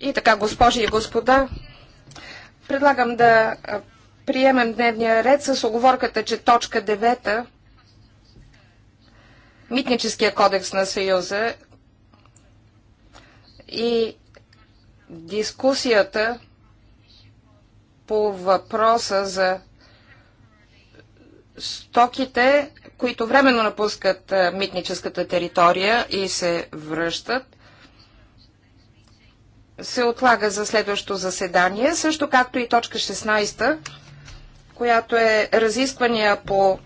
И така, госпожи и господа, предлагам да приемем дневния ред с оговорката, че точка 9 Митническия кодекс на Съюза и дискусията по въпроса за стоките, които временно напускат митническата територия и се връщат, се отлага за следващо заседание, също както и точка 16, която е разисквания по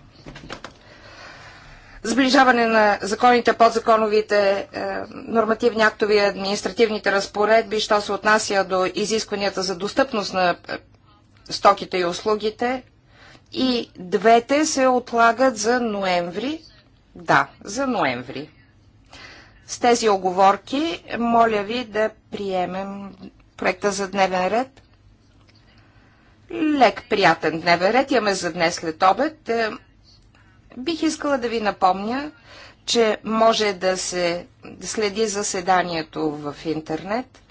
сближаване на законите, подзаконовите е, нормативни актови и административните разпоредби, що се отнася до изискванията за достъпност на е, стоките и услугите. И двете се отлагат за ноември. Да, за ноември. С тези оговорки, моля ви да приемем проекта за дневен ред. Лек, приятен дневен ред имаме за днес след обед. Е, бих искала да ви напомня, че може да се следи заседанието в интернет.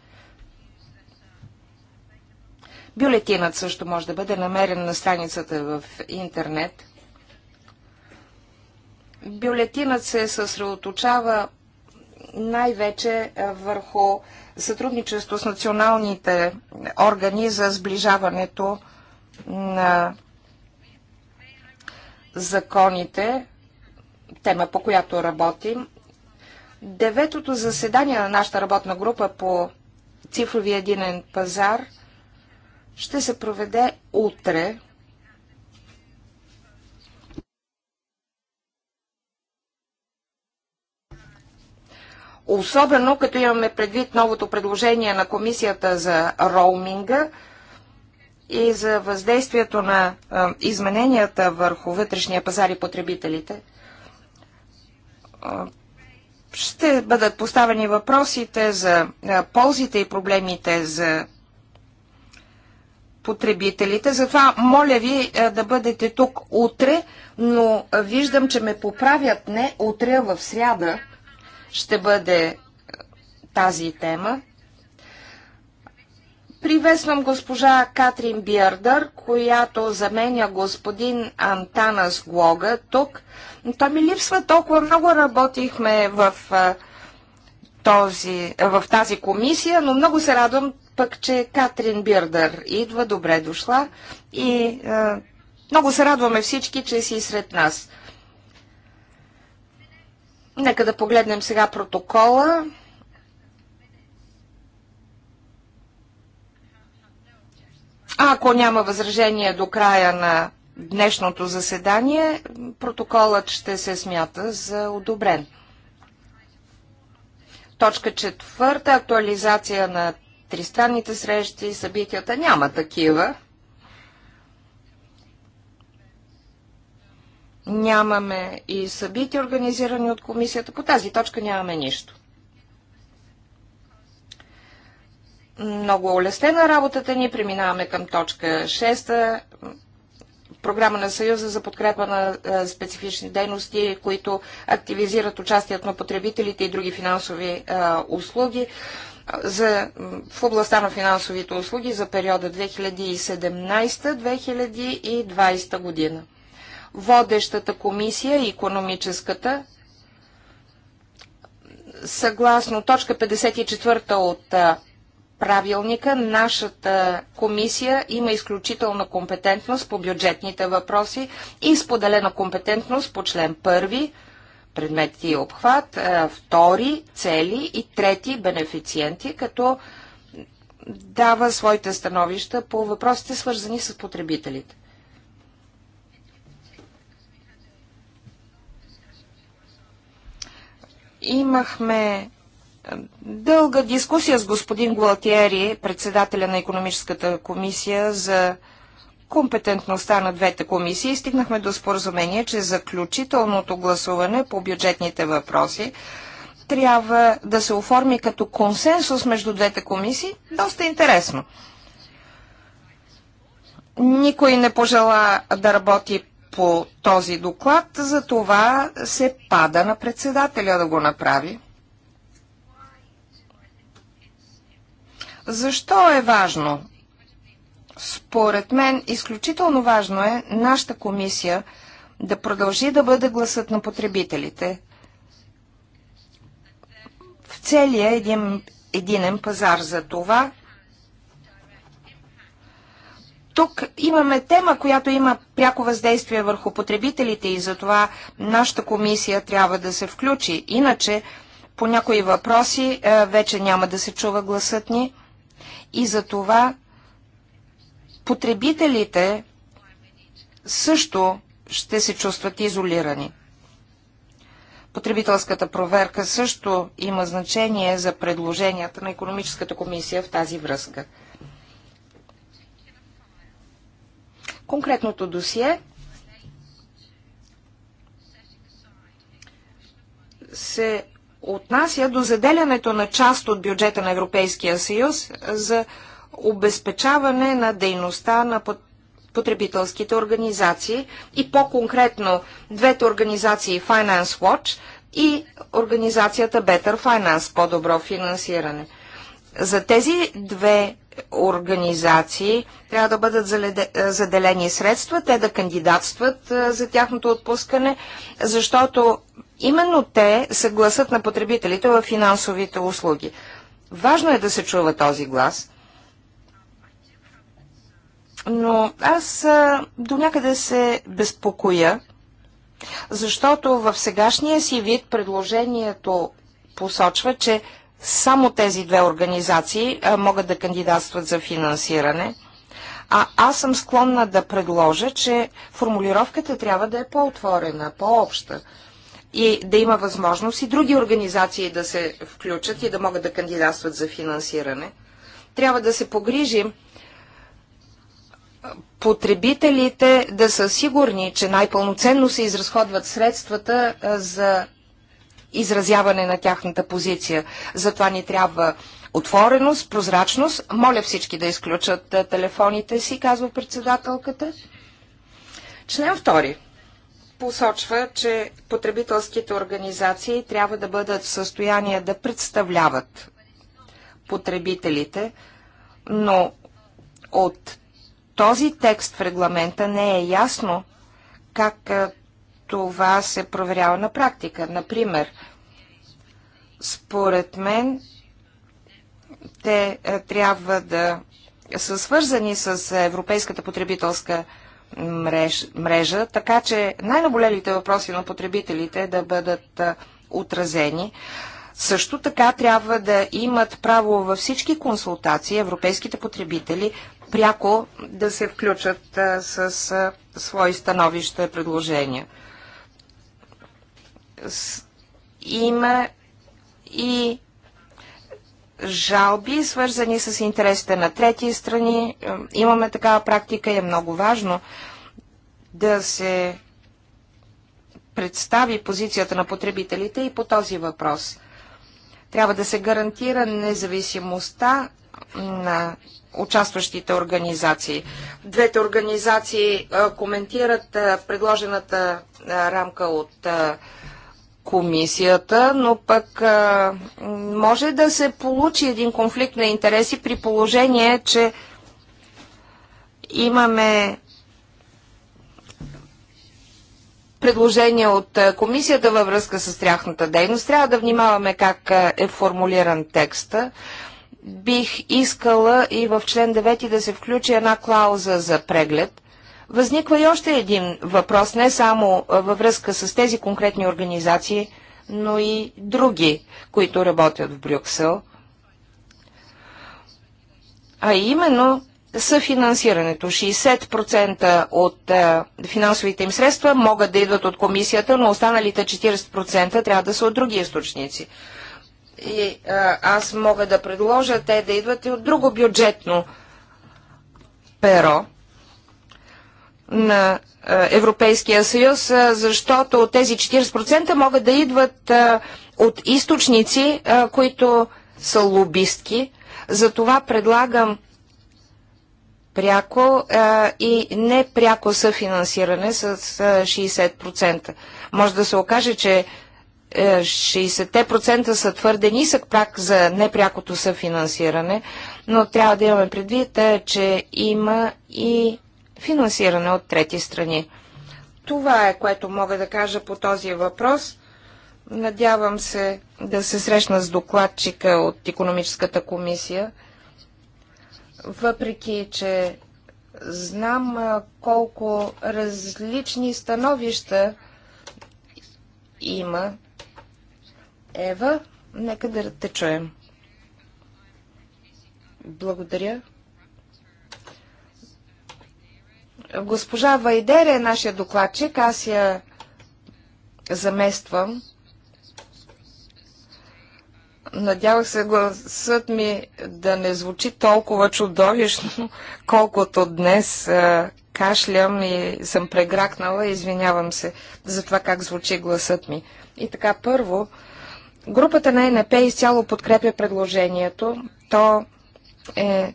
Бюлетинът също може да бъде намерен на страницата в интернет. Бюлетинът се съсредоточава най-вече е, върху сътрудничество с националните органи за сближаването на законите, тема по която работим. Деветото заседание на нашата работна група по цифровия единен пазар ще се проведе утре Особено като имаме предвид новото предложение на комисията за роуминга и за въздействието на измененията върху вътрешния пазар и потребителите. Ще бъдат поставени въпросите за ползите и проблемите за потребителите. Затова моля ви да бъдете тук утре, но виждам, че ме поправят не утре, а в сряда ще бъде тази тема. Приветствам госпожа Катрин Биардър, която заменя господин Антанас Глога тук. Та ми липсва толкова много, работихме в, този, в тази комисия, но много се радвам пък, че Катрин Бирдър идва, добре дошла и е, много се радваме всички, че си сред нас. Нека да погледнем сега протокола. А ако няма възражение до края на днешното заседание, протоколът ще се смята за одобрен. Точка четвърта. Актуализация на тристранните срещи и събитията. Няма такива. Нямаме и събития, организирани от комисията. По тази точка нямаме нищо. Много улеснена работата ни. Преминаваме към точка 6 програма на Съюза за подкрепа на е, специфични дейности, които активизират участието на потребителите и други финансови е, услуги за, в областта на финансовите услуги за периода 2017-2020 година водещата комисия, економическата, съгласно точка 54 от правилника, нашата комисия има изключителна компетентност по бюджетните въпроси и споделена компетентност по член 1, предмети и обхват, втори цели и трети бенефициенти, като дава своите становища по въпросите свързани с потребителите. Имахме е, дълга дискусия с господин Гуалтиери, председателя на економическата комисия, за компетентността на двете комисии и стигнахме до споразумение, че заключителното гласуване по бюджетните въпроси трябва да се оформи като консенсус между двете комисии. Доста интересно. Никой не пожела да работи по този доклад, за това се пада на председателя да го направи. Защо е важно? Според мен изключително важно е нашата комисия да продължи да бъде гласът на потребителите в целия един единен пазар. За това тук имаме тема, която има пряко въздействие върху потребителите и затова нашата комисия трябва да се включи. Иначе по някои въпроси е, вече няма да се чува гласът ни и затова потребителите също ще се чувстват изолирани. Потребителската проверка също има значение за предложенията на економическата комисия в тази връзка. конкретното досие се отнася до заделянето на част от бюджета на Европейския съюз за обезпечаване на дейността на потребителските организации и по-конкретно двете организации Finance Watch и организацията Better Finance, по-добро финансиране. За тези две организации трябва да бъдат заделени средства, те да кандидатстват за тяхното отпускане, защото именно те са гласът на потребителите в финансовите услуги. Важно е да се чува този глас, но аз до някъде се безпокоя, защото в сегашния си вид предложението посочва, че само тези две организации а, могат да кандидатстват за финансиране. А аз съм склонна да предложа, че формулировката трябва да е по-отворена, по-обща и да има възможност и други организации да се включат и да могат да кандидатстват за финансиране. Трябва да се погрижим потребителите да са сигурни, че най-пълноценно се изразходват средствата за изразяване на тяхната позиция. Затова ни трябва отвореност, прозрачност. Моля всички да изключат телефоните си, казва председателката. Член 2 посочва, че потребителските организации трябва да бъдат в състояние да представляват потребителите, но от този текст в регламента не е ясно как това се проверява на практика. Например, според мен, те е, трябва да са свързани с Европейската потребителска мреж, мрежа, така че най-наболелите въпроси на потребителите да бъдат е, отразени. Също така трябва да имат право във всички консултации европейските потребители пряко да се включат е, с свои становища и предложения има и жалби, свързани с интересите на трети страни. Е, имаме такава практика и е много важно да се представи позицията на потребителите и по този въпрос. Трябва да се гарантира независимостта на участващите организации. Двете организации е, коментират е, предложената рамка от комисията, но пък а, може да се получи един конфликт на интереси при положение, че имаме предложения от комисията във връзка с тяхната дейност. Трябва да внимаваме как е формулиран текста. Бих искала и в член 9 да се включи една клауза за преглед – Възниква и още един въпрос, не само във връзка с тези конкретни организации, но и други, които работят в Брюксел, а именно съфинансирането. 60% от а, финансовите им средства могат да идват от комисията, но останалите 40% трябва да са от други източници. И а, аз мога да предложа те да идват и от друго бюджетно перо, на Европейския съюз, защото тези 40% могат да идват от източници, които са лобистки. Затова предлагам пряко а, и непряко съфинансиране с а, 60%. Може да се окаже, че е, а, 60% са твърде нисък прак за непрякото съфинансиране, но трябва да имаме предвид, а, е, че има и финансиране от трети страни. Това е, което мога да кажа по този въпрос. Надявам се да се срещна с докладчика от економическата комисия, въпреки че знам колко различни становища има. Ева, нека да те чуем. Благодаря. Госпожа Вайдере е нашия докладчик, аз я замествам. Надявах се гласът ми да не звучи толкова чудовищно, колкото днес а, кашлям и съм прегракнала. Извинявам се за това как звучи гласът ми. И така, първо, групата на НП изцяло подкрепя предложението. То е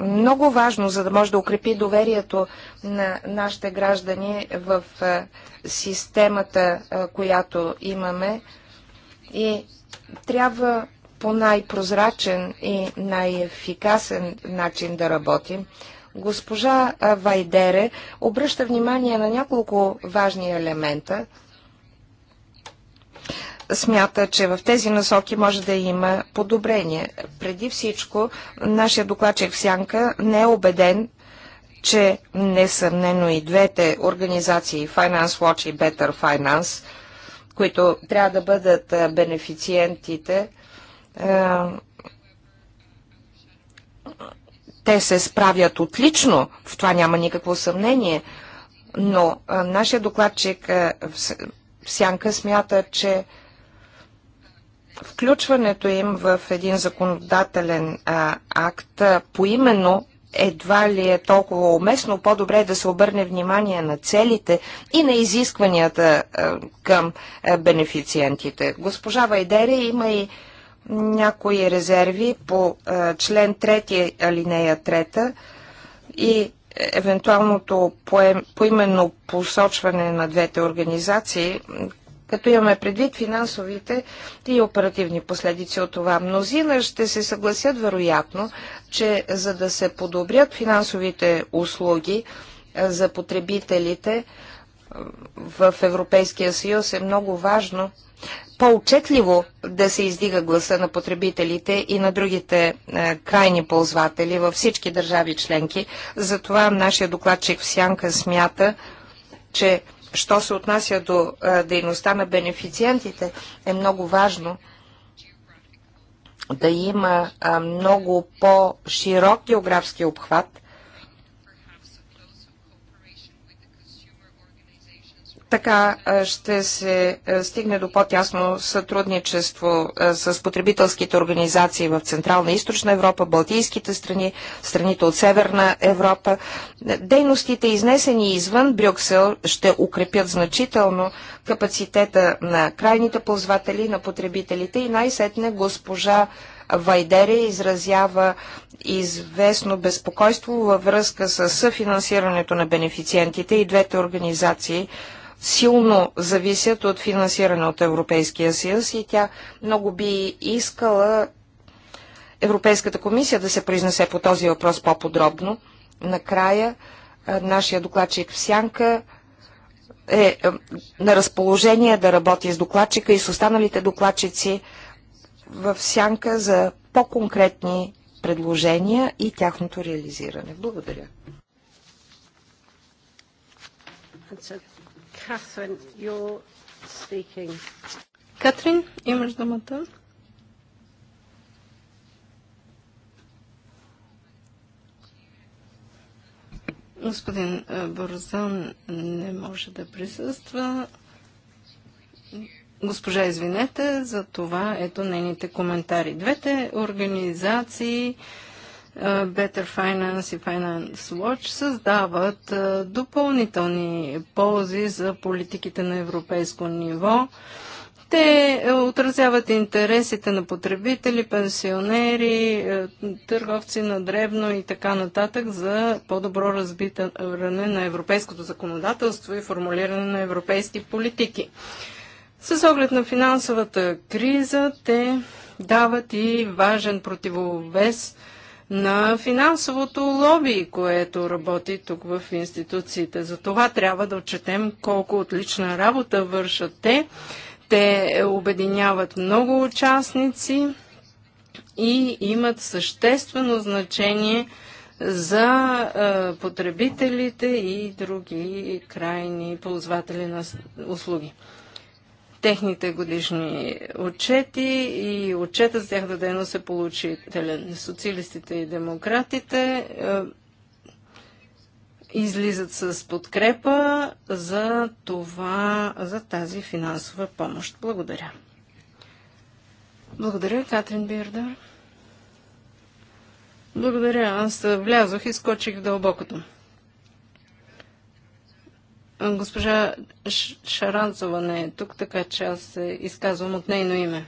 много важно, за да може да укрепи доверието на нашите граждани в системата, която имаме. И трябва по най-прозрачен и най-ефикасен начин да работим. Госпожа Вайдере обръща внимание на няколко важни елемента смята, че в тези насоки може да има подобрение. Преди всичко, нашия докладчик в Сянка не е убеден, че несъмнено и двете организации Finance Watch и Better Finance, които трябва да бъдат бенефициентите, те се справят отлично, в това няма никакво съмнение, но нашия докладчик Сянка смята, че включването им в един законодателен а, акт поименно едва ли е толкова уместно, по-добре е да се обърне внимание на целите и на изискванията а, към а, бенефициентите. Госпожа Вайдери има и някои резерви по а, член 3 алинея 3 и евентуалното поем, поименно посочване на двете организации, като имаме предвид финансовите и оперативни последици от това. Мнозина ще се съгласят вероятно, че за да се подобрят финансовите услуги за потребителите в Европейския съюз е много важно по учетливо да се издига гласа на потребителите и на другите е, крайни ползватели във всички държави членки. Затова нашия докладчик в Сянка смята, че що се отнася до е, дейността на бенефициентите, е много важно да има е, много по-широк географски обхват Така ще се стигне до по-тясно сътрудничество с потребителските организации в Централна и Източна Европа, Балтийските страни, страните от Северна Европа. Дейностите, изнесени извън Брюксел, ще укрепят значително капацитета на крайните ползватели, на потребителите и най-сетне госпожа Вайдере изразява известно безпокойство във връзка с съфинансирането на бенефициентите и двете организации силно зависят от финансиране от Европейския съюз и тя много би искала Европейската комисия да се произнесе по този въпрос по-подробно. Накрая, нашия докладчик в Сянка е, е на разположение да работи с докладчика и с останалите докладчици в Сянка за по-конкретни предложения и тяхното реализиране. Благодаря. Catherine, you're speaking. Катрин, имаш думата. Господин е, Борзан не може да присъства. Госпожа, извинете, за това ето нейните коментари. Двете организации Better Finance и Finance Watch създават допълнителни ползи за политиките на европейско ниво. Те отразяват интересите на потребители, пенсионери, търговци на дребно и така нататък за по-добро разбиране на европейското законодателство и формулиране на европейски политики. С оглед на финансовата криза те дават и важен противовес – на финансовото лоби, което работи тук в институциите. За това трябва да отчетем колко отлична работа вършат те. Те обединяват много участници и имат съществено значение за потребителите и други крайни ползватели на услуги техните годишни отчети и отчета за тяхната дейност е получителен. Социалистите и демократите е, излизат с подкрепа за това, за тази финансова помощ. Благодаря. Благодаря, Катрин Бирдър. Благодаря, аз влязох и скочих в дълбокото. Госпожа Шаранцова не е тук, така че аз се изказвам от нейно име.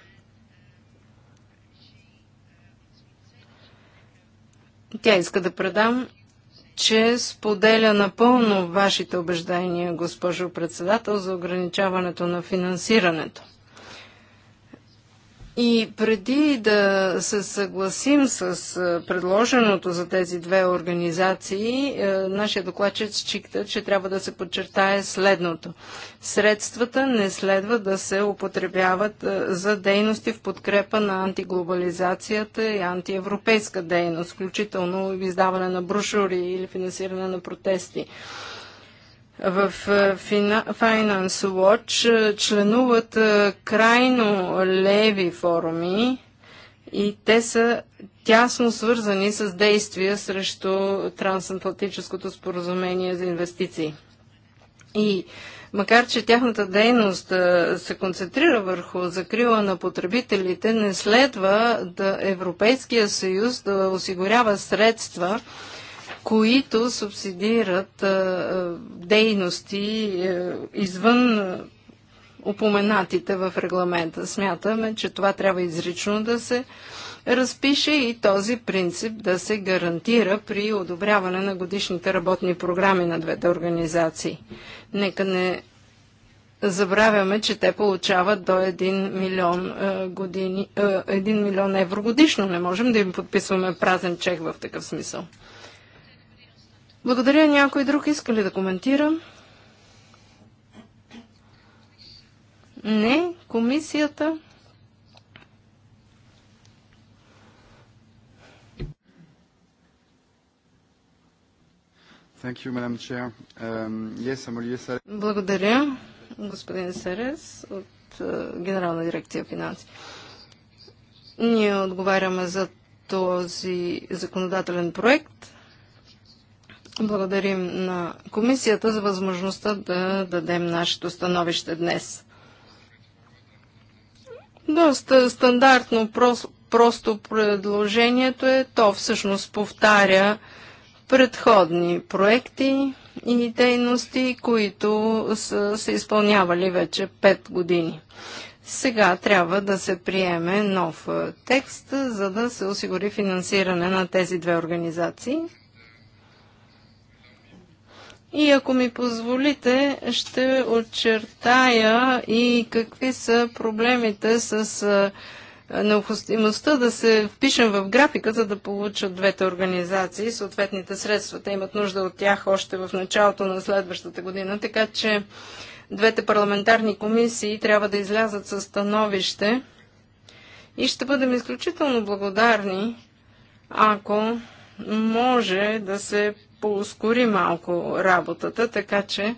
Тя иска да предам, че споделя напълно вашите убеждения, госпожо председател, за ограничаването на финансирането. И преди да се съгласим с предложеното за тези две организации, нашия докладчик счита, че трябва да се подчертае следното. Средствата не следва да се употребяват за дейности в подкрепа на антиглобализацията и антиевропейска дейност, включително издаване на брошури или финансиране на протести в е, Finance Watch е, членуват е, крайно леви форуми и те са тясно свързани с действия срещу трансатлантическото споразумение за инвестиции. И макар, че тяхната дейност се концентрира върху закрила на потребителите, не следва да Европейския съюз да осигурява средства, които субсидират дейности е, извън упоменатите в регламента. Смятаме, че това трябва изрично да се разпише и този принцип да се гарантира при одобряване на годишните работни програми на двете организации. Нека не забравяме, че те получават до 1 милион, е, години, 1 е, милион евро годишно. Не можем да им подписваме празен чек в такъв смисъл. Благодаря. Някой друг иска ли да коментира? Не. Комисията. You, um, yes, Благодаря, господин Серес от uh, Генерална дирекция финанси. Ние отговаряме за този законодателен проект. Благодарим на комисията за възможността да дадем нашето становище днес. Доста стандартно, просто, предложението е, то всъщност повтаря предходни проекти и дейности, които са се изпълнявали вече 5 години. Сега трябва да се приеме нов текст, за да се осигури финансиране на тези две организации. И ако ми позволите, ще очертая и какви са проблемите с необходимостта да се впишем в графика, за да получат двете организации съответните средства. Те имат нужда от тях още в началото на следващата година, така че двете парламентарни комисии трябва да излязат със становище и ще бъдем изключително благодарни, ако може да се поускори малко работата, така че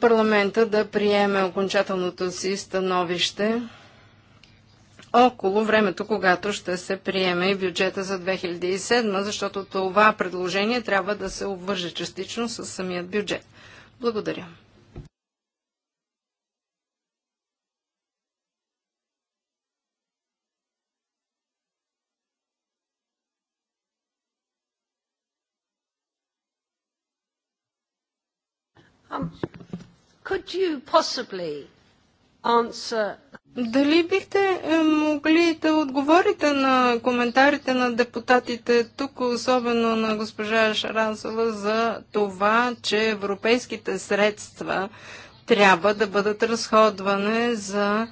парламента да приеме окончателното си становище около времето, когато ще се приеме и бюджета за 2007, защото това предложение трябва да се обвърже частично с самият бюджет. Благодаря. Um, could you possibly answer дали бихте е, могли да отговорите на коментарите на депутатите тук, особено на госпожа Шарансова, за това, че европейските средства трябва да бъдат разходване за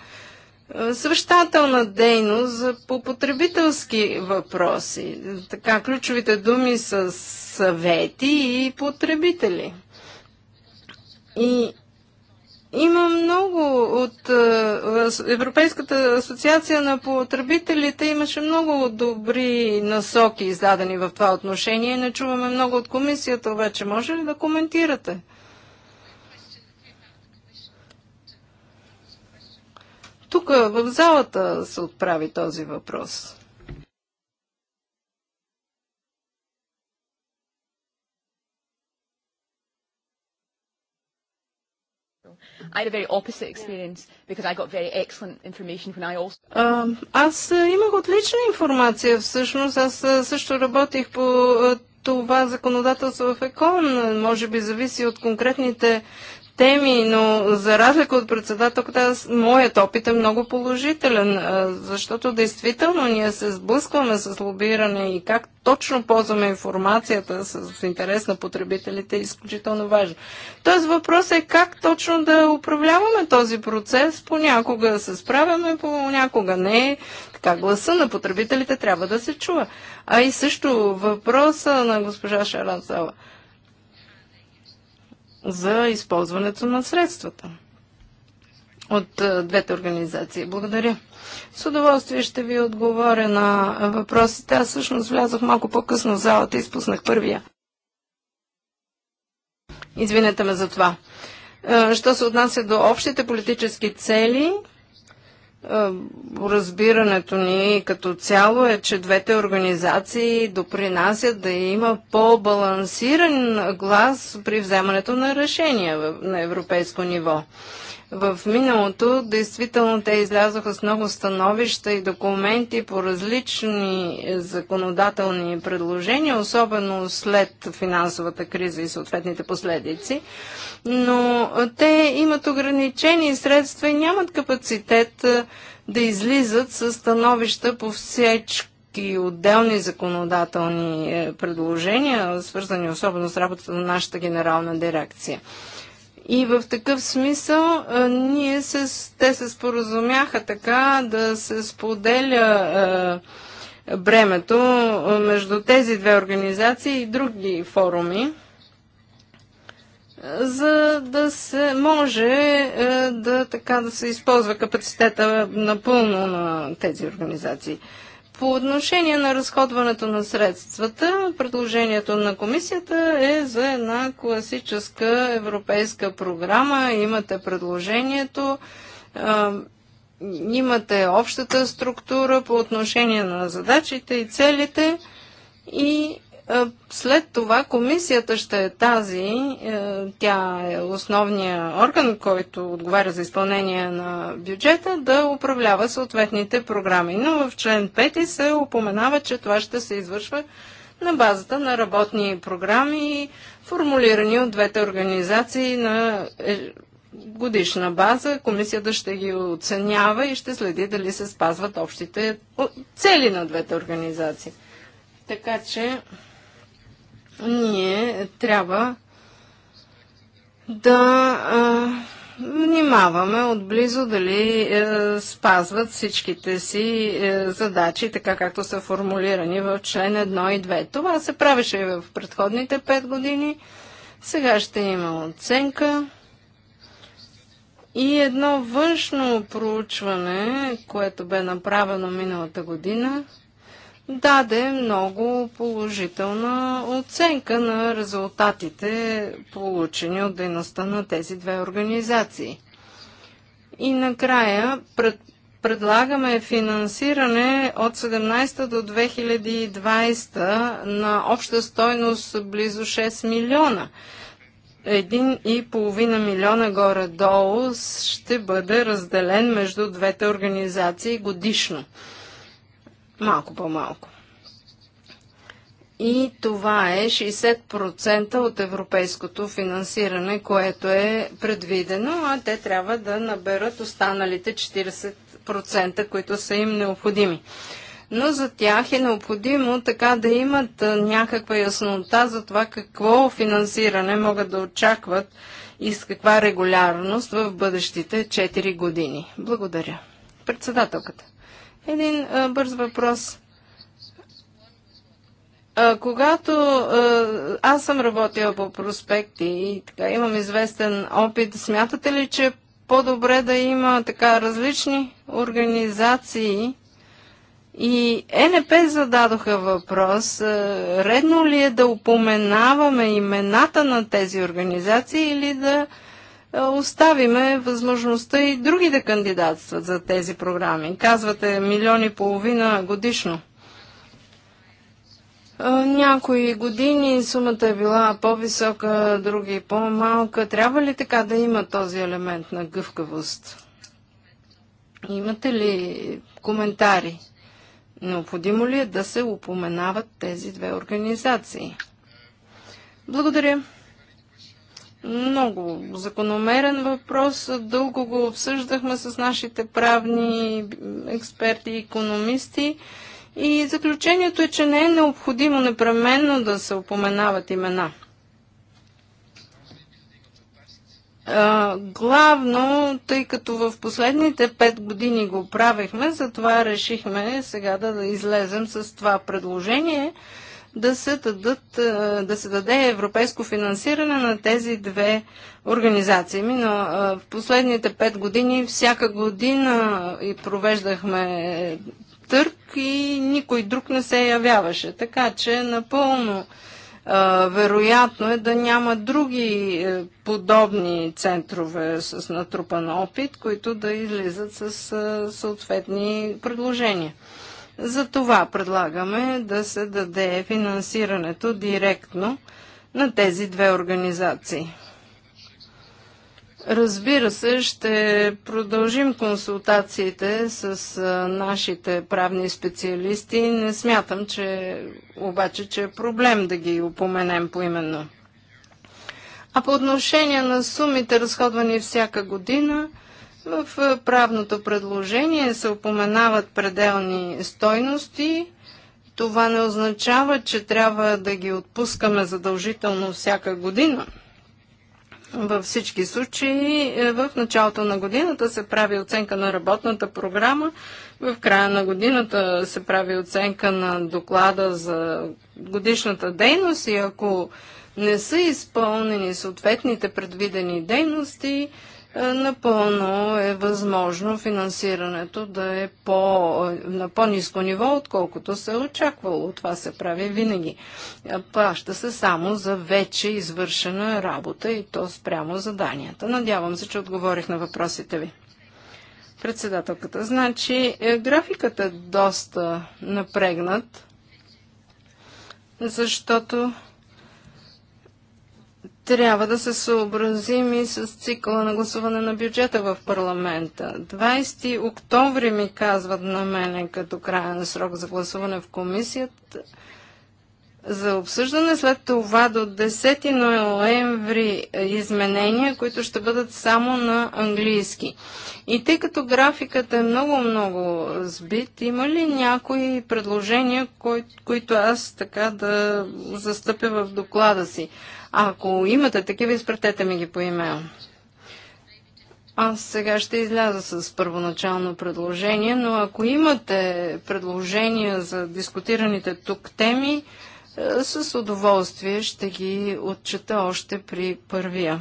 е, съвещателна дейност по потребителски въпроси. Така, ключовите думи са съвети и потребители. И има много от е, Европейската асоциация на потребителите, имаше много добри насоки издадени в това отношение. Не чуваме много от комисията, обаче може ли да коментирате? Тук в залата се отправи този въпрос. I had a very opposite experience because I got very excellent information when I also... Uh, аз е, имах отлична информация всъщност. Аз е, също работих по е, това законодателство в ЕКОН. Може би зависи от конкретните теми, но за разлика от председателката, моят опит е много положителен, защото действително ние се сблъскваме с лобиране и как точно ползваме информацията с интерес на потребителите е изключително важно. Тоест въпрос е как точно да управляваме този процес. Понякога се справяме, понякога не. Така гласа на потребителите трябва да се чува. А и също въпроса на госпожа Шарансова – за използването на средствата от е, двете организации. Благодаря. С удоволствие ще ви отговоря на въпросите. Аз всъщност влязох малко по-късно в залата и спуснах първия. Извинете ме за това. Е, що се отнася до общите политически цели, е, разбирането ни като цяло е, че двете организации допринасят да има по-балансиран глас при вземането на решения на европейско ниво. В миналото, действително, те излязоха с много становища и документи по различни законодателни предложения, особено след финансовата криза и съответните последици. Но те имат ограничени средства и нямат капацитет да излизат с становища по всички и отделни законодателни е, предложения, свързани особено с работата на нашата генерална дирекция. И в такъв смисъл а, ние с, те се споразумяха така да се споделя а, бремето между тези две организации и други форуми, за да се може а, да така да се използва капацитета напълно на тези организации. По отношение на разходването на средствата, предложението на комисията е за една класическа европейска програма. Имате предложението, имате общата структура по отношение на задачите и целите и е, след това комисията ще е тази, е, тя е основния орган, който отговаря за изпълнение на бюджета, да управлява съответните програми. Но в член 5 се упоменава, че това ще се извършва на базата на работни програми, формулирани от двете организации на е, годишна база. Комисията ще ги оценява и ще следи дали се спазват общите цели на двете организации. Така че ние трябва да а, внимаваме отблизо дали е, спазват всичките си е, задачи, така както са формулирани в член 1 и 2. Това се правеше и в предходните 5 години. Сега ще има оценка и едно външно проучване, което бе направено миналата година – даде много положителна оценка на резултатите, получени от дейността на тези две организации. И накрая пред, предлагаме финансиране от 17 до 2020 на обща стойност близо 6 милиона. 1,5 милиона горе-долу ще бъде разделен между двете организации годишно малко по-малко. И това е 60% от европейското финансиране, което е предвидено, а те трябва да наберат останалите 40%, които са им необходими. Но за тях е необходимо така да имат някаква яснота за това какво финансиране могат да очакват и с каква регулярност в бъдещите 4 години. Благодаря. Председателката. Един а, бърз въпрос. А, когато а, аз съм работила по проспекти и така имам известен опит, смятате ли, че е по-добре да има така различни организации, и НП зададоха въпрос, редно ли е да упоменаваме имената на тези организации или да е, оставиме възможността и други да кандидатстват за тези програми. Казвате милиони и половина годишно. Е, някои години сумата е била по-висока, други по-малка. Трябва ли така да има този елемент на гъвкавост? Имате ли коментари? Необходимо ли е да се упоменават тези две организации? Благодаря. Много закономерен въпрос. Дълго го обсъждахме с нашите правни експерти и економисти. И заключението е, че не е необходимо непременно да се упоменават имена. главно, тъй като в последните пет години го правихме, затова решихме сега да излезем с това предложение – да се, дадат, е, да се даде европейско финансиране на тези две организации. Но е, в последните пет години всяка година е, и провеждахме търк и никой друг не се явяваше. Така че напълно вероятно е да няма други подобни центрове с натрупан опит, които да излизат с съответни предложения. За това предлагаме да се даде финансирането директно на тези две организации. Разбира се, ще продължим консултациите с нашите правни специалисти. Не смятам, че обаче, че е проблем да ги упоменем поименно. А по отношение на сумите, разходвани всяка година, в правното предложение се упоменават пределни стойности. Това не означава, че трябва да ги отпускаме задължително всяка година. Във всички случаи, е, в началото на годината се прави оценка на работната програма, в края на годината се прави оценка на доклада за годишната дейност и ако не са изпълнени съответните предвидени дейности, е, напълно е възможно финансирането да е по, е, на по-низко ниво, отколкото се е очаквало. Това се прави винаги. Е, плаща се само за вече извършена работа и то спрямо заданията. Надявам се, че отговорих на въпросите ви. Председателката. Значи, графикът е доста напрегнат, защото трябва да се съобразим и с цикъла на гласуване на бюджета в парламента. 20 октомври ми казват на мене като крайен срок за гласуване в комисията за обсъждане. След това до 10 ноември изменения, които ще бъдат само на английски. И тъй като графикът е много-много сбит, има ли някои предложения, кои, които аз така да застъпя в доклада си? Ако имате такива, изпратете ми ги по имейл. Аз сега ще изляза с първоначално предложение, но ако имате предложения за дискутираните тук теми, е, с удоволствие ще ги отчета още при първия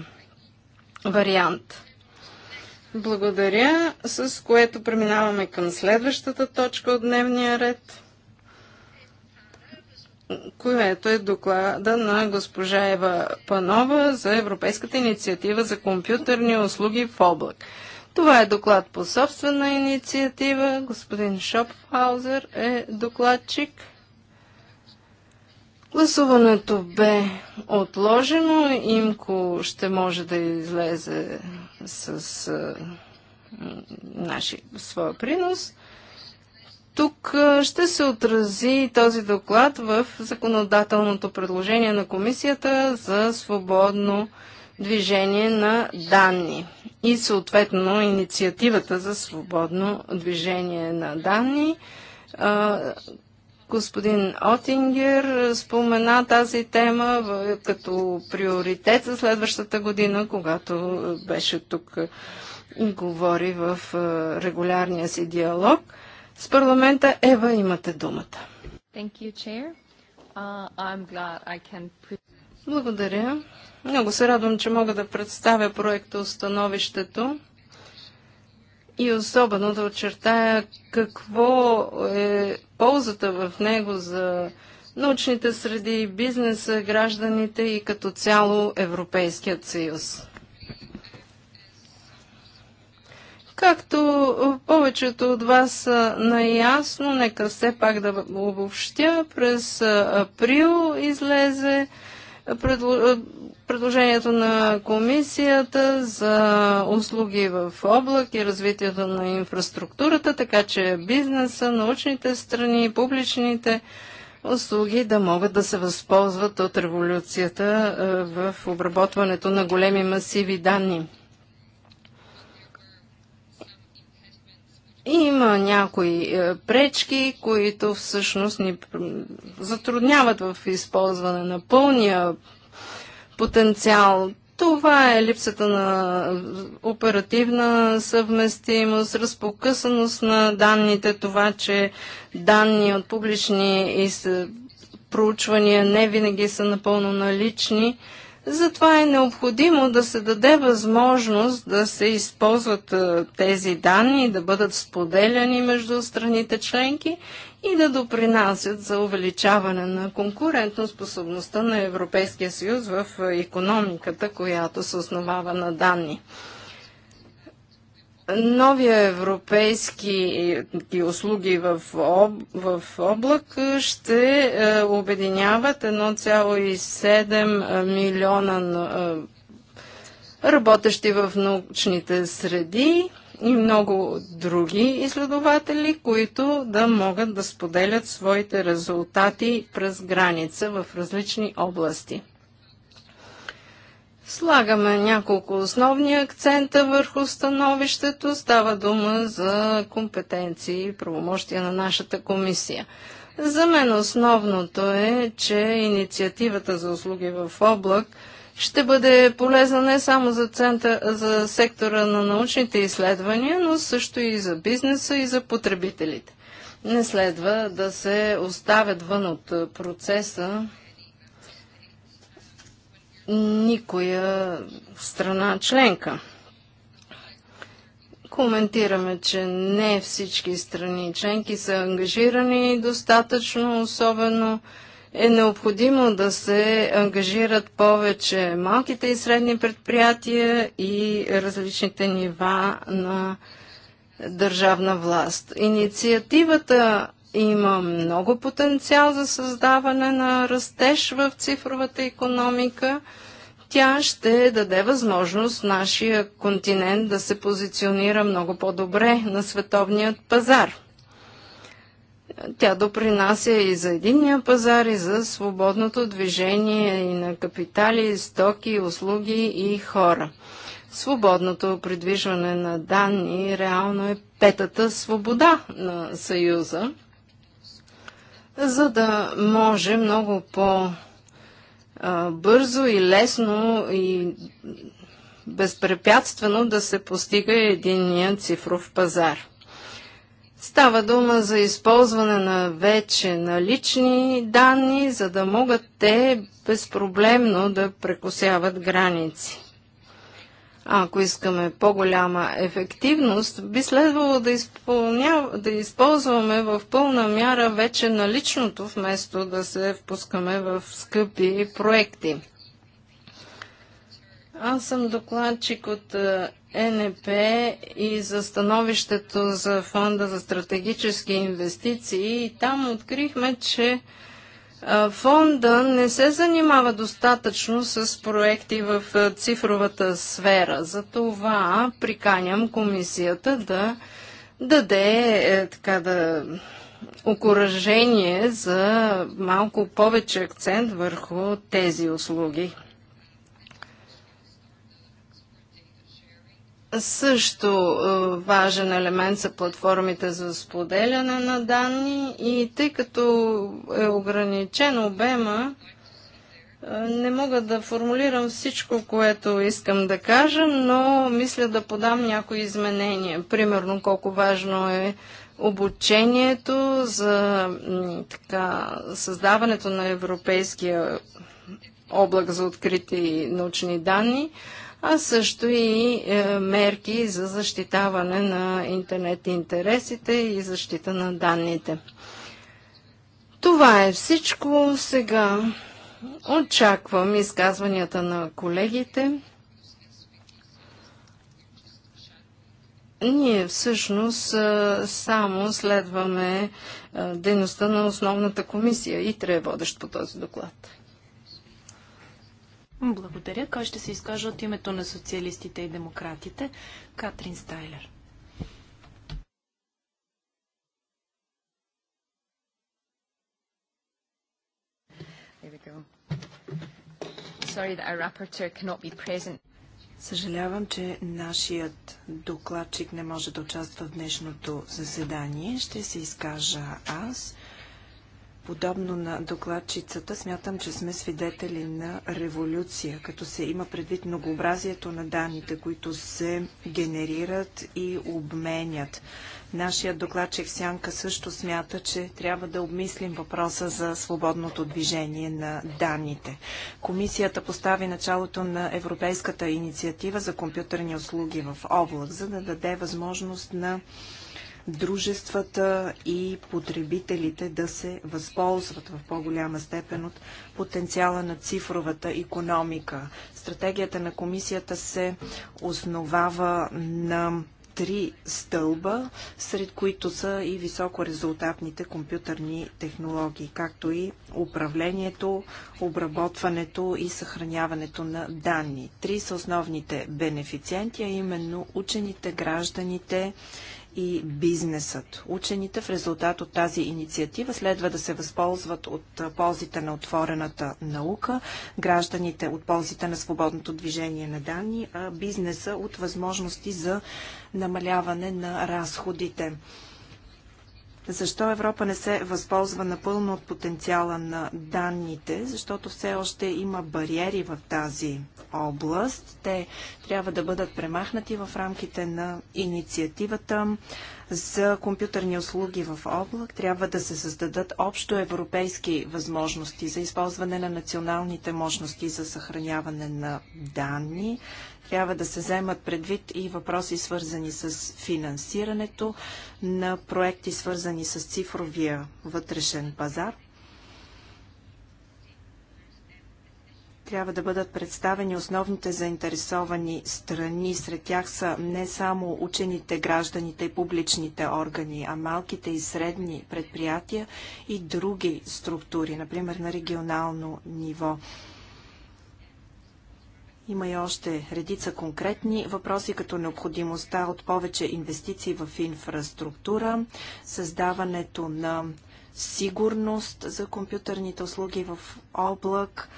вариант. Благодаря, с което преминаваме към следващата точка от дневния ред което е доклада на госпожа Ева Панова за Европейската инициатива за компютърни услуги в облак. Това е доклад по собствена инициатива. Господин Шопхаузер е докладчик. Гласуването бе отложено. Имко ще може да излезе с нашия своя принос. Тук ще се отрази този доклад в законодателното предложение на комисията за свободно движение на данни и съответно инициативата за свободно движение на данни. Господин Отингер спомена тази тема като приоритет за следващата година, когато беше тук и говори в регулярния си диалог – с парламента. Ева, имате думата. Thank you, Chair. Uh, I'm glad I can... Благодаря. Много се радвам, че мога да представя проекта Остановището и особено да очертая какво е ползата в него за научните среди, бизнеса, гражданите и като цяло Европейският съюз. Както повечето от вас са наясно, нека все пак да обобщя, през април излезе предложението на комисията за услуги в облак и развитието на инфраструктурата, така че бизнеса, научните страни, публичните услуги да могат да се възползват от революцията в обработването на големи масиви данни. Има някои е, пречки, които всъщност ни затрудняват в използване на пълния потенциал. Това е липсата на оперативна съвместимост, разпокъсаност на данните, това, че данни от публични проучвания не винаги са напълно налични. Затова е необходимо да се даде възможност да се използват е, тези данни, да бъдат споделяни между страните членки и да допринасят за увеличаване на конкурентоспособността на Европейския съюз в економиката, която се основава на данни новия европейски услуги в, об, в облак е, ще е, обединяват 1,7 е, милиона работещи в научните среди и много други изследователи, които да могат да споделят своите резултати през граница в различни области. Слагаме няколко основни акцента върху становището. Става дума за компетенции и правомощия на нашата комисия. За мен основното е, че инициативата за услуги в облак ще бъде полезна не само за, център, за сектора на научните изследвания, но също и за бизнеса и за потребителите. Не следва да се оставят вън от процеса никоя страна членка. Коментираме, че не всички страни членки са ангажирани достатъчно, особено е необходимо да се ангажират повече малките и средни предприятия и различните нива на държавна власт. Инициативата има много потенциал за създаване на растеж в цифровата економика. Тя ще даде възможност нашия континент да се позиционира много по-добре на световният пазар. Тя допринася и за единния пазар, и за свободното движение и на капитали, и стоки, и услуги и хора. Свободното придвижване на данни реално е петата свобода на Съюза за да може много по-бързо и лесно и безпрепятствено да се постига единния цифров пазар. Става дума за използване на вече налични данни, за да могат те безпроблемно да прекусяват граници. Ако искаме по-голяма ефективност, би следвало да, изпълня, да използваме в пълна мяра вече наличното, вместо да се впускаме в скъпи проекти. Аз съм докладчик от е, НП и за становището за Фонда за стратегически инвестиции и там открихме, че фонда не се занимава достатъчно с проекти в цифровата сфера. Затова приканям комисията да даде е, така да окоръжение за малко повече акцент върху тези услуги. Също е, важен елемент са платформите за споделяне на данни и тъй като е ограничен обема, е, не мога да формулирам всичко, което искам да кажа, но мисля да подам някои изменения. Примерно колко важно е обучението за така, създаването на европейския облак за открити научни данни а също и е, мерки за защитаване на интернет интересите и защита на данните. Това е всичко. Сега очаквам изказванията на колегите. Ние всъщност е, само следваме е, дейността на основната комисия и трябва водещ по този доклад. Благодаря. Кой ще се изкаже от името на социалистите и демократите? Катрин Стайлер. Съжалявам, че нашият докладчик не може да участва в днешното заседание. Ще се изкажа аз. Подобно на докладчицата, смятам, че сме свидетели на революция, като се има предвид многообразието на данните, които се генерират и обменят. Нашият докладчик Сянка също смята, че трябва да обмислим въпроса за свободното движение на данните. Комисията постави началото на Европейската инициатива за компютърни услуги в област, за да даде възможност на дружествата и потребителите да се възползват в по-голяма степен от потенциала на цифровата економика. Стратегията на комисията се основава на три стълба, сред които са и високорезултатните компютърни технологии, както и управлението, обработването и съхраняването на данни. Три са основните бенефициенти, а именно учените, гражданите и бизнесът. Учените в резултат от тази инициатива следва да се възползват от ползите на отворената наука, гражданите от ползите на свободното движение на данни, а бизнеса от възможности за намаляване на разходите. Защо Европа не се възползва напълно от потенциала на данните? Защото все още има бариери в тази област. Те трябва да бъдат премахнати в рамките на инициативата за компютърни услуги в облак. Трябва да се създадат общо европейски възможности за използване на националните мощности за съхраняване на данни. Трябва да се вземат предвид и въпроси свързани с финансирането на проекти свързани с цифровия вътрешен пазар. трябва да бъдат представени основните заинтересовани страни. Сред тях са не само учените, гражданите и публичните органи, а малките и средни предприятия и други структури, например на регионално ниво. Има и още редица конкретни въпроси, като необходимостта от повече инвестиции в инфраструктура, създаването на сигурност за компютърните услуги в облак,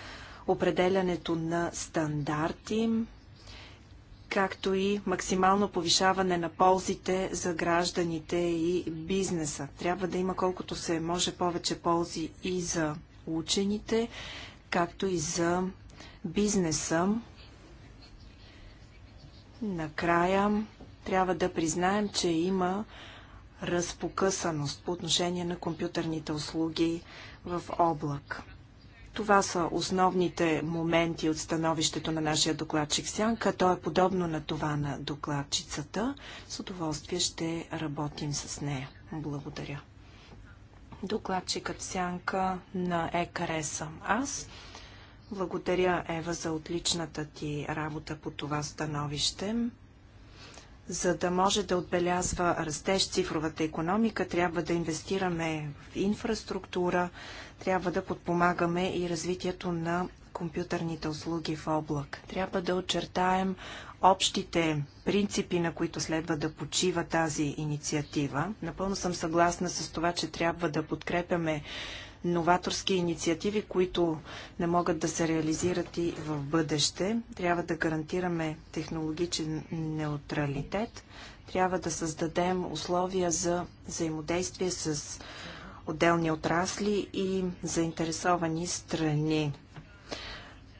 определянето на стандарти, както и максимално повишаване на ползите за гражданите и бизнеса. Трябва да има колкото се може повече ползи и за учените, както и за бизнеса. Накрая трябва да признаем, че има разпокъсаност по отношение на компютърните услуги в облак. Това са основните моменти от становището на нашия докладчик Сянка. То е подобно на това на докладчицата. С удоволствие ще работим с нея. Благодаря. Докладчикът Сянка на ЕКРС. Аз благодаря, Ева, за отличната ти работа по това становище. За да може да отбелязва растеж цифровата економика, трябва да инвестираме в инфраструктура, трябва да подпомагаме и развитието на компютърните услуги в облак. Трябва да очертаем общите принципи, на които следва да почива тази инициатива. Напълно съм съгласна с това, че трябва да подкрепяме новаторски инициативи, които не могат да се реализират и в бъдеще. Трябва да гарантираме технологичен неутралитет. Трябва да създадем условия за взаимодействие с отделни отрасли и заинтересовани страни.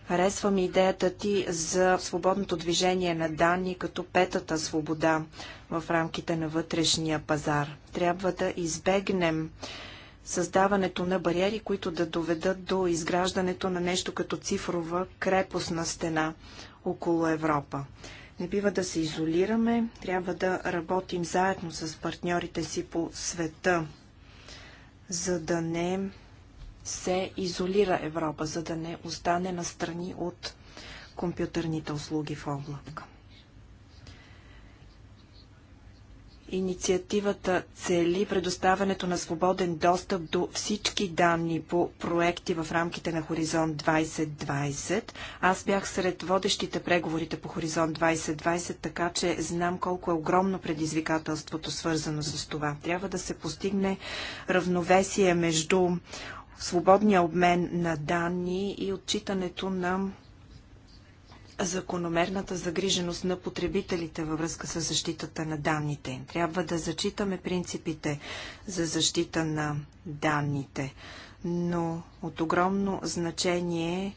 Харесва ми идеята ти за свободното движение на данни като петата свобода в рамките на вътрешния пазар. Трябва да избегнем създаването на бариери, които да доведат до изграждането на нещо като цифрова крепостна стена около Европа. Не бива да се изолираме, трябва да работим заедно с партньорите си по света, за да не се изолира Европа, за да не остане настрани от компютърните услуги в облака. Инициативата цели предоставянето на свободен достъп до всички данни по проекти в рамките на Хоризонт 2020. Аз бях сред водещите преговорите по Хоризонт 2020, така че знам колко е огромно предизвикателството свързано с това. Трябва да се постигне равновесие между свободния обмен на данни и отчитането на закономерната загриженост на потребителите във връзка с защитата на данните Трябва да зачитаме принципите за защита на данните, но от огромно значение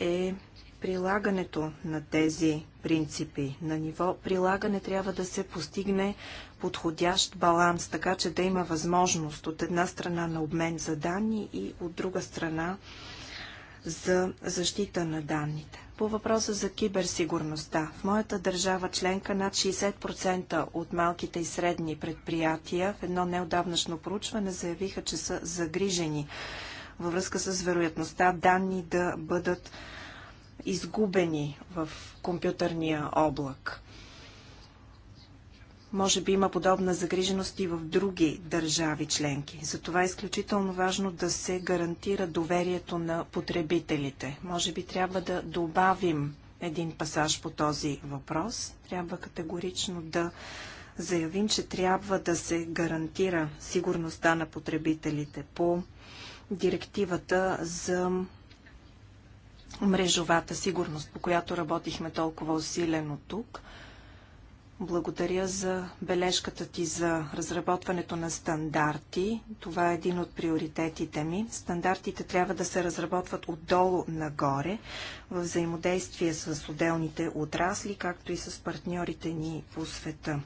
е прилагането на тези принципи. На ниво прилагане трябва да се постигне подходящ баланс, така че да има възможност от една страна на обмен за данни и от друга страна за защита на данните. По въпроса за киберсигурността. В моята държава членка над 60% от малките и средни предприятия в едно неодавнашно проучване заявиха, че са загрижени във връзка с вероятността данни да бъдат изгубени в компютърния облак. Може би има подобна загриженост и в други държави членки. Затова е изключително важно да се гарантира доверието на потребителите. Може би трябва да добавим един пасаж по този въпрос. Трябва категорично да заявим, че трябва да се гарантира сигурността на потребителите по директивата за мрежовата сигурност, по която работихме толкова усилено тук – благодаря за бележката ти за разработването на стандарти. Това е един от приоритетите ми. Стандартите трябва да се разработват отдолу нагоре, в взаимодействие с отделните отрасли, както и с партньорите ни по света.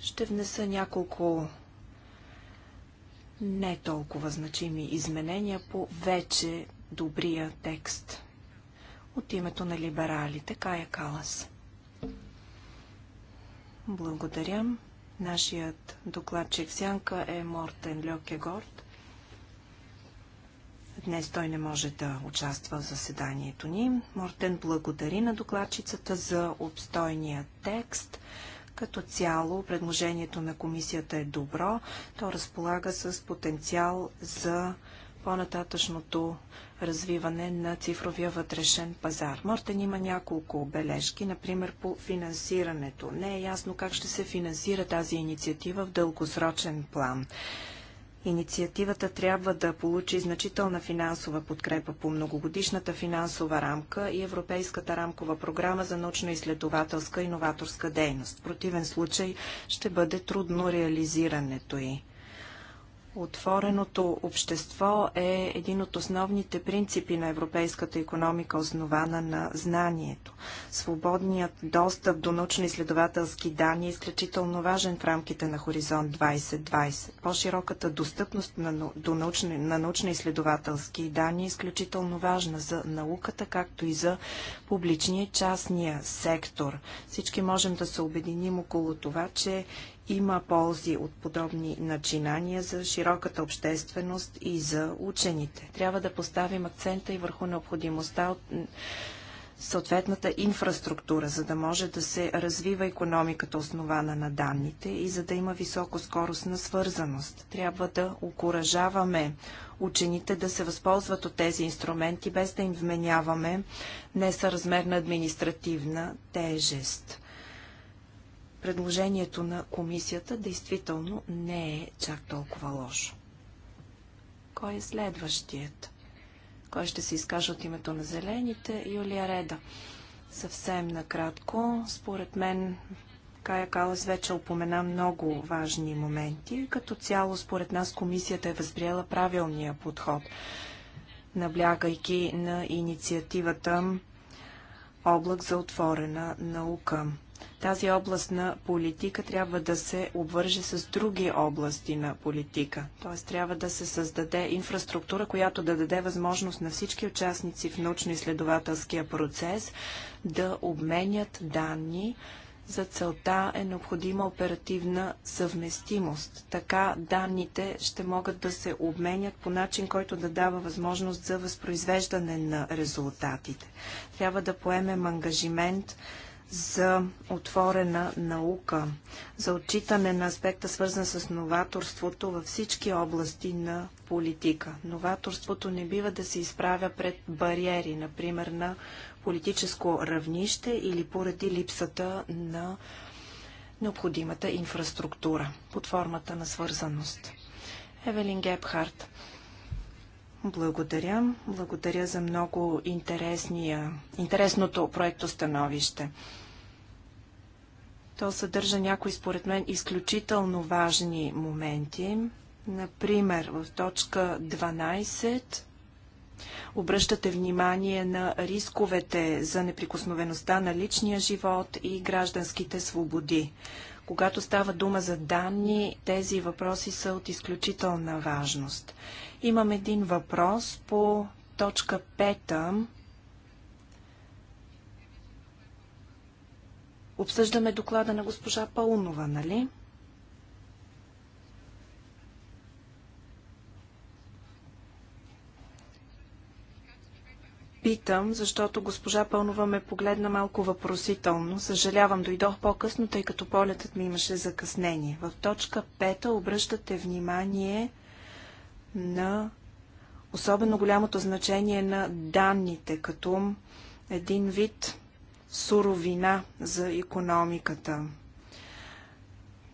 Ще внеса няколко не толкова значими изменения по вече добрия текст. От името на либералите Кая Калас. Благодаря. Нашият докладчик Сянка е Мортен Льокегорд. Днес той не може да участва в заседанието ни. Мортен благодари на докладчицата за обстойния текст. Като цяло, предложението на комисията е добро. То разполага с потенциал за по-нататъчното развиване на цифровия вътрешен пазар. Мортен има няколко бележки, например по финансирането. Не е ясно как ще се финансира тази инициатива в дългосрочен план. Инициативата трябва да получи значителна финансова подкрепа по многогодишната финансова рамка и Европейската рамкова програма за научно-изследователска и новаторска дейност. В противен случай ще бъде трудно реализирането й. Отвореното общество е един от основните принципи на европейската економика, основана на знанието. Свободният достъп до научно-изследователски данни е изключително важен в рамките на Хоризонт 2020. По-широката достъпност на, до научни, на научно-изследователски данни е изключително важна за науката, както и за публичния частния сектор. Всички можем да се обединим около това, че има ползи от подобни начинания за широката общественост и за учените. Трябва да поставим акцента и върху необходимостта от съответната инфраструктура, за да може да се развива економиката основана на данните и за да има високоскоростна свързаност. Трябва да окоръжаваме учените да се възползват от тези инструменти, без да им вменяваме несъразмерна административна тежест предложението на комисията действително не е чак толкова лошо. Кой е следващият? Кой ще се изкаже от името на зелените? Юлия Реда. Съвсем накратко, според мен Кая Калас вече опомена много важни моменти. Като цяло, според нас, комисията е възприела правилния подход, наблягайки на инициативата Облак за отворена наука. Тази област на политика трябва да се обвърже с други области на политика. Т.е. трябва да се създаде инфраструктура, която да даде възможност на всички участници в научно-изследователския процес да обменят данни, за целта е необходима оперативна съвместимост. Така данните ще могат да се обменят по начин, който да дава възможност за възпроизвеждане на резултатите. Трябва да поемем ангажимент за отворена наука, за отчитане на аспекта, свързан с новаторството във всички области на политика. Новаторството не бива да се изправя пред бариери, например на политическо равнище или поради липсата на необходимата инфраструктура под формата на свързаност. Евелин Гепхарт. Благодаря. Благодаря за много интересното проекто становище. То съдържа някои, според мен, изключително важни моменти. Например, в точка 12 обръщате внимание на рисковете за неприкосновеността на личния живот и гражданските свободи. Когато става дума за данни, тези въпроси са от изключителна важност. Имам един въпрос по точка 5. Обсъждаме доклада на госпожа Паунова, нали? питам, защото госпожа Пълнова ме погледна малко въпросително. Съжалявам, дойдох по-късно, тъй като полетът ми имаше закъснение. В точка 5 обръщате внимание на особено голямото значение на данните, като един вид суровина за економиката.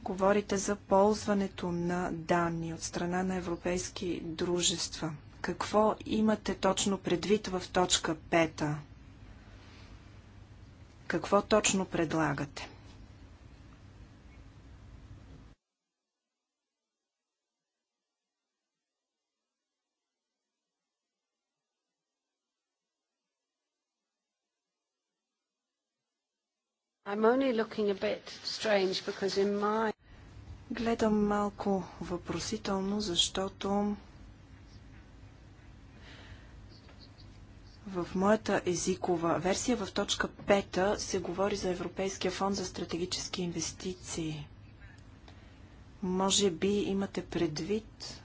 Говорите за ползването на данни от страна на европейски дружества. Какво имате точно предвид в точка 5? Какво точно предлагате? I'm only looking a bit strange because in my... Гледам малко въпросително, защото В моята езикова версия в точка 5 се говори за Европейския фонд за стратегически инвестиции. Може би имате предвид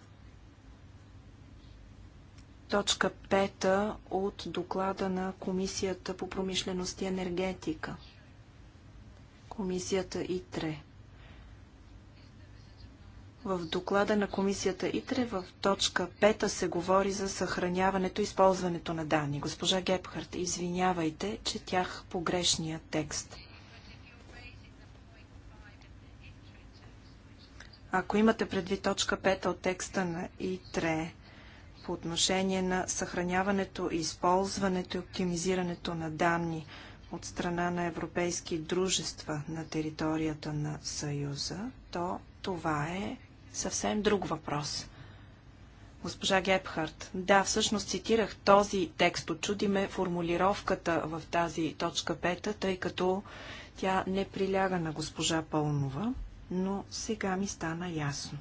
точка 5 от доклада на Комисията по промишленост и енергетика. Комисията ИТРЕ. В доклада на комисията ИТРЕ в точка 5 се говори за съхраняването и използването на данни. Госпожа Гепхарт, извинявайте, че тях погрешния текст. Ако имате предвид точка 5 от текста на ИТРЕ по отношение на съхраняването, използването и оптимизирането на данни от страна на европейски дружества на територията на Съюза, то това е съвсем друг въпрос. Госпожа Гепхарт, да, всъщност цитирах този текст. Очудиме формулировката в тази точка 5, тъй като тя не приляга на госпожа Пълнова, но сега ми стана ясно.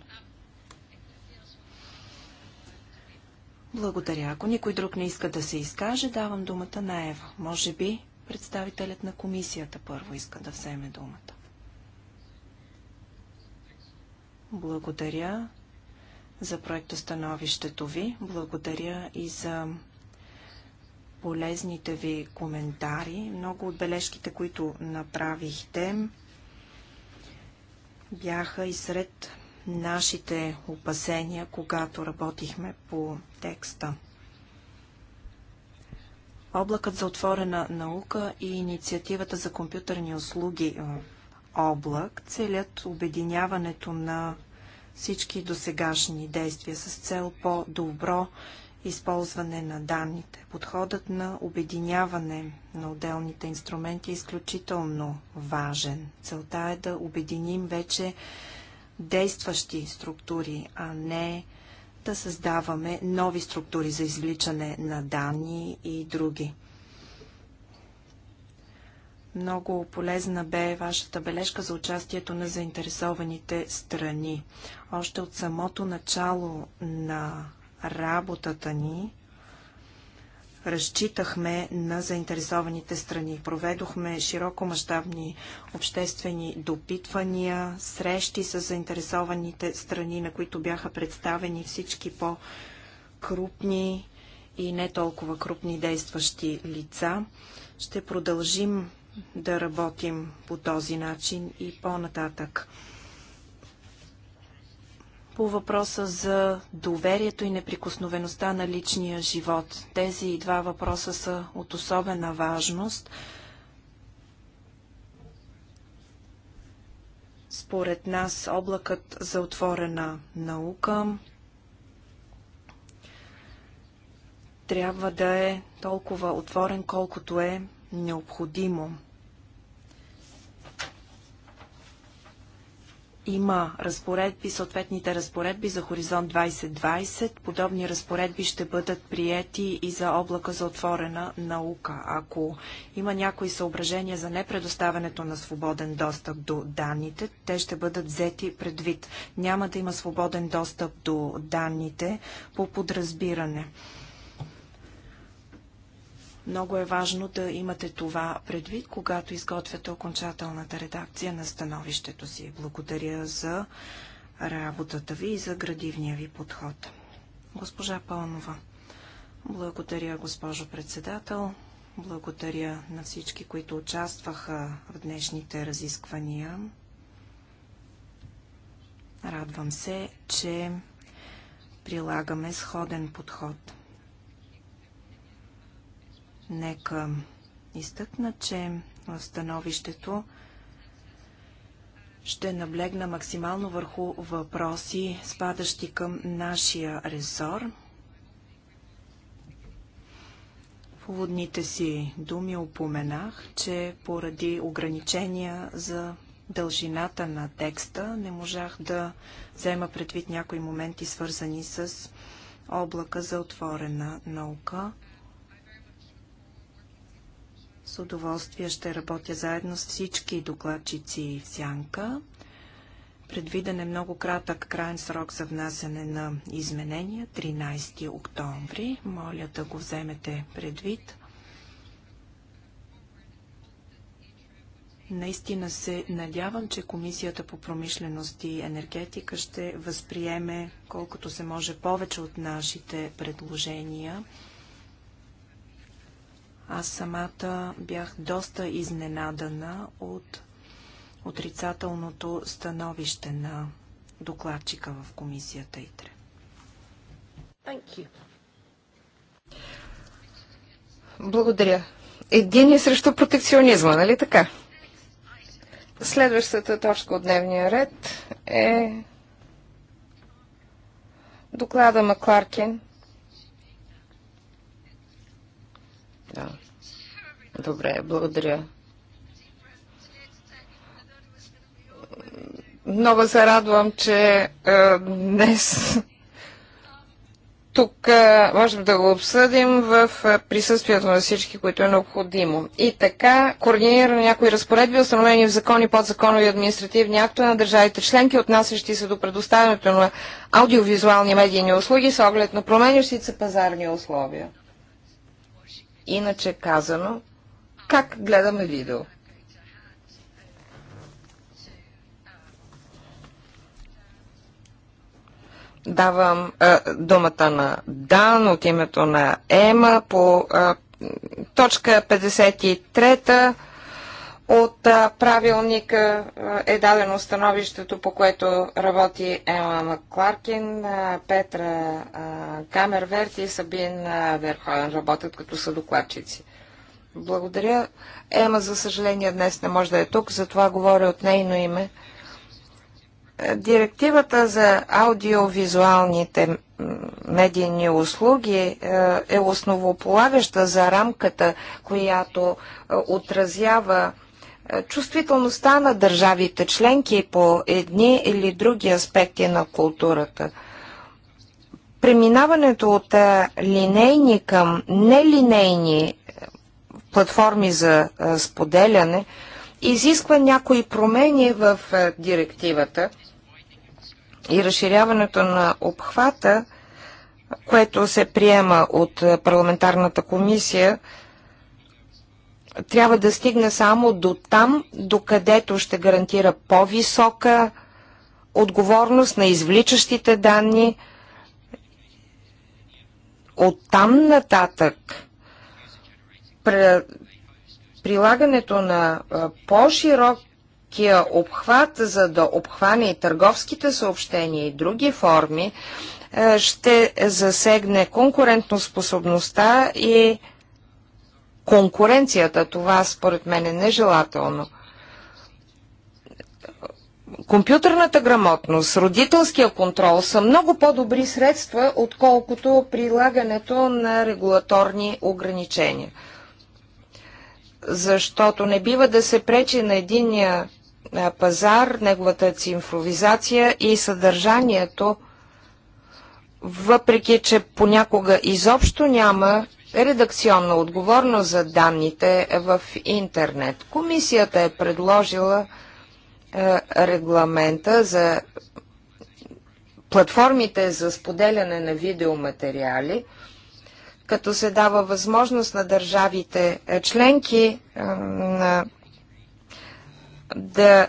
Благодаря. Ако никой друг не иска да се изкаже, давам думата на Ева. Може би представителят на комисията първо иска да вземе думата. Благодаря за проектостановището ви. Благодаря и за полезните ви коментари. Много от бележките, които направихте, бяха и сред нашите опасения, когато работихме по текста. Облакът за отворена наука и инициативата за компютърни услуги в облак целят обединяването на всички досегашни действия с цел по-добро използване на данните. Подходът на обединяване на отделните инструменти е изключително важен. Целта е да обединим вече действащи структури, а не да създаваме нови структури за извличане на данни и други. Много полезна бе вашата бележка за участието на заинтересованите страни. Още от самото начало на работата ни разчитахме на заинтересованите страни. Проведохме широкомащабни обществени допитвания, срещи с заинтересованите страни, на които бяха представени всички по-крупни и не толкова крупни действащи лица. Ще продължим да работим по този начин и по-нататък. По въпроса за доверието и неприкосновеността на личния живот. Тези два въпроса са от особена важност. Според нас облакът за отворена наука трябва да е толкова отворен, колкото е необходимо. има разпоредби, съответните разпоредби за Хоризонт 2020. Подобни разпоредби ще бъдат приети и за облака за отворена наука. Ако има някои съображения за непредоставянето на свободен достъп до данните, те ще бъдат взети предвид. Няма да има свободен достъп до данните по подразбиране. Много е важно да имате това предвид, когато изготвяте окончателната редакция на становището си. Благодаря за работата ви и за градивния ви подход. Госпожа Пълнова. Благодаря, госпожо председател. Благодаря на всички, които участваха в днешните разисквания. Радвам се, че прилагаме сходен подход – Нека изтъкна, че в становището ще наблегна максимално върху въпроси, спадащи към нашия ресор. В уводните си думи упоменах, че поради ограничения за дължината на текста не можах да взема предвид някои моменти, свързани с облака за отворена наука – с удоволствие ще работя заедно с всички докладчици в Сянка. Предвиден е много кратък крайен срок за внасяне на изменения 13 октомври. Моля да го вземете предвид. Наистина се надявам, че Комисията по промишленост и енергетика ще възприеме колкото се може повече от нашите предложения. Аз самата бях доста изненадана от отрицателното становище на докладчика в комисията ИТРЕ. Thank you. Благодаря. Един е срещу протекционизма, нали така? Следващата точка от дневния ред е доклада Макларкин Да. Добре, благодаря. Много се радвам, че е, днес тук е, можем да го обсъдим в е, присъствието на всички, които е необходимо. И така, координирано някои разпоредби, установени в закони, подзаконови и административни актове на държавите членки, отнасящи се до предоставянето на аудиовизуални медийни услуги с оглед на променящите се пазарни условия. Иначе казано, как гледаме видео? Давам а, думата на Дан от името на Ема по а, точка 53 от правилника е дадено становището, по което работи Ела Кларкин, Петра Камерверт и Сабин Верховен работят като съдокладчици. Благодаря. Ема, за съжаление, днес не може да е тук, затова говоря от нейно име. Директивата за аудиовизуалните медийни услуги е, е основополагаща за рамката, която е, отразява е, чувствителността на държавите членки по едни или други аспекти на културата. Преминаването от е, линейни към нелинейни е, платформи за споделяне изисква някои промени в директивата и разширяването на обхвата, което се приема от парламентарната комисия – трябва да стигне само до там, докъдето ще гарантира по-висока отговорност на извличащите данни. От там нататък прилагането на по-широкия обхват, за да обхване и търговските съобщения и други форми, ще засегне конкурентоспособността и конкуренцията. Това според мен е нежелателно. Компютърната грамотност, родителския контрол са много по-добри средства, отколкото прилагането на регулаторни ограничения. Защото не бива да се пречи на единия пазар, неговата цифровизация и съдържанието, въпреки че понякога изобщо няма редакционна отговорност за данните в интернет. Комисията е предложила е, регламента за платформите за споделяне на видеоматериали, като се дава възможност на държавите е, членки е, на, да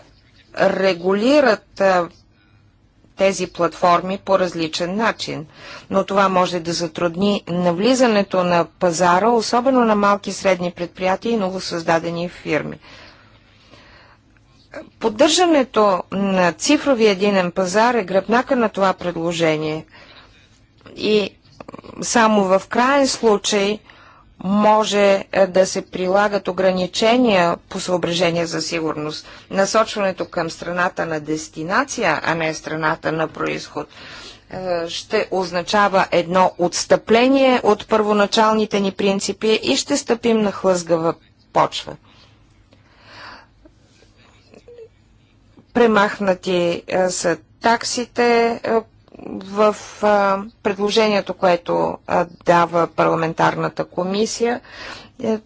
регулират е, тези платформи по различен начин. Но това може да затрудни навлизането на пазара, особено на малки и средни предприятия и новосъздадени фирми. Поддържането на цифрови единен пазар е гръбнака на това предложение и само в крайен случай може е, да се прилагат ограничения по съображение за сигурност. Насочването към страната на дестинация, а не страната на происход, е, ще означава едно отстъпление от първоначалните ни принципи и ще стъпим на хлъзгава почва. Премахнати е, са таксите в а, предложението, което а, дава парламентарната комисия. Е,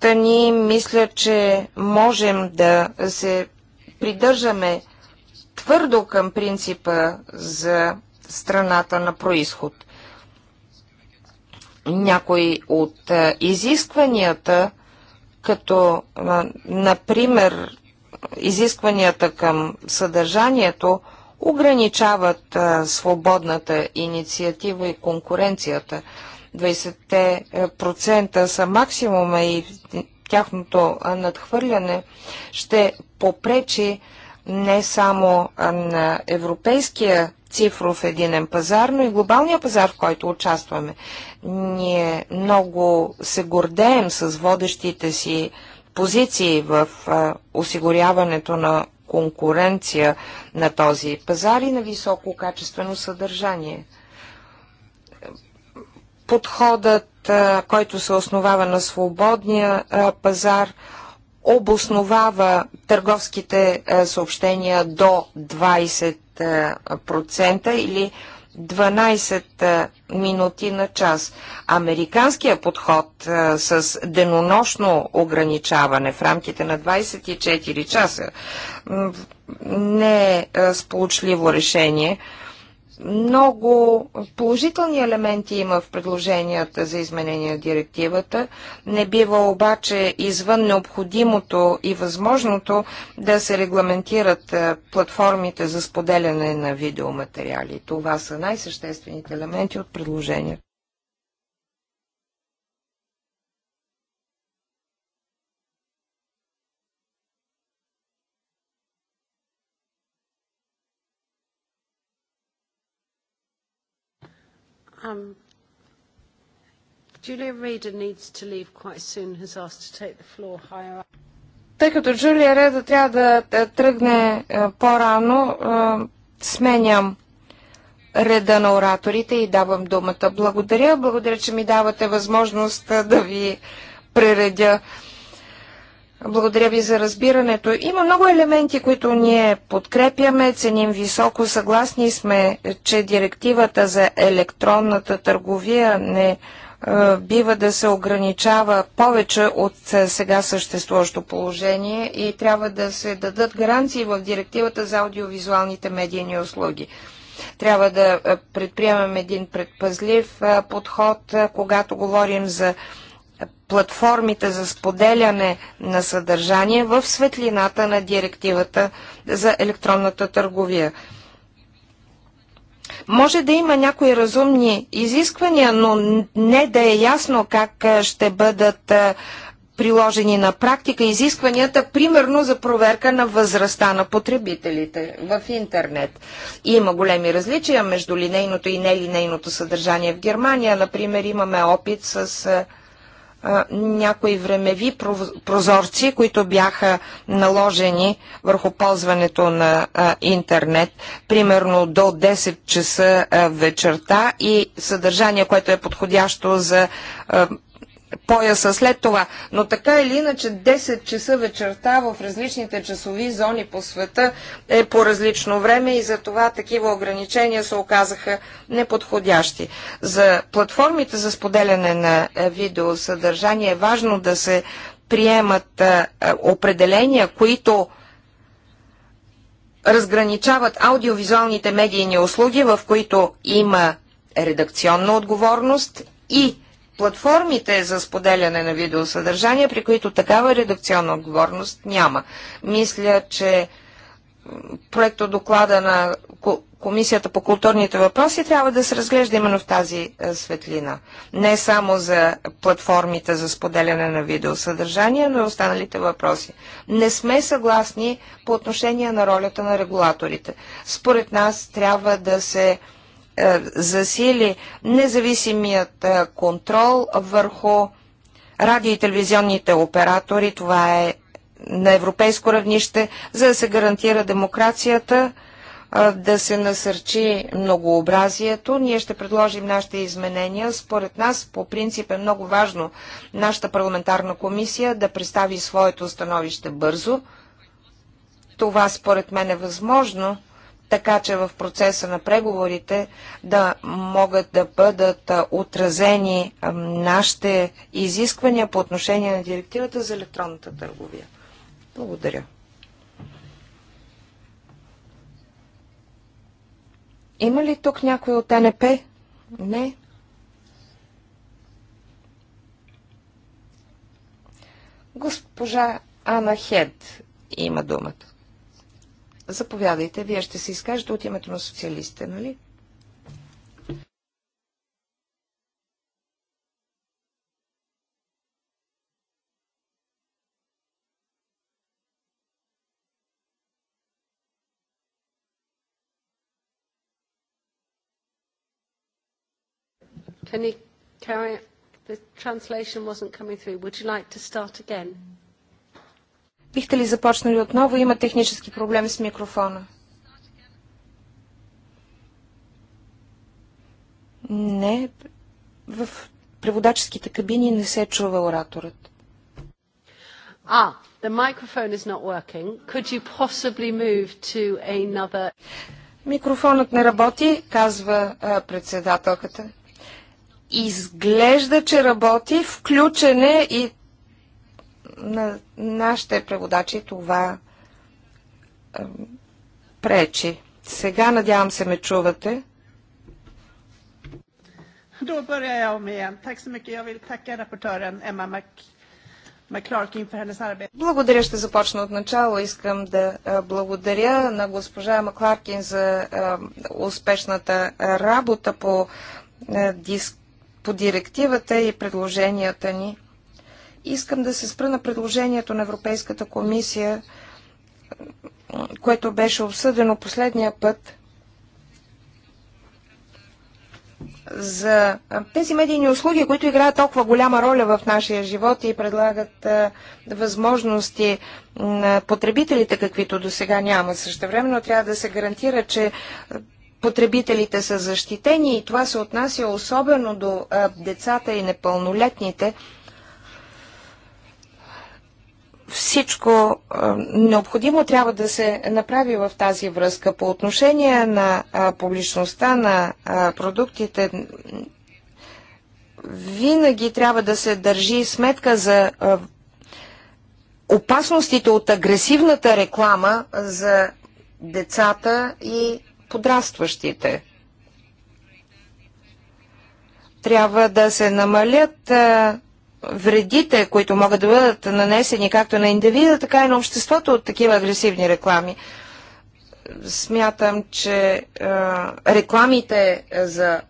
та ни мисля, че можем да се придържаме твърдо към принципа за страната на происход. Някои от а, изискванията, като, например, изискванията към съдържанието, ограничават а, свободната инициатива и конкуренцията. 20% е, са максимума и тяхното надхвърляне ще попречи не само на европейския цифров единен пазар, но и глобалния пазар, в който участваме. Ние много се гордеем с водещите си позиции в осигуряването на конкуренция на този пазар и на високо качествено съдържание. Подходът, който се основава на свободния пазар, обосновава търговските съобщения до 20% или 12 минути на час. Американският подход а, с денонощно ограничаване в рамките на 24 часа не е сполучливо решение. А, много положителни елементи има в предложенията за изменение на директивата. Не бива обаче извън необходимото и възможното да се регламентират е, платформите за споделяне на видеоматериали. Това са най-съществените елементи от предложението. Um, Julia Reader needs to leave quite soon, has asked to take the floor higher up. Тъй като Джулия Реда трябва да тръгне е, по-рано, е, сменям реда на ораторите и давам думата. Благодаря, благодаря, че ми давате възможност е, да ви прередя. Благодаря ви за разбирането. Има много елементи, които ние подкрепяме, ценим високо. Съгласни сме, че директивата за електронната търговия не е, бива да се ограничава повече от сега съществуващо положение и трябва да се дадат гаранции в директивата за аудиовизуалните медийни услуги. Трябва да е, предприемем един предпазлив е, подход, когато говорим за платформите за споделяне на съдържание в светлината на директивата за електронната търговия. Може да има някои разумни изисквания, но не да е ясно как ще бъдат приложени на практика изискванията, примерно за проверка на възрастта на потребителите в интернет. Има големи различия между линейното и нелинейното съдържание в Германия. Например, имаме опит с някои времеви прозорци, които бяха наложени върху ползването на интернет, примерно до 10 часа вечерта и съдържание, което е подходящо за пояса след това. Но така или иначе 10 часа вечерта в различните часови зони по света е по различно време и за това такива ограничения се оказаха неподходящи. За платформите за споделяне на е, видеосъдържание е важно да се приемат е, е, определения, които разграничават аудиовизуалните медийни услуги, в които има редакционна отговорност и платформите за споделяне на видеосъдържание, при които такава редакционна отговорност няма. Мисля, че проекто доклада на Комисията по културните въпроси трябва да се разглежда именно в тази е, светлина. Не само за платформите за споделяне на видеосъдържание, но и останалите въпроси. Не сме съгласни по отношение на ролята на регулаторите. Според нас трябва да се е, засили независимият е, контрол върху радио и телевизионните оператори. Това е на европейско равнище, за да се гарантира демокрацията, е, да се насърчи многообразието. Ние ще предложим нашите изменения. Според нас, по принцип е много важно нашата парламентарна комисия да представи своето становище бързо. Това според мен е възможно така че в процеса на преговорите да могат да бъдат отразени нашите изисквания по отношение на директивата за електронната търговия. Благодаря. Има ли тук някой от НП? Не. Госпожа Ана Хед има думата. Заповядайте, вие ще се изкажете от името на социалистите, нали? Can you carry the translation wasn't coming through. Would you like to start again? Бихте ли започнали отново? Има технически проблем с микрофона. Не, в преводаческите кабини не се чува ораторът. А, the microphone is not working. Could you possibly move to another... Микрофонът не работи, казва а, председателката. Изглежда, че работи. Включен е и на нашите преводачи това пречи. Сега надявам се ме чувате. Då börjar jag om igen. Tack så mycket. Jag vill tacka rapportören Emma Mac McClarkin för hennes arbete. Благодаря, ще започна от начало. Искам да е, благодаря на госпожа Макларкин за е, успешната работа по, е, по директивата и предложенията ни. Искам да се спра на предложението на Европейската комисия, което беше обсъдено последния път за тези медийни услуги, които играят толкова голяма роля в нашия живот и предлагат а, възможности на потребителите, каквито до сега няма. Същевременно трябва да се гарантира, че потребителите са защитени и това се отнася особено до а, децата и непълнолетните, всичко необходимо трябва да се направи в тази връзка. По отношение на публичността на продуктите, винаги трябва да се държи сметка за опасностите от агресивната реклама за децата и подрастващите. Трябва да се намалят а, вредите, които могат да бъдат нанесени както на индивида, така и на обществото от такива агресивни реклами. Смятам, че а, рекламите за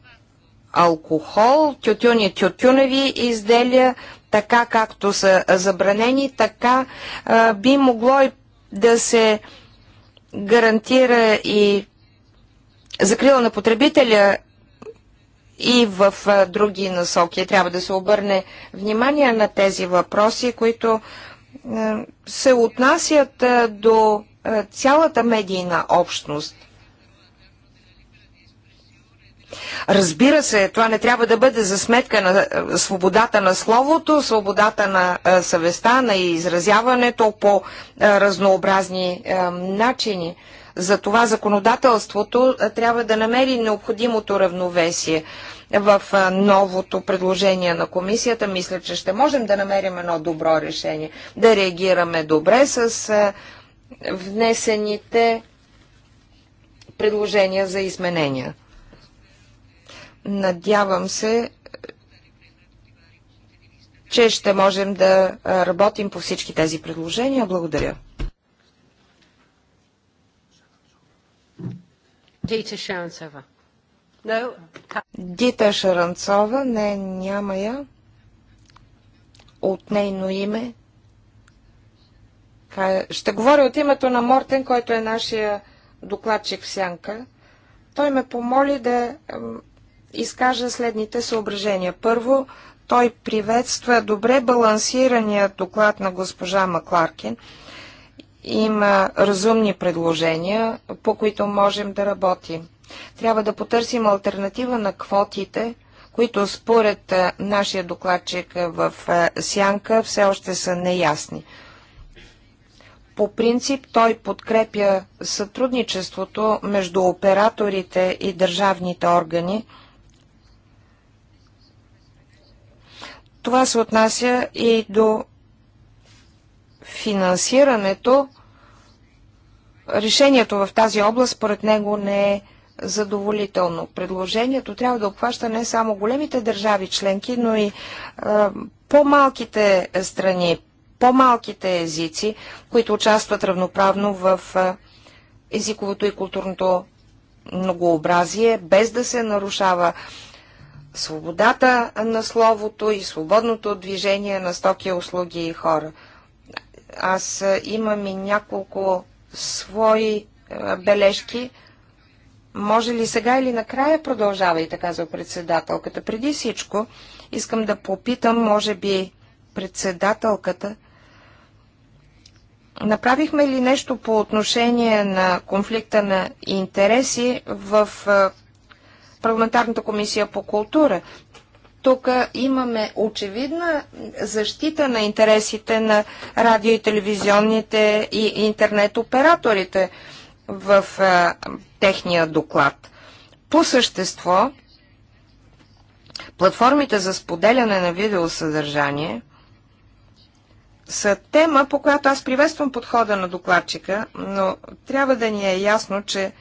алкохол, тютюни и тютюневи изделия, така както са забранени, така а, би могло и да се гарантира и закрила на потребителя и в други насоки. Трябва да се обърне внимание на тези въпроси, които се отнасят до цялата медийна общност. Разбира се, това не трябва да бъде за сметка на свободата на словото, свободата на съвестта, на изразяването по разнообразни начини. За това законодателството трябва да намери необходимото равновесие в новото предложение на комисията. Мисля, че ще можем да намерим едно добро решение, да реагираме добре с внесените предложения за изменения. Надявам се, че ще можем да работим по всички тези предложения. Благодаря. Дита Шаранцова. Дита Шаранцова, не, няма я. От нейно име. Ще говоря от името на Мортен, който е нашия докладчик в Сянка. Той ме помоли да изкажа следните съображения. Първо, той приветства добре балансирания доклад на госпожа Макларкин – има разумни предложения, по които можем да работим. Трябва да потърсим альтернатива на квотите, които според нашия докладчик в Сянка все още са неясни. По принцип той подкрепя сътрудничеството между операторите и държавните органи. Това се отнася и до финансирането решението в тази област, според него, не е задоволително. Предложението трябва да обхваща не само големите държави членки, но и е, по-малките страни, по-малките езици, които участват равноправно в е, езиковото и културното многообразие, без да се нарушава свободата на словото и свободното движение на стоки, услуги и хора. Аз имам и няколко свои е, бележки. Може ли сега или накрая продължавайте, казва председателката. Преди всичко искам да попитам, може би председателката, направихме ли нещо по отношение на конфликта на интереси в е, парламентарната комисия по култура. Тук имаме очевидна защита на интересите на радио и телевизионните и интернет операторите в а, техния доклад. По същество, платформите за споделяне на видеосъдържание са тема, по която аз приветствам подхода на докладчика, но трябва да ни е ясно, че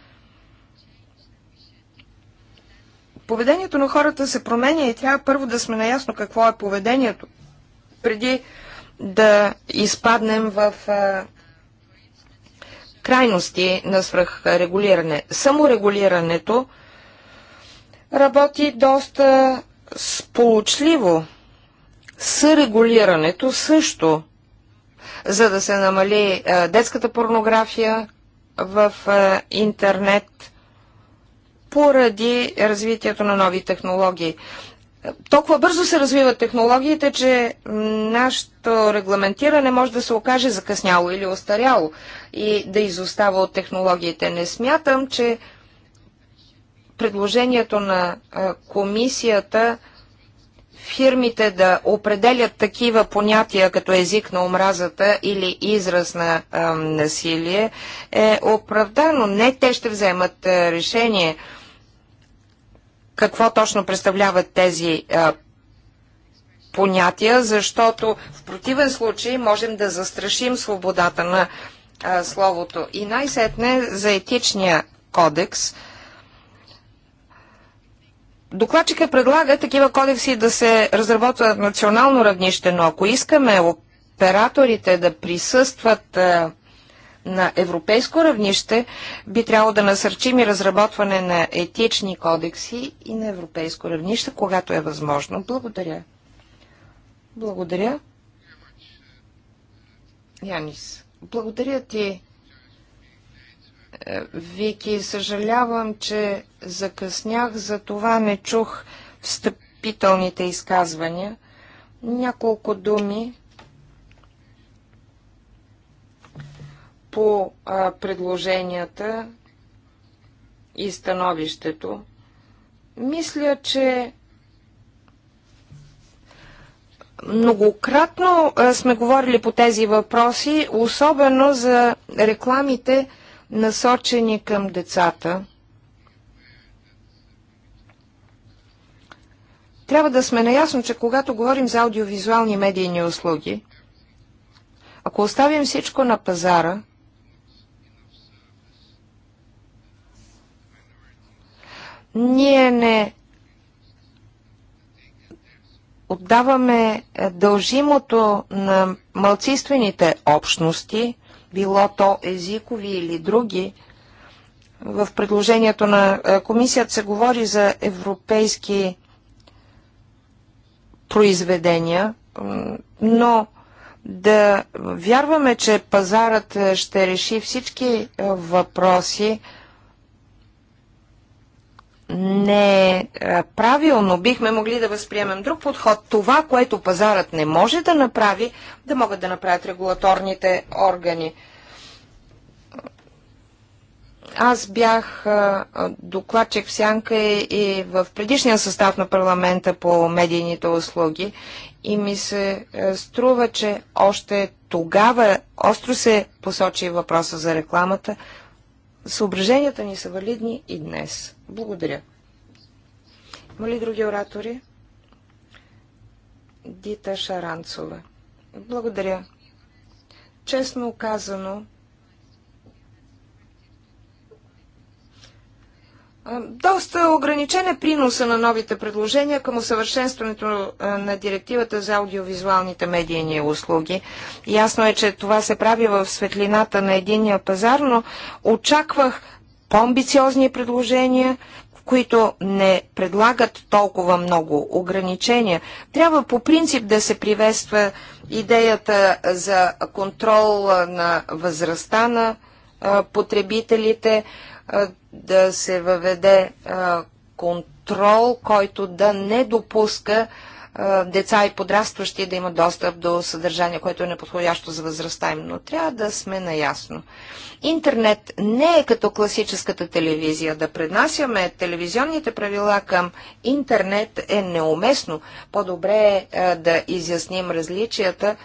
Поведението на хората се променя и трябва първо да сме наясно какво е поведението, преди да изпаднем в а, крайности на свръхрегулиране. Саморегулирането работи доста сполучливо. Сърегулирането също, за да се намали а, детската порнография в а, интернет – поради развитието на нови технологии. Толкова бързо се развиват технологиите, че нашето регламентиране може да се окаже закъсняло или остаряло и да изостава от технологиите. Не смятам, че предложението на комисията фирмите да определят такива понятия като език на омразата или израз на а, насилие е оправдано. Не те ще вземат а, е, решение какво точно представляват тези а, понятия, защото в противен случай можем да застрашим свободата на а, словото. И най-сетне за етичния кодекс – Докладчика предлага такива кодекси да се разработват национално равнище, но ако искаме операторите да присъстват е, на европейско равнище, би трябвало да насърчим и разработване на етични кодекси и на европейско равнище, когато е възможно. Благодаря. Благодаря. Янис, благодаря ти Вики, съжалявам, че закъснях, за това не чух встъпителните изказвания. Няколко думи по а, предложенията и становището. Мисля, че многократно а, сме говорили по тези въпроси, особено за рекламите, насочени към децата. Трябва да сме наясно, че когато говорим за аудиовизуални медийни услуги, ако оставим всичко на пазара, ние не отдаваме дължимото на малцинствените общности – било то езикови или други. В предложението на е, комисията се говори за европейски произведения, но да вярваме, че пазарът е, ще реши всички е, въпроси не е, е правилно. Бихме могли да възприемем друг подход. Това, което пазарът не може да направи, да могат да направят регулаторните органи. Аз бях е, докладчик в Сянка и в предишния състав на парламента по медийните услуги и ми се е, струва, че още тогава остро се посочи въпроса за рекламата. Съображенията ни са валидни и днес. Благодаря. Има ли други оратори? Дита Шаранцова. Благодаря. Честно казано, Доста ограничен е приноса на новите предложения към усъвършенстването на директивата за аудиовизуалните медийни услуги. Ясно е, че това се прави в светлината на единия пазар, но очаквах по-амбициозни предложения, които не предлагат толкова много ограничения. Трябва по принцип да се приветства идеята за контрол на възрастта на потребителите, да се въведе контрол, който да не допуска деца и подрастващи да имат достъп до съдържание, което е неподходящо за възрастта им. Но трябва да сме наясно. Интернет не е като класическата телевизия. Да преднасяме телевизионните правила към интернет е неуместно. По-добре е да изясним различията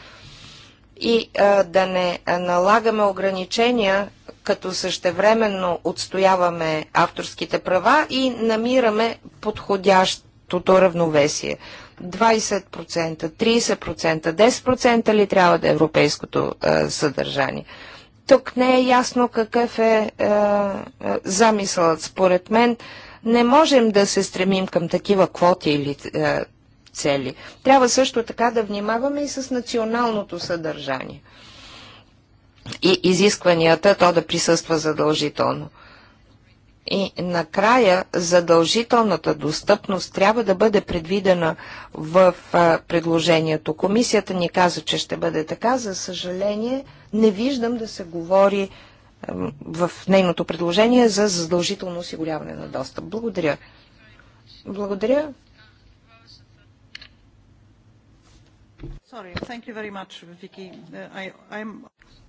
и да не налагаме ограничения, като същевременно отстояваме авторските права и намираме подходящото равновесие. 20%, 30%, 10% ли трябва да е европейското а, е, съдържание? Тук не е ясно какъв е, а, е, е, замисълът. Според мен не можем да се стремим към такива квоти или а, цели. Трябва също така да внимаваме и с националното съдържание и изискванията то да присъства задължително. И накрая задължителната достъпност трябва да бъде предвидена в а, предложението. Комисията ни каза, че ще бъде така. За съжаление, не виждам да се говори а, в нейното предложение за задължително осигуряване на достъп. Благодаря. Благодаря. Uh,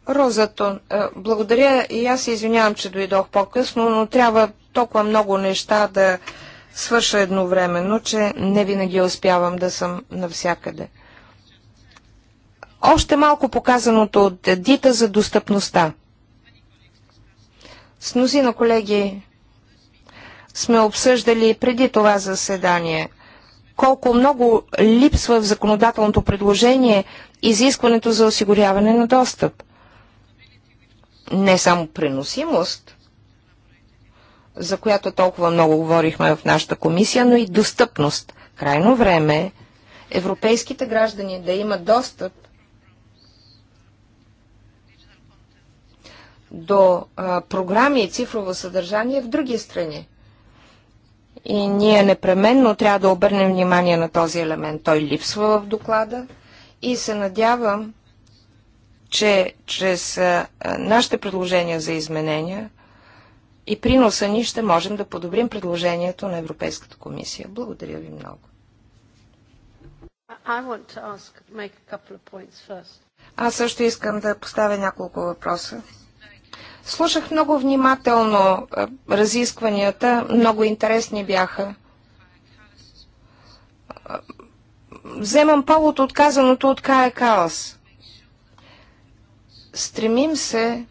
Розатон, е, благодаря и аз се извинявам, че дойдох по-късно, но трябва толкова много неща да свърша едновременно, че не винаги успявам да съм навсякъде. Още малко показаното от Дита за достъпността. С мнозина колеги сме обсъждали преди това заседание – колко много липсва в законодателното предложение изискването за осигуряване на достъп. Не само преносимост, за която толкова много говорихме в нашата комисия, но и достъпност. Крайно време е европейските граждани да имат достъп до а, програми и цифрово съдържание в други страни. И ние непременно трябва да обърнем внимание на този елемент. Той липсва в доклада и се надявам, че чрез нашите предложения за изменения и приноса ни ще можем да подобрим предложението на Европейската комисия. Благодаря ви много. Ask, Аз също искам да поставя няколко въпроса. Слушах много внимателно разискванията, много интересни бяха. Вземам повод от казаното от Кая Калас. Стремим се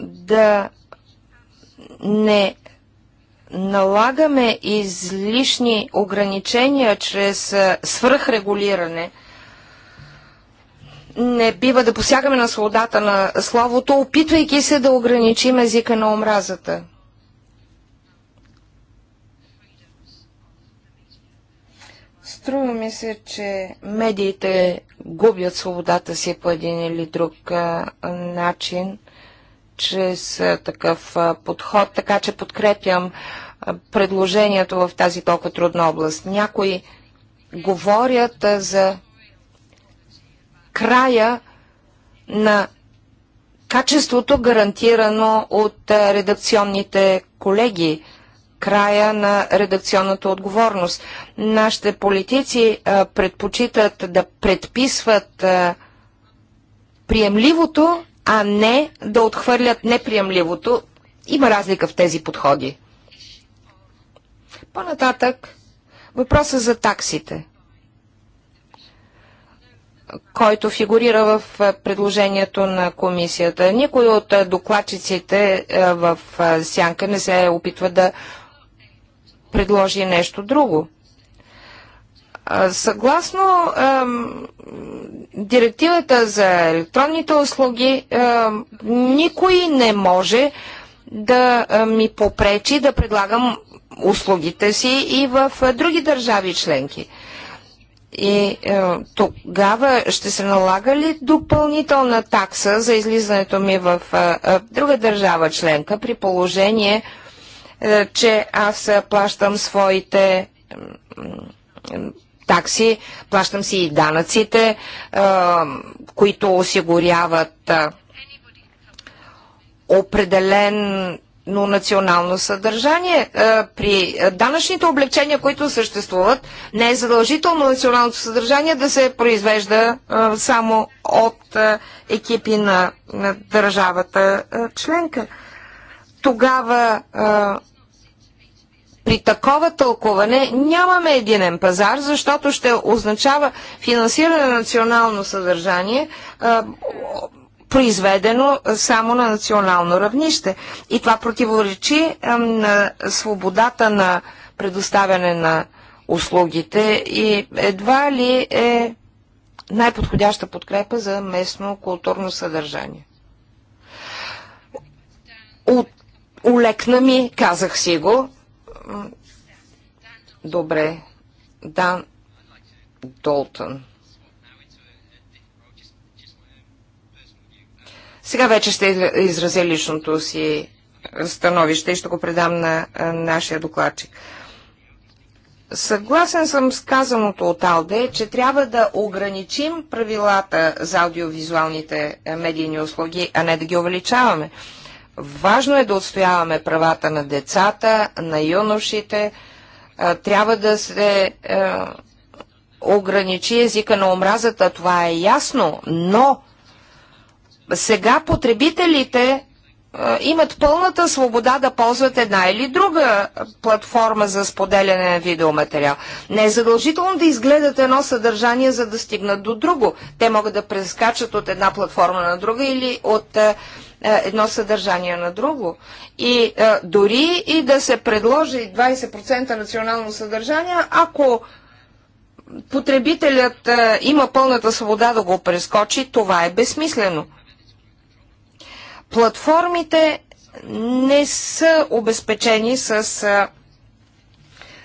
да не налагаме излишни ограничения чрез свръхрегулиране – не бива да посягаме на свободата на словото, опитвайки се да ограничим езика на омразата. Струва ми се, че медиите губят свободата си по един или друг а, начин, чрез а, такъв а, подход, така че подкрепям а, предложението в тази толкова трудна област. Някои говорят а, за края на качеството, гарантирано от редакционните колеги, края на редакционната отговорност. Нашите политици предпочитат да предписват приемливото, а не да отхвърлят неприемливото. Има разлика в тези подходи. По-нататък, въпросът за таксите – който фигурира в предложението на комисията. Никой от докладчиците в сянка не се опитва да предложи нещо друго. Съгласно директивата за електронните услуги, никой не може да ми попречи да предлагам услугите си и в други държави членки. И е, тогава ще се налага ли допълнителна такса за излизането ми в е, е, друга държава членка при положение, е, че аз плащам своите е, такси, плащам си и данъците, е, които осигуряват е, определен но национално съдържание. Е, при данъчните облегчения, които съществуват, не е задължително националното съдържание да се произвежда е, само от е, екипи на, държавата членка. Тогава при такова тълкуване нямаме единен пазар, защото ще означава финансиране на национално съдържание произведено само на национално равнище. И това противоречи на свободата на предоставяне на услугите и едва ли е най-подходяща подкрепа за местно културно съдържание. От, улекна ми, казах си го. Добре. Дан Долтън. Сега вече ще изразя личното си становище и ще го предам на нашия докладчик. Съгласен съм с казаното от Алде, че трябва да ограничим правилата за аудиовизуалните медийни услуги, а не да ги увеличаваме. Важно е да отстояваме правата на децата, на юношите. Трябва да се ограничи езика на омразата, това е ясно, но сега потребителите е, имат пълната свобода да ползват една или друга платформа за споделяне на видеоматериал. Не е задължително да изгледат едно съдържание, за да стигнат до друго. Те могат да прескачат от една платформа на друга или от е, е, едно съдържание на друго. И дори и да се предложи 20% национално съдържание, ако потребителят има пълната свобода да го прескочи, това е безсмислено платформите не са обезпечени с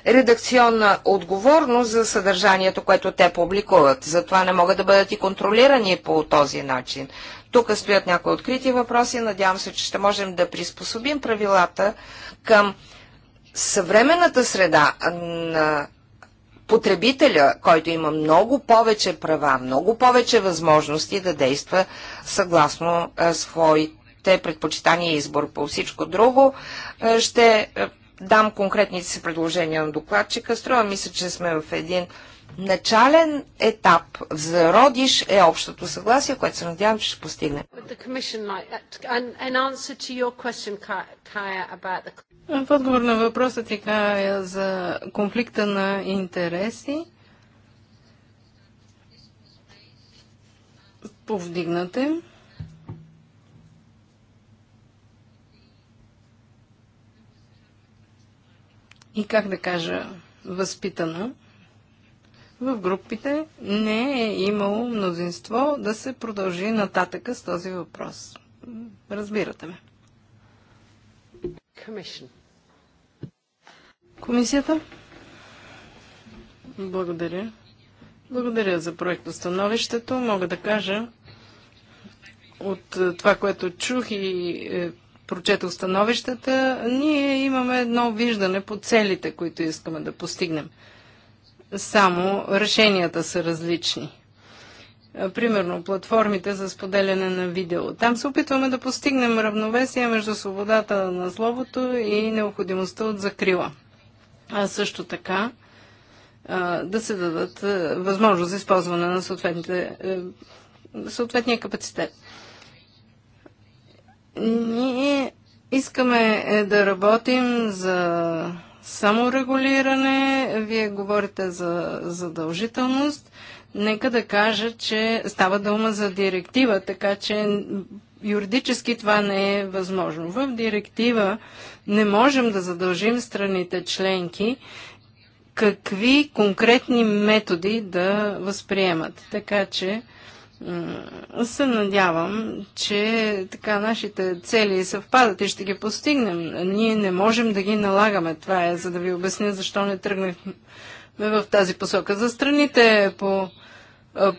редакционна отговорност за съдържанието, което те публикуват. Затова не могат да бъдат и контролирани по този начин. Тук стоят някои открити въпроси. Надявам се, че ще можем да приспособим правилата към съвременната среда на потребителя, който има много повече права, много повече възможности да действа съгласно а, своите те предпочитания и избор по всичко друго. Е, ще е, дам конкретните си предложения на докладчика. Струва мисля, че сме в един начален етап в зародиш е общото съгласие, което се надявам, че ще постигне. В отговор на въпроса ти, Кая, за конфликта на интереси, повдигнате. и как да кажа, възпитана, в групите не е имало мнозинство да се продължи нататъка с този въпрос. Разбирате ме. Commission. Комисията? Благодаря. Благодаря за проектостановището. Мога да кажа от е, това, което чух и е, прочетох становищата, ние имаме едно виждане по целите, които искаме да постигнем. Само решенията са различни. Примерно платформите за споделяне на видео. Там се опитваме да постигнем равновесие между свободата на словото и необходимостта от закрила. А също така да се дадат възможност за използване на е, съответния капацитет. Ние искаме е, да работим за саморегулиране. Вие говорите за задължителност. Нека да кажа, че става дума за директива, така че юридически това не е възможно. В директива не можем да задължим страните членки какви конкретни методи да възприемат. Така че се надявам, че така нашите цели съвпадат и ще ги постигнем. Ние не можем да ги налагаме. Това е, за да ви обясня защо не тръгнахме в тази посока. За страните по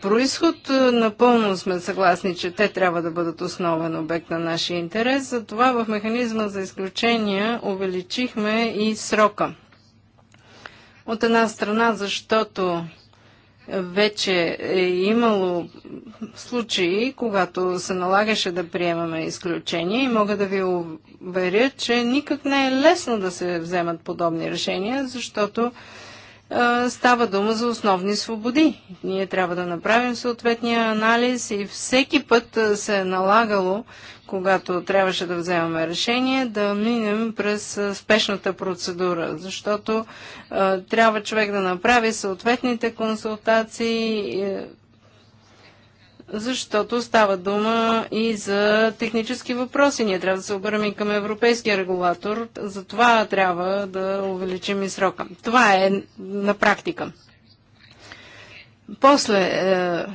происход напълно сме съгласни, че те трябва да бъдат основен обект на нашия интерес. Затова в механизма за изключения увеличихме и срока. От една страна, защото вече е имало случаи, когато се налагаше да приемаме изключения и мога да ви уверя, че никак не е лесно да се вземат подобни решения, защото става дума за основни свободи. Ние трябва да направим съответния анализ и всеки път се е налагало когато трябваше да вземаме решение, да минем през спешната процедура, защото трябва човек да направи съответните консултации, защото става дума и за технически въпроси. Ние трябва да се обърнем и към европейския регулатор, за това трябва да увеличим и срока. Това е на практика. После. Е,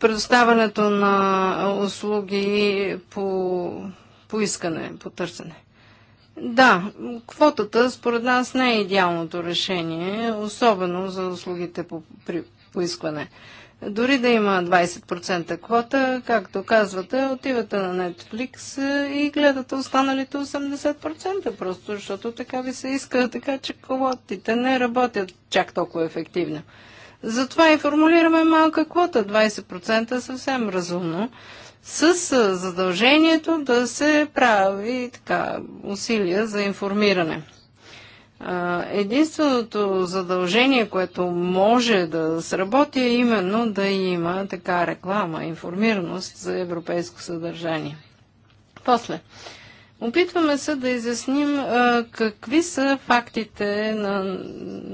предоставянето на услуги по, по искане, по търсене. Да, квотата според нас не е идеалното решение, особено за услугите по при поискване. Дори да има 20% квота, както казвате, отивате на Netflix и гледате останалите 80%, просто защото така ви се иска, така че квотите не работят чак толкова ефективно. Затова и формулираме малка квота, 20% съвсем разумно, с задължението да се прави така, усилия за информиране. Единственото задължение, което може да сработи е именно да има така реклама, информираност за европейско съдържание. После, Опитваме се да изясним а, какви са фактите на,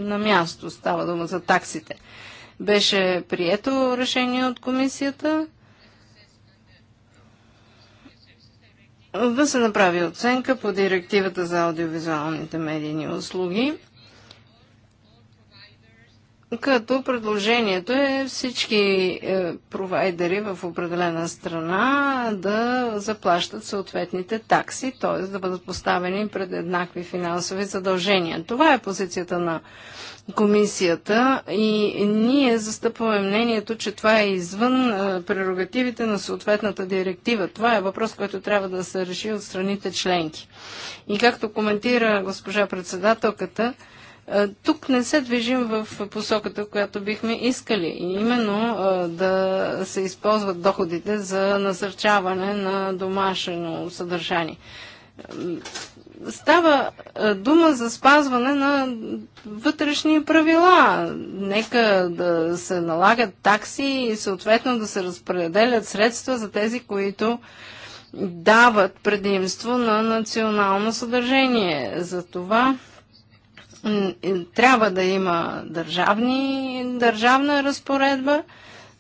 на място. Става дума за таксите. Беше прието решение от комисията да се направи оценка по директивата за аудиовизуалните медийни услуги като предложението е всички е, провайдери в определена страна да заплащат съответните такси, т.е. да бъдат поставени пред еднакви финансови задължения. Това е позицията на комисията и ние застъпваме мнението, че това е извън е, прерогативите на съответната директива. Това е въпрос, който трябва да се реши от страните членки. И както коментира госпожа председателката, е, тук не се движим в посоката, в която бихме искали. именно е, да се използват доходите за насърчаване на домашно съдържание. Е, става дума за спазване на вътрешни правила. Нека да се налагат такси и съответно да се разпределят средства за тези, които дават предимство на национално съдържание. За това трябва да има държавни, държавна разпоредба.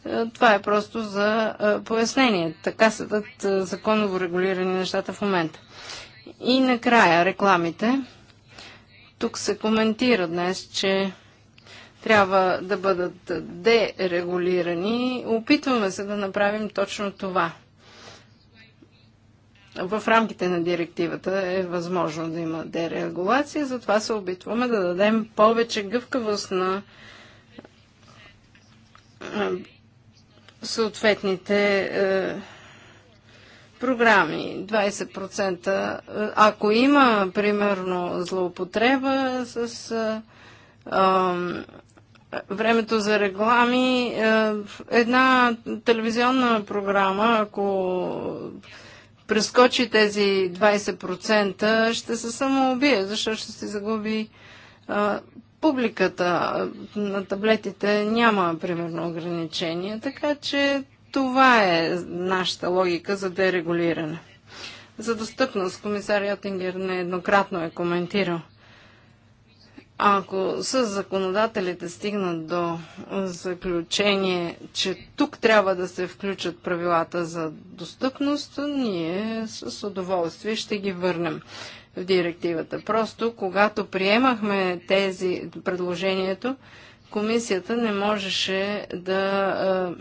Е, това е просто за е, пояснение. Така седат е, законово регулирани нещата в момента. И накрая рекламите. Тук се коментира днес, че трябва да бъдат дерегулирани. Опитваме се да направим точно това – в рамките на директивата е възможно да има дерегулация, затова се опитваме да дадем повече гъвкавост на съответните програми. 20%, ако има, примерно, злоупотреба с времето за реклами, една телевизионна програма, ако прескочи тези 20%, ще се самоубие, защото ще си загуби а, публиката. На таблетите няма, примерно, ограничения, така че това е нашата логика за дерегулиране. За достъпност комисар Йотингер нееднократно е коментирал – ако с законодателите стигнат до заключение, че тук трябва да се включат правилата за достъпност, ние с удоволствие ще ги върнем в директивата. Просто, когато приемахме тези предложението, комисията не можеше да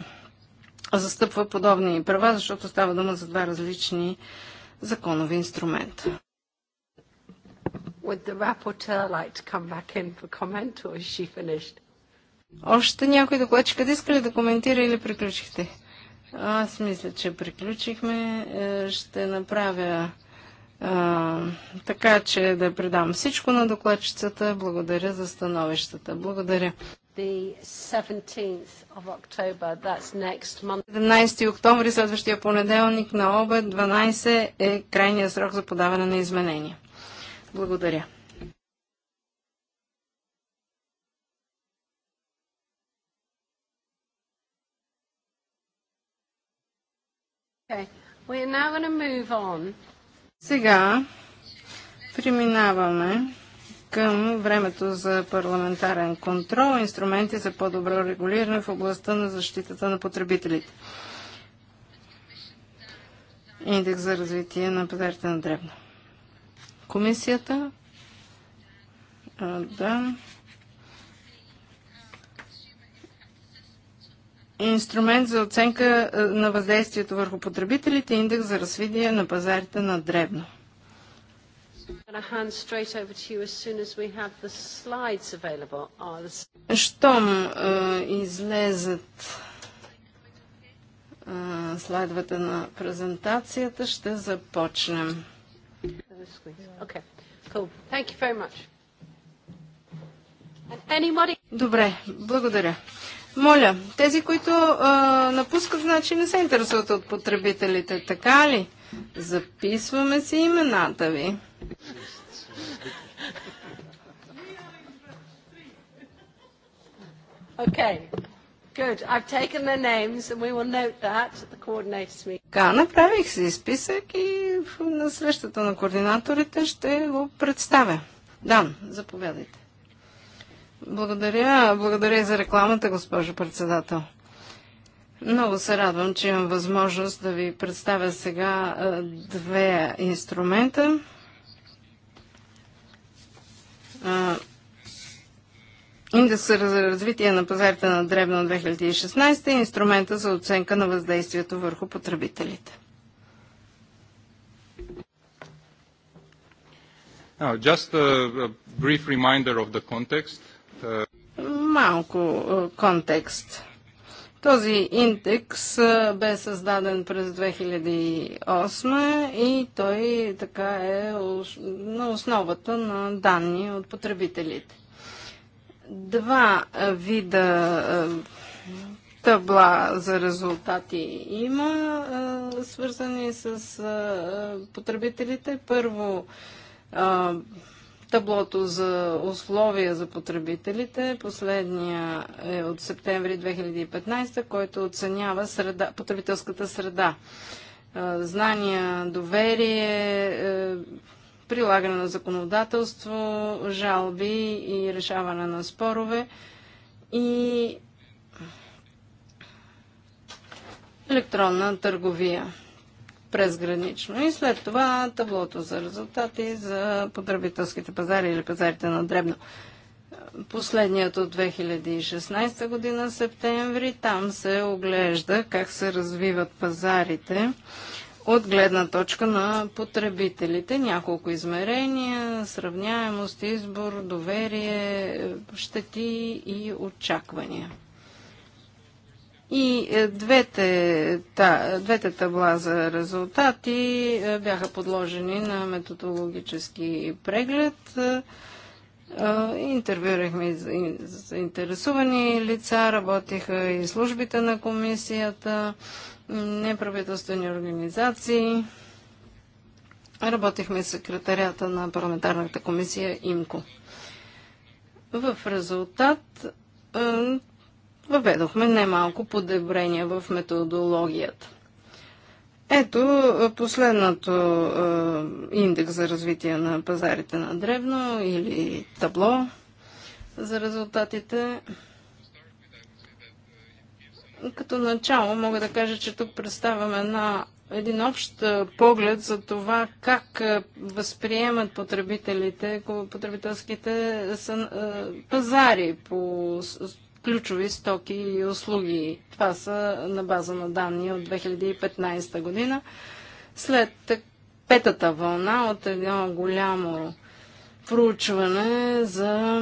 застъпва подобни права, защото става дума за два различни законови инструмента. Would the rapporteur like to come back in for comment or is she finished? Още някой докладчик, да иска ли да коментира или приключихте? Аз мисля, че приключихме. Е, ще направя а, така, че да предам всичко на докладчицата. Благодаря за становищата. Благодаря. 17 октомври, следващия понеделник на обед, 12 е крайният срок за подаване на изменения. Благодаря. Okay. Сега преминаваме към времето за парламентарен контрол, инструменти за по-добро регулиране в областта на защитата на потребителите. Индекс за развитие на пазарите на древно. Комисията? А, да. Инструмент за оценка на въздействието върху потребителите, индекс за развитие на пазарите на дребно. Щом излезат е, слайдвата на презентацията, ще започнем the screen. Yeah. Okay. Cool. Thank you very much. And anybody... Добре, благодаря. Моля, тези, които а, напускат, значи не се интересуват от потребителите, така ли? Записваме си имената ви. Okay. Good. I've taken their names and we will note that at the coordinators meeting. Така, направих си списък и на срещата на координаторите ще го представя. Дан, заповядайте. Благодаря, благодаря и за рекламата, госпожо председател. Много се радвам, че имам възможност да ви представя сега две инструмента Индексът за развитие на пазарите на Древно 2016 е инструмента за оценка на въздействието върху потребителите. Now, just a, a brief reminder of the context. Uh... Малко uh, контекст. Този индекс е, бе създаден през 2008 и той така е на основата на данни от потребителите. Два вида табла за резултати има, свързани с потребителите. Първо, таблото за условия за потребителите. Последния е от септември 2015, който оценява среда, потребителската среда. Знания, доверие, е, прилагане на законодателство, жалби и решаване на спорове и електронна търговия презгранично. И след това таблото за резултати за потребителските пазари или пазарите на дребно. Последният от 2016 година, септември, там се оглежда как се развиват пазарите от гледна точка на потребителите. Няколко измерения, сравняемост, избор, доверие, щети и очаквания. И е, двете, та, двете табла за резултати е, бяха подложени на методологически преглед. Е, интервюрахме заинтересувани лица, работиха и службите на комисията неправителствени организации. Работихме с секретарята на парламентарната комисия ИМКО. В резултат въведохме немалко подобрения в методологията. Ето последното индекс за развитие на пазарите на древно или табло за резултатите като начало мога да кажа, че тук представям на един общ поглед за това как възприемат потребителите, потребителските са, пазари по ключови стоки и услуги. Това са на база на данни от 2015 година. След петата вълна от едно голямо проучване за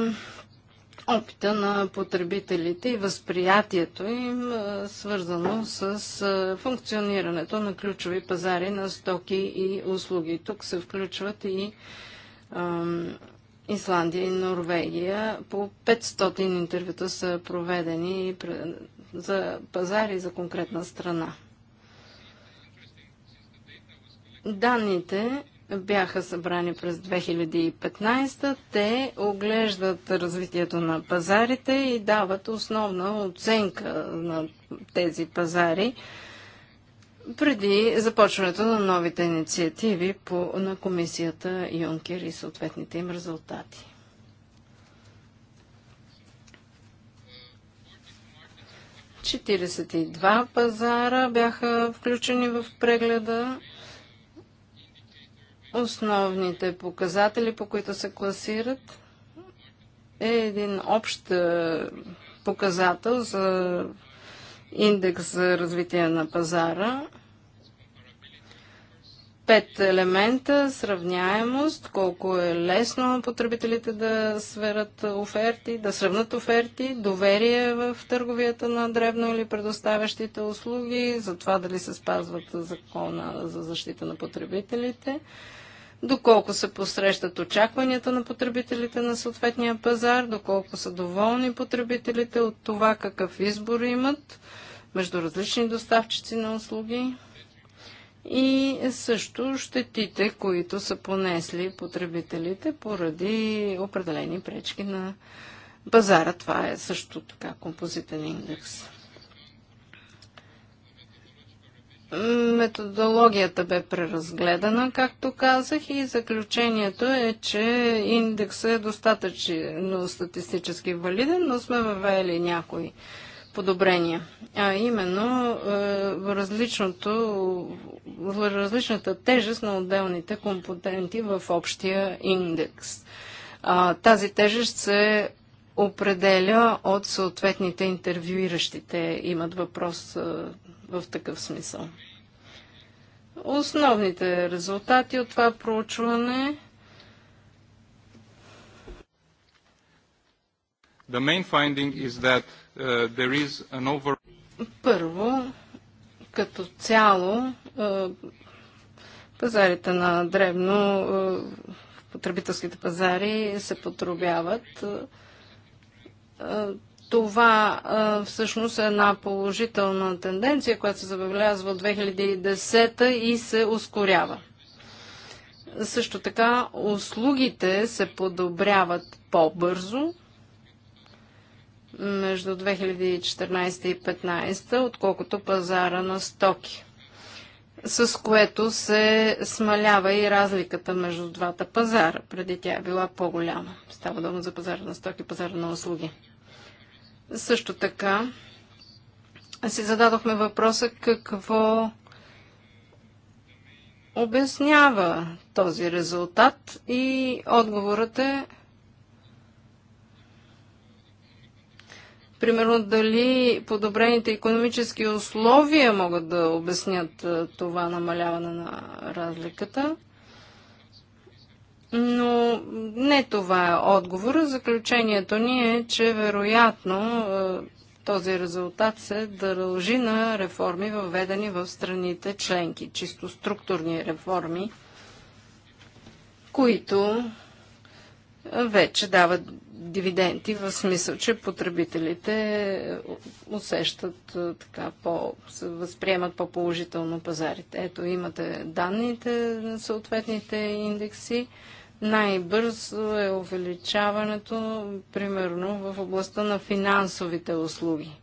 опита на потребителите и възприятието им, свързано с функционирането на ключови пазари на стоки и услуги. Тук се включват и Исландия и Норвегия. По 500 интервюта са проведени за пазари за конкретна страна. Данните бяха събрани през 2015. Те оглеждат развитието на пазарите и дават основна оценка на тези пазари преди започването на новите инициативи по, на комисията Юнкер и съответните им резултати. Четиридесет и два пазара бяха включени в прегледа Основните показатели, по които се класират, е един общ е, показател за индекс за развитие на пазара. Пет елемента, сравняемост, колко е лесно потребителите да сверат оферти, да сравнат оферти, доверие в търговията на древно или предоставящите услуги, за това дали се спазват закона за защита на потребителите доколко се посрещат очакванията на потребителите на съответния пазар, доколко са доволни потребителите от това какъв избор имат между различни доставчици на услуги и също щетите, които са понесли потребителите поради определени пречки на пазара. Това е също така композитен индекс. Методологията бе преразгледана, както казах, и заключението е, че индексът е достатъчно статистически валиден, но сме въвели някои подобрения. А именно в е, различното, различната тежест на отделните компоненти в общия индекс. А, тази тежест се определя от съответните интервюиращите. Имат въпрос е, в такъв смисъл. Основните резултати от това проучване The main finding is that uh, there is an over... Първо, като цяло, пазарите на древно, потребителските пазари се потробяват. Това а, всъщност е една положителна тенденция, която се забелязва от 2010 и се ускорява. Също така услугите се подобряват по-бързо между 2014 и 2015, отколкото пазара на стоки, с което се смалява и разликата между двата пазара. Преди тя е била по-голяма. Става дума за пазара на стоки и пазара на услуги. Също така си зададохме въпроса какво обяснява този резултат и отговорът е примерно дали подобрените економически условия могат да обяснят това намаляване на разликата. Но не това е отговора. Заключението ни е, че вероятно е, този резултат се дължи на реформи, въведени в страните членки, чисто структурни реформи, които вече дават дивиденти, в смисъл, че потребителите усещат е, така по, възприемат по-положително пазарите. Ето имате данните на съответните индекси. Най-бързо е увеличаването, примерно, в областта на финансовите услуги.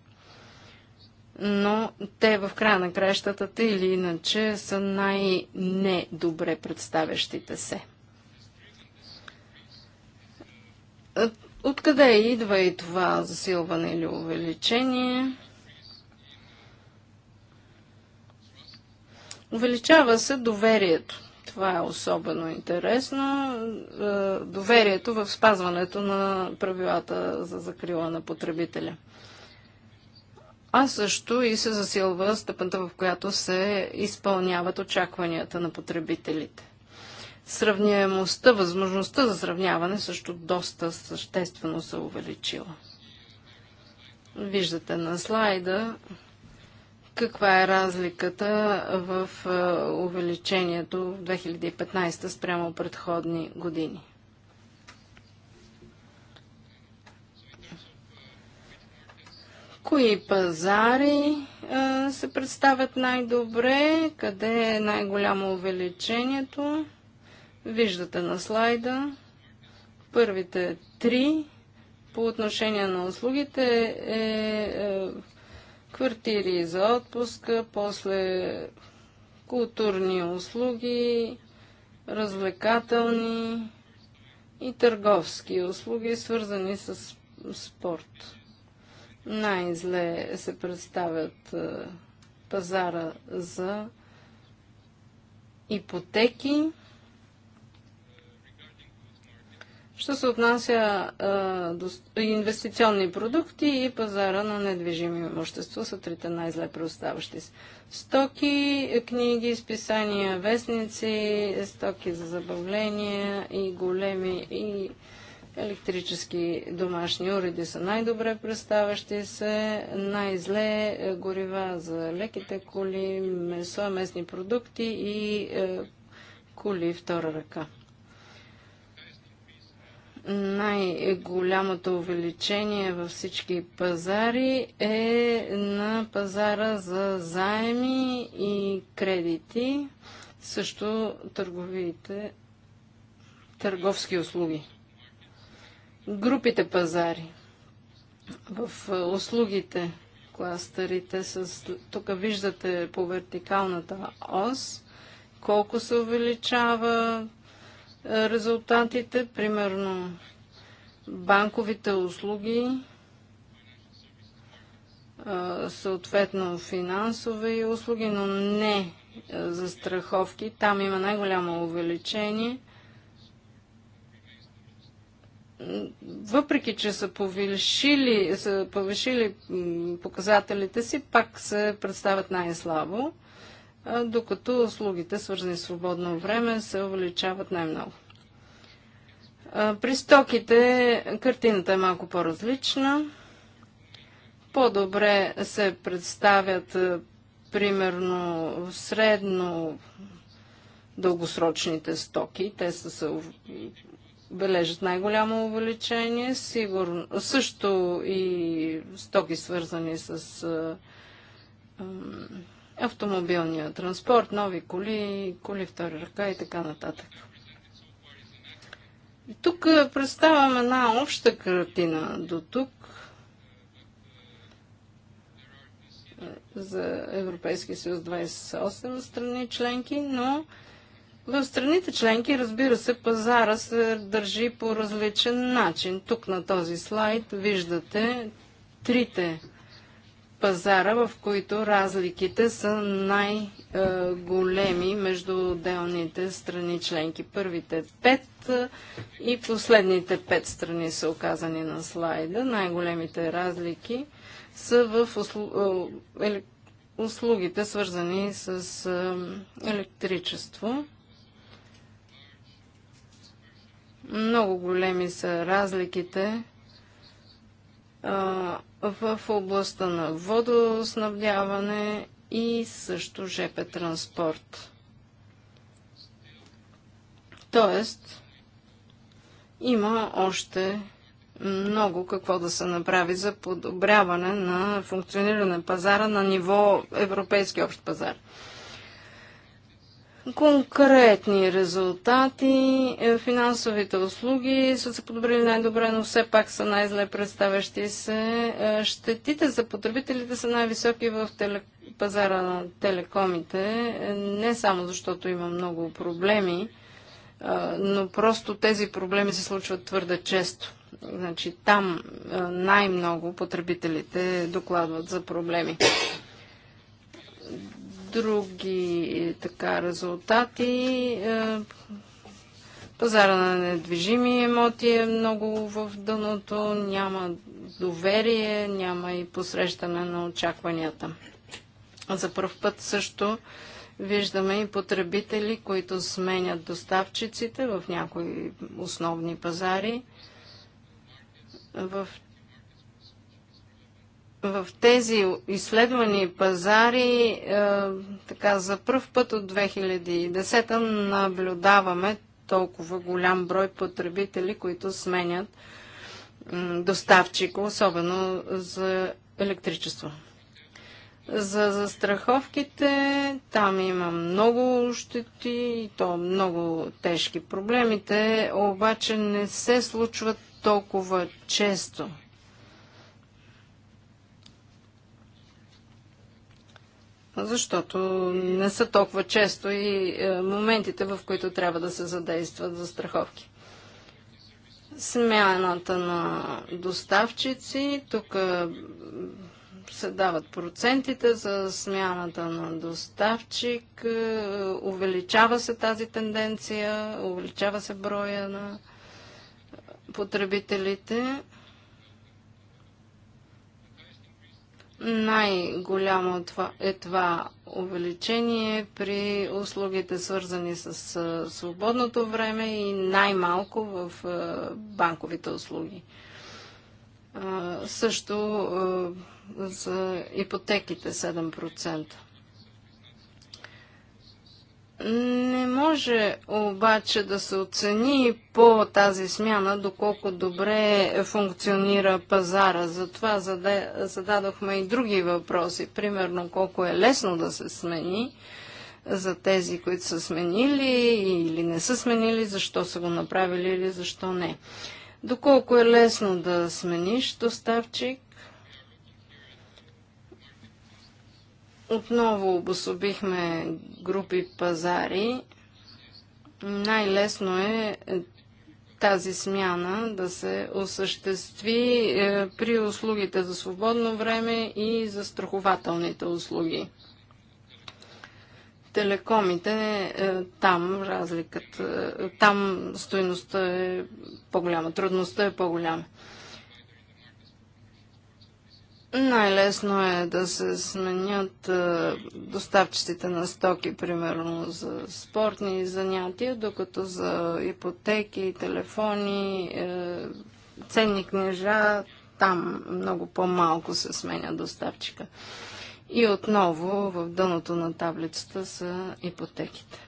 Но те в края на кращата или иначе са най-недобре представящите се. Откъде идва и това засилване или увеличение? Увеличава се доверието. Това е особено интересно. Е, доверието в спазването на правилата за закрила на потребителя. А също и се засилва степента, в която се изпълняват очакванията на потребителите. Сравняемостта, възможността за сравняване също доста съществено се увеличила. Виждате на слайда каква е разликата в е, увеличението в 2015 спрямо предходни години. Кои пазари а, е, се представят най-добре, къде е най-голямо увеличението. Виждате на слайда първите три по отношение на услугите е, е квартири за отпуска, после културни услуги, развлекателни и търговски услуги, свързани с спорт. Най-зле се представят е, пазара за ипотеки Що се отнася а, до инвестиционни продукти и пазара на недвижими имущества са трите най-зле преоставащи се. Стоки, книги, списания, вестници, стоки за забавления и големи и електрически домашни уреди са най-добре представащи се, най-зле е, горива за леките коли, месо, местни продукти и е, коли втора ръка най-голямото увеличение във всички пазари е на пазара за заеми и кредити, също търговите, търговски услуги. Групите пазари в услугите, кластърите, с, тук виждате по вертикалната ос, колко се увеличава резултатите, примерно банковите услуги, съответно финансови услуги, но не за страховки. Там има най-голямо увеличение. Въпреки, че са повишили, са повишили показателите си, пак се представят най-слабо докато услугите, свързани с свободно време, се увеличават най-много. При стоките картината е малко по-различна. По-добре се представят примерно средно дългосрочните стоки. Те са се бележат най-голямо увеличение. Сигурно, също и стоки свързани с автомобилния транспорт, нови коли, коли втора ръка и така нататък. И тук е, представям една обща картина до тук е, за Европейския съюз 28 страни членки, но в страните членки, разбира се, пазара се държи по различен начин. Тук на този слайд виждате трите пазара, в които разликите са най-големи между отделните страни членки. Първите пет и последните пет страни са оказани на слайда. Най-големите разлики са в услугите, свързани с електричество. Много големи са разликите в областта на водоснабдяване и също ЖП транспорт. Тоест, има още много какво да се направи за подобряване на функциониране на пазара на ниво Европейски общ пазар конкретни резултати. Е, финансовите услуги са се подобрили най-добре, но все пак са най-зле представящи се. Е, щетите за потребителите са най-високи в теле... пазара на телекомите, е, не само защото има много проблеми, но просто тези проблеми се случват твърде често. Значи там най-много потребителите докладват за проблеми други е, така резултати. Е, пазара на недвижими имоти е много в дъното, няма доверие, няма и посрещане на очакванията. За първ път също виждаме и потребители, които сменят доставчиците в някои основни пазари. В в тези изследвани пазари е, така за първ път от 2010 наблюдаваме толкова голям брой потребители, които сменят доставчика, особено за електричество. За застраховките там има много щети и то много тежки. Проблемите обаче не се случват толкова често. защото не са толкова често и е, моментите, в които трябва да се задействат за страховки. Смяната на доставчици, тук е, се дават процентите за смяната на доставчик, е, увеличава се тази тенденция, увеличава се броя на потребителите Най-голямо е това увеличение при услугите свързани с свободното време и най-малко в банковите услуги. Също за ипотеките 7%. Не може обаче да се оцени по тази смяна доколко добре функционира пазара. Затова зададохме и други въпроси. Примерно колко е лесно да се смени за тези, които са сменили или не са сменили, защо са го направили или защо не. Доколко е лесно да смениш доставчик Отново обособихме групи пазари. Най-лесно е, е тази смяна да се осъществи е, при услугите за свободно време и за страхователните услуги. Телекомите, е, там разликата, там стоеността е по-голяма, трудността е по-голяма. Най-лесно е да се сменят е, доставчиците на стоки, примерно за спортни занятия, докато за ипотеки, телефони, е, ценни книжа, там много по-малко се сменя доставчика. И отново в дъното на таблицата са ипотеките.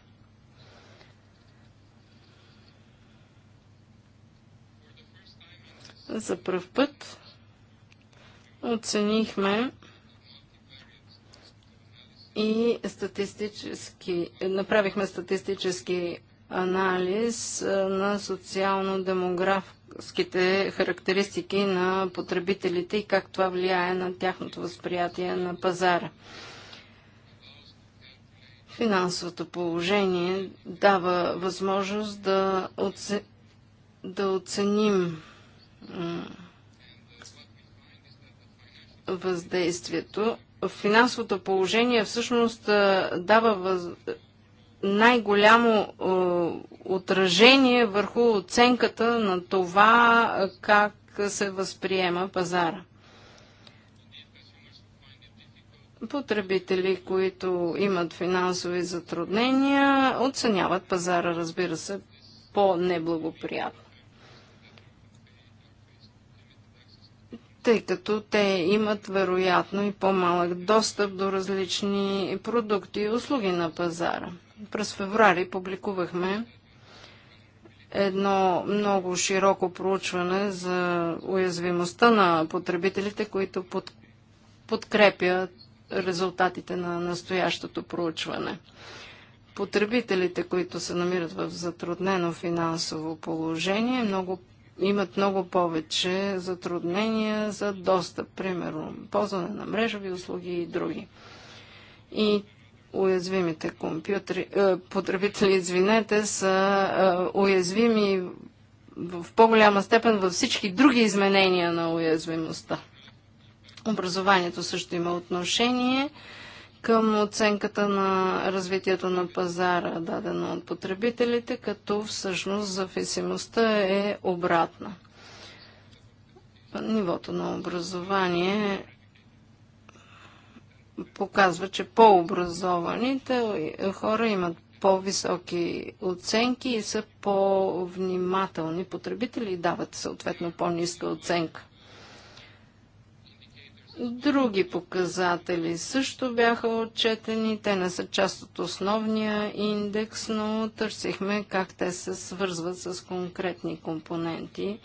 За първ път оценихме и статистически, направихме статистически анализ на социално-демографските характеристики на потребителите и как това влияе на тяхното възприятие на пазара. Финансовото положение дава възможност да, оце... да оценим въздействието. Финансовото положение всъщност дава въз... най-голямо е, отражение върху оценката на това как се възприема пазара. Потребители, които имат финансови затруднения, оценяват пазара, разбира се, по-неблагоприятно. тъй като те имат вероятно и по-малък достъп до различни продукти и услуги на пазара. През феврари публикувахме едно много широко проучване за уязвимостта на потребителите, които под, подкрепят резултатите на настоящото проучване. Потребителите, които се намират в затруднено финансово положение, много имат много повече затруднения за достъп, примерно ползване на мрежови услуги и други. И уязвимите компютри, е, потребители, извинете, са е, уязвими в по-голяма степен във всички други изменения на уязвимостта. Образованието също има отношение към оценката на развитието на пазара, дадено от потребителите, като всъщност зависимостта е обратна. Нивото на образование показва, че по-образованите хора имат по-високи оценки и са по-внимателни потребители и дават съответно по-ниска оценка. Други показатели също бяха отчетени. Те не са част от основния индекс, но търсихме как те се свързват с конкретни компоненти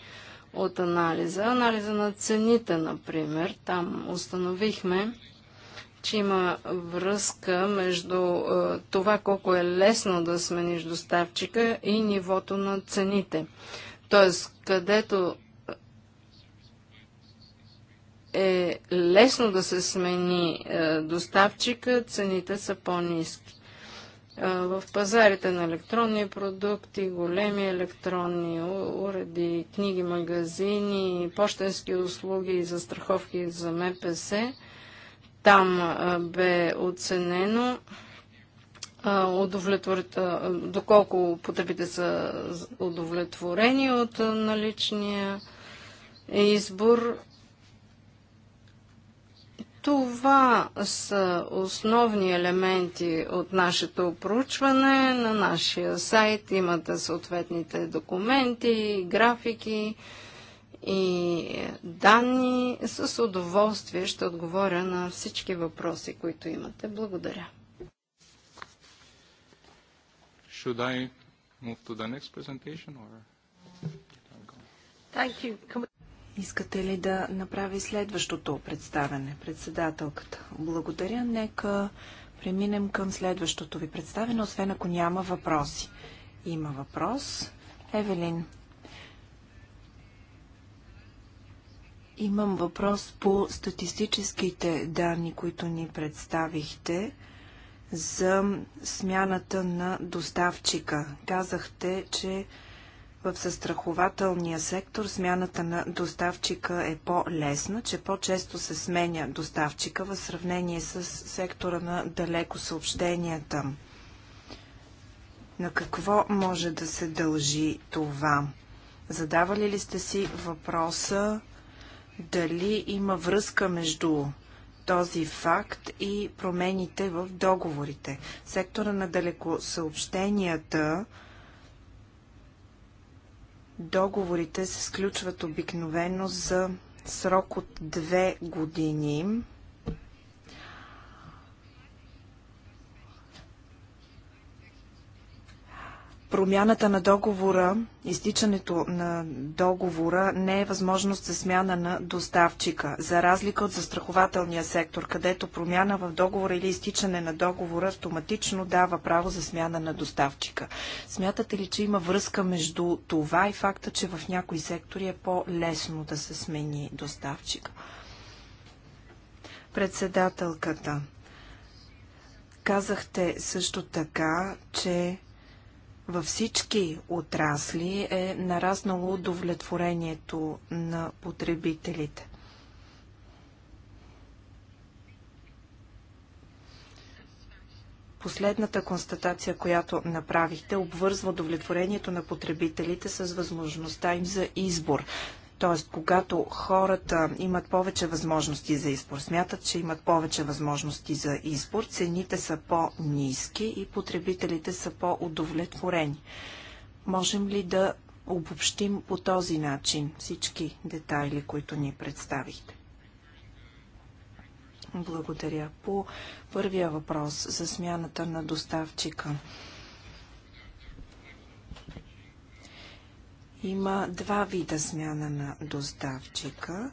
от анализа. Анализа на цените, например, там установихме, че има връзка между е, това колко е лесно да смениш доставчика и нивото на цените. Тоест, където е лесно да се смени е, доставчика, цените са по-низки. Е, в пазарите на електронни продукти, големи електронни уреди, книги, магазини, почтенски услуги и застраховки за МПС, там е, бе оценено доколко потребите са удовлетворени от наличния избор това са основни елементи от нашето проучване. На нашия сайт имате съответните документи, графики и данни. С удоволствие ще отговоря на всички въпроси, които имате. Благодаря. Should I move to the next presentation or? Thank you. Искате ли да направи следващото представяне, председателката? Благодаря. Нека преминем към следващото ви представяне, освен ако няма въпроси. Има въпрос. Евелин. Имам въпрос по статистическите данни, които ни представихте за смяната на доставчика. Казахте, че в състрахователния сектор смяната на доставчика е по-лесна, че по-често се сменя доставчика в сравнение с сектора на далеко съобщенията. На какво може да се дължи това? Задавали ли сте си въпроса дали има връзка между този факт и промените в договорите? Сектора на далекосъобщенията съобщенията Договорите се сключват обикновено за срок от две години. Промяната на договора, изтичането на договора не е възможност за смяна на доставчика, за разлика от застрахователния сектор, където промяна в договора или изтичане на договора автоматично дава право за смяна на доставчика. Смятате ли, че има връзка между това и факта, че в някои сектори е по-лесно да се смени доставчика? Председателката. Казахте също така, че във всички отрасли е нараснало удовлетворението на потребителите. Последната констатация, която направихте, обвързва удовлетворението на потребителите с възможността им за избор. Т.е. когато хората имат повече възможности за избор, смятат, че имат повече възможности за избор, цените са по-низки и потребителите са по-удовлетворени. Можем ли да обобщим по този начин всички детайли, които ни представихте? Благодаря. По първия въпрос за смяната на доставчика. Има два вида смяна на доставчика.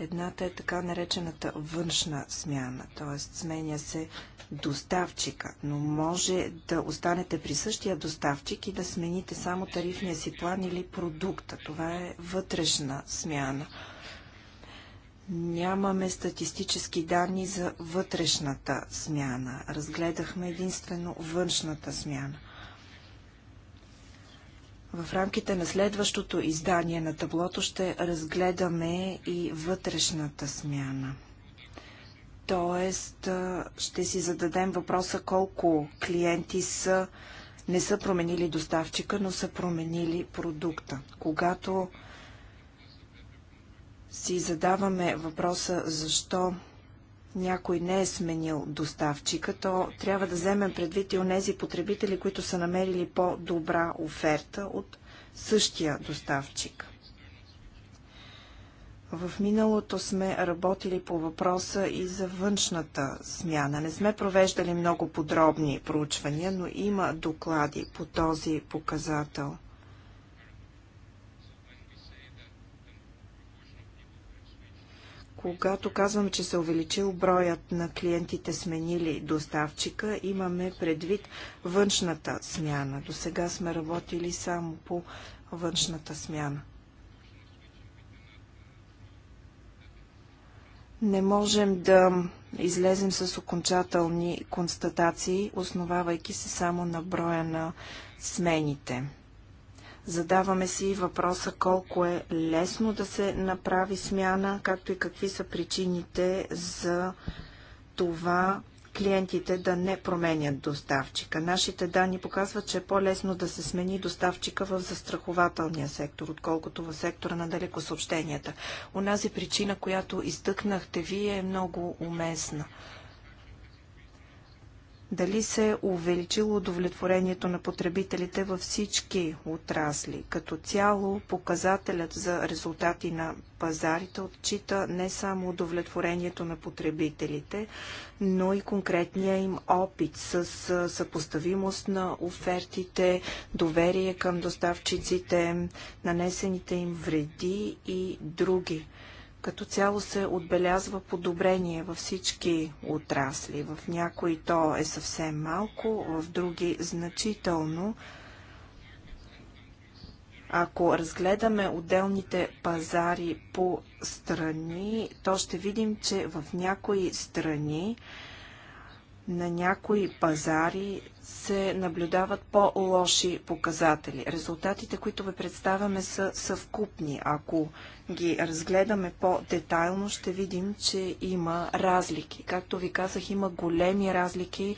Едната е така наречената външна смяна, т.е. сменя се доставчика, но може да останете при същия доставчик и да смените само тарифния си план или продукта. Това е вътрешна смяна. Нямаме статистически данни за вътрешната смяна. Разгледахме единствено външната смяна – в рамките на следващото издание на таблото ще разгледаме и вътрешната смяна. Тоест, ще си зададем въпроса колко клиенти са, не са променили доставчика, но са променили продукта. Когато си задаваме въпроса защо някой не е сменил доставчика, то трябва да вземем предвид и онези потребители, които са намерили по-добра оферта от същия доставчик. В миналото сме работили по въпроса и за външната смяна. Не сме провеждали много подробни проучвания, но има доклади по този показател – Когато казвам, че се е увеличил броят на клиентите сменили доставчика, имаме предвид външната смяна. До сега сме работили само по външната смяна. Не можем да излезем с окончателни констатации, основавайки се само на броя на смените. Задаваме си въпроса колко е лесно да се направи смяна, както и какви са причините за това клиентите да не променят доставчика. Нашите данни показват, че е по-лесно да се смени доставчика в застрахователния сектор, отколкото в сектора на далекосъобщенията. Онази причина, която изтъкнахте вие е много уместна – дали се е увеличило удовлетворението на потребителите във всички отрасли. Като цяло, показателят за резултати на пазарите отчита не само удовлетворението на потребителите, но и конкретния им опит с съпоставимост на офертите, доверие към доставчиците, нанесените им вреди и други като цяло се отбелязва подобрение във всички отрасли. В някои то е съвсем малко, в други значително. Ако разгледаме отделните пазари по страни, то ще видим, че в някои страни на някои пазари се наблюдават по-лоши показатели. Резултатите, които ви представяме, са съвкупни. Ако ги разгледаме по-детайлно, ще видим, че има разлики. Както ви казах, има големи разлики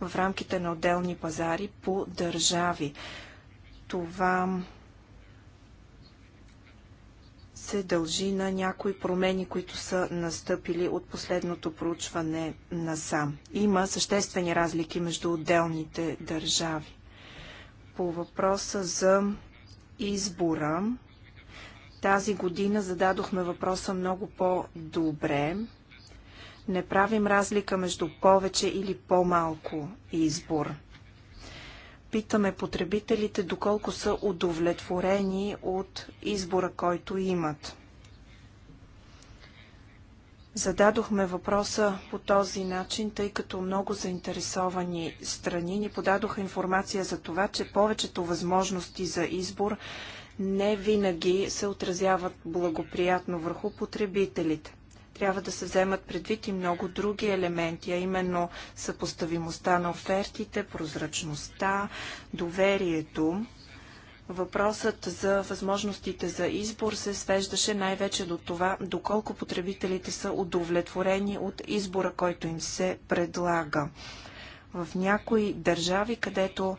в рамките на отделни пазари по държави. Това се дължи на някои промени, които са настъпили от последното проучване на САМ. Има съществени разлики между отделните държави. По въпроса за избора тази година зададохме въпроса много по-добре. Не правим разлика между повече или по-малко избор. Питаме потребителите доколко са удовлетворени от избора, който имат. Зададохме въпроса по този начин, тъй като много заинтересовани страни ни подадоха информация за това, че повечето възможности за избор не винаги се отразяват благоприятно върху потребителите. Трябва да се вземат предвид и много други елементи, а именно съпоставимостта на офертите, прозрачността, доверието. Въпросът за възможностите за избор се свеждаше най-вече до това, доколко потребителите са удовлетворени от избора, който им се предлага. В някои държави, където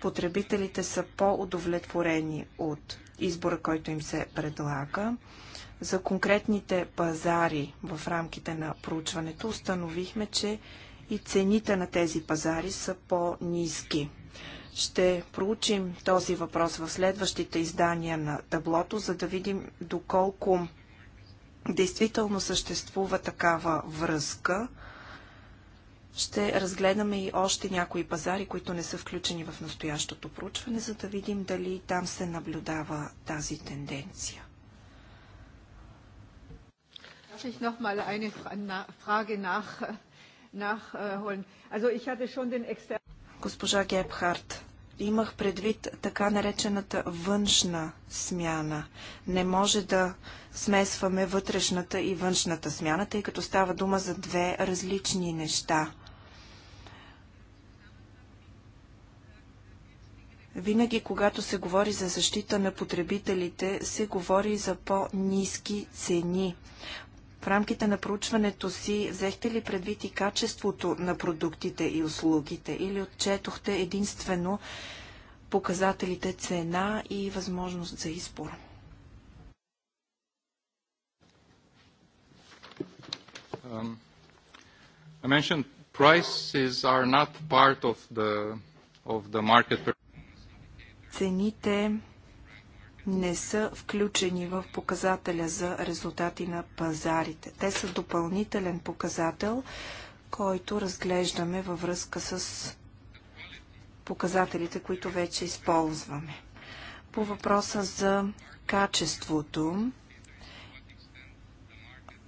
потребителите са по-удовлетворени от избора, който им се предлага. За конкретните пазари в рамките на проучването установихме, че и цените на тези пазари са по-низки. Ще проучим този въпрос в следващите издания на таблото, за да видим доколко действително съществува такава връзка ще разгледаме и още някои пазари, които не са включени в настоящото проучване, за да видим дали там се наблюдава тази тенденция. ich noch mal eine Frage nach, nachholen? Also ich hatte schon den Госпожа Гебхарт, имах предвид така наречената външна смяна. Не може да смесваме вътрешната и външната смяна, тъй като става дума за две различни неща. Винаги, когато се говори за защита на потребителите, се говори за по-низки цени. В рамките на проучването си взехте ли предвид и качеството на продуктите и услугите или отчетохте единствено показателите цена и възможност за избор? Um, I mentioned prices are not part of the, of the market. Цените не са включени в показателя за резултати на пазарите. Те са допълнителен показател, който разглеждаме във връзка с показателите, които вече използваме. По въпроса за качеството,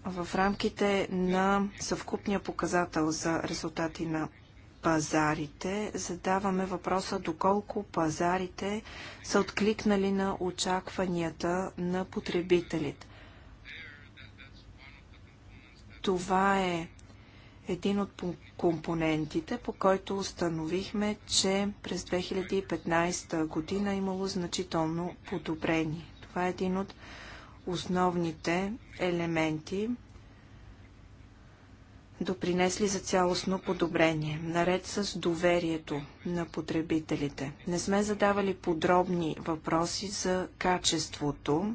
в рамките на съвкупния показател за резултати на пазарите, задаваме въпроса доколко пазарите са откликнали на очакванията на потребителите. Това е един от компонентите, по който установихме, че през 2015 година е имало значително подобрение. Това е един от основните елементи допринесли за цялостно подобрение, наред с доверието на потребителите. Не сме задавали подробни въпроси за качеството.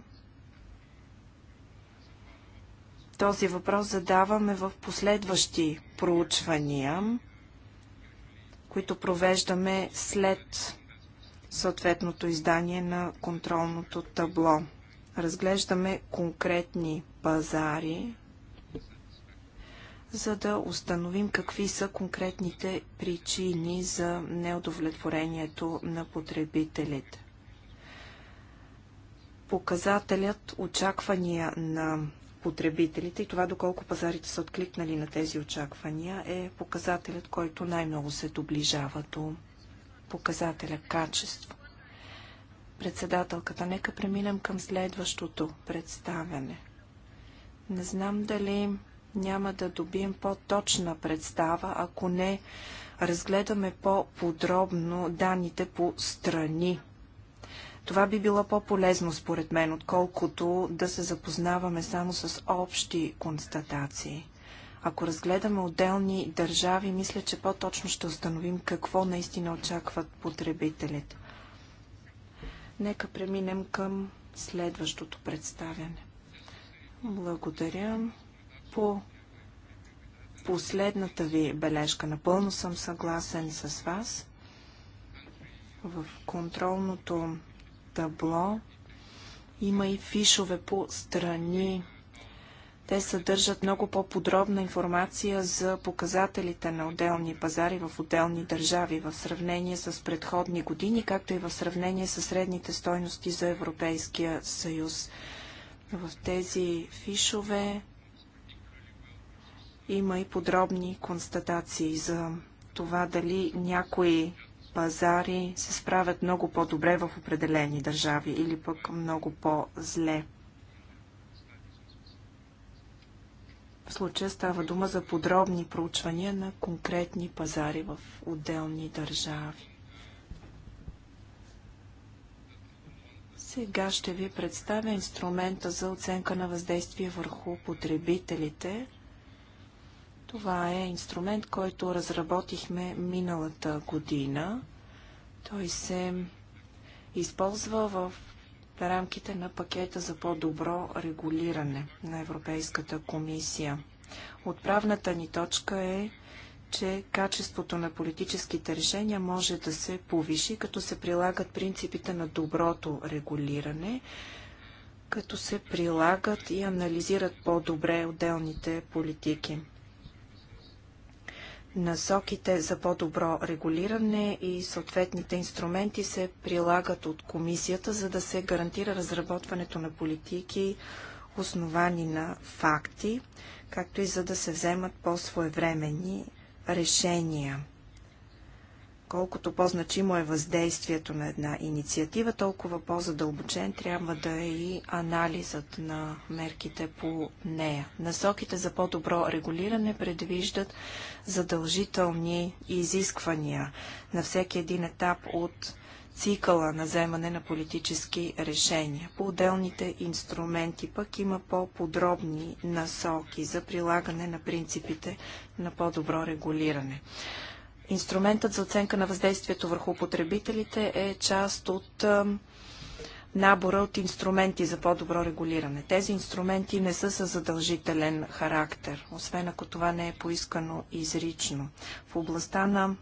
Този въпрос задаваме в последващи проучвания, които провеждаме след съответното издание на контролното табло. Разглеждаме конкретни пазари, за да установим какви са конкретните причини за неудовлетворението на потребителите. Показателят очаквания на потребителите и това доколко пазарите са откликнали на тези очаквания е показателят, който най-много се доближава до показателя качество. Председателката, нека преминем към следващото представяне. Не знам дали няма да добием по-точна представа, ако не разгледаме по-подробно данните по страни. Това би било по-полезно според мен, отколкото да се запознаваме само с общи констатации. Ако разгледаме отделни държави, мисля, че по-точно ще установим какво наистина очакват потребителите. Нека преминем към следващото представяне. Благодаря по последната ви бележка. Напълно съм съгласен с вас. В контролното табло има и фишове по страни. Те съдържат много по-подробна информация за показателите на отделни пазари в отделни държави в сравнение с предходни години, както и в сравнение с средните стойности за Европейския съюз. В тези фишове има и подробни констатации за това дали някои пазари се справят много по-добре в определени държави или пък много по-зле. В случая става дума за подробни проучвания на конкретни пазари в отделни държави. Сега ще ви представя инструмента за оценка на въздействие върху потребителите. Това е инструмент, който разработихме миналата година. Той се използва в рамките на пакета за по-добро регулиране на Европейската комисия. Отправната ни точка е, че качеството на политическите решения може да се повиши, като се прилагат принципите на доброто регулиране, като се прилагат и анализират по-добре отделните политики. Насоките за по-добро регулиране и съответните инструменти се прилагат от комисията, за да се гарантира разработването на политики, основани на факти, както и за да се вземат по-своевременни решения. Колкото по-значимо е въздействието на една инициатива, толкова по-задълбочен трябва да е и анализът на мерките по нея. Насоките за по-добро регулиране предвиждат задължителни изисквания на всеки един етап от цикъла на вземане на политически решения. По отделните инструменти пък има по-подробни насоки за прилагане на принципите на по-добро регулиране. Инструментът за оценка на въздействието върху потребителите е част от набора от инструменти за по-добро регулиране. Тези инструменти не са със задължителен характер, освен ако това не е поискано изрично. В областта на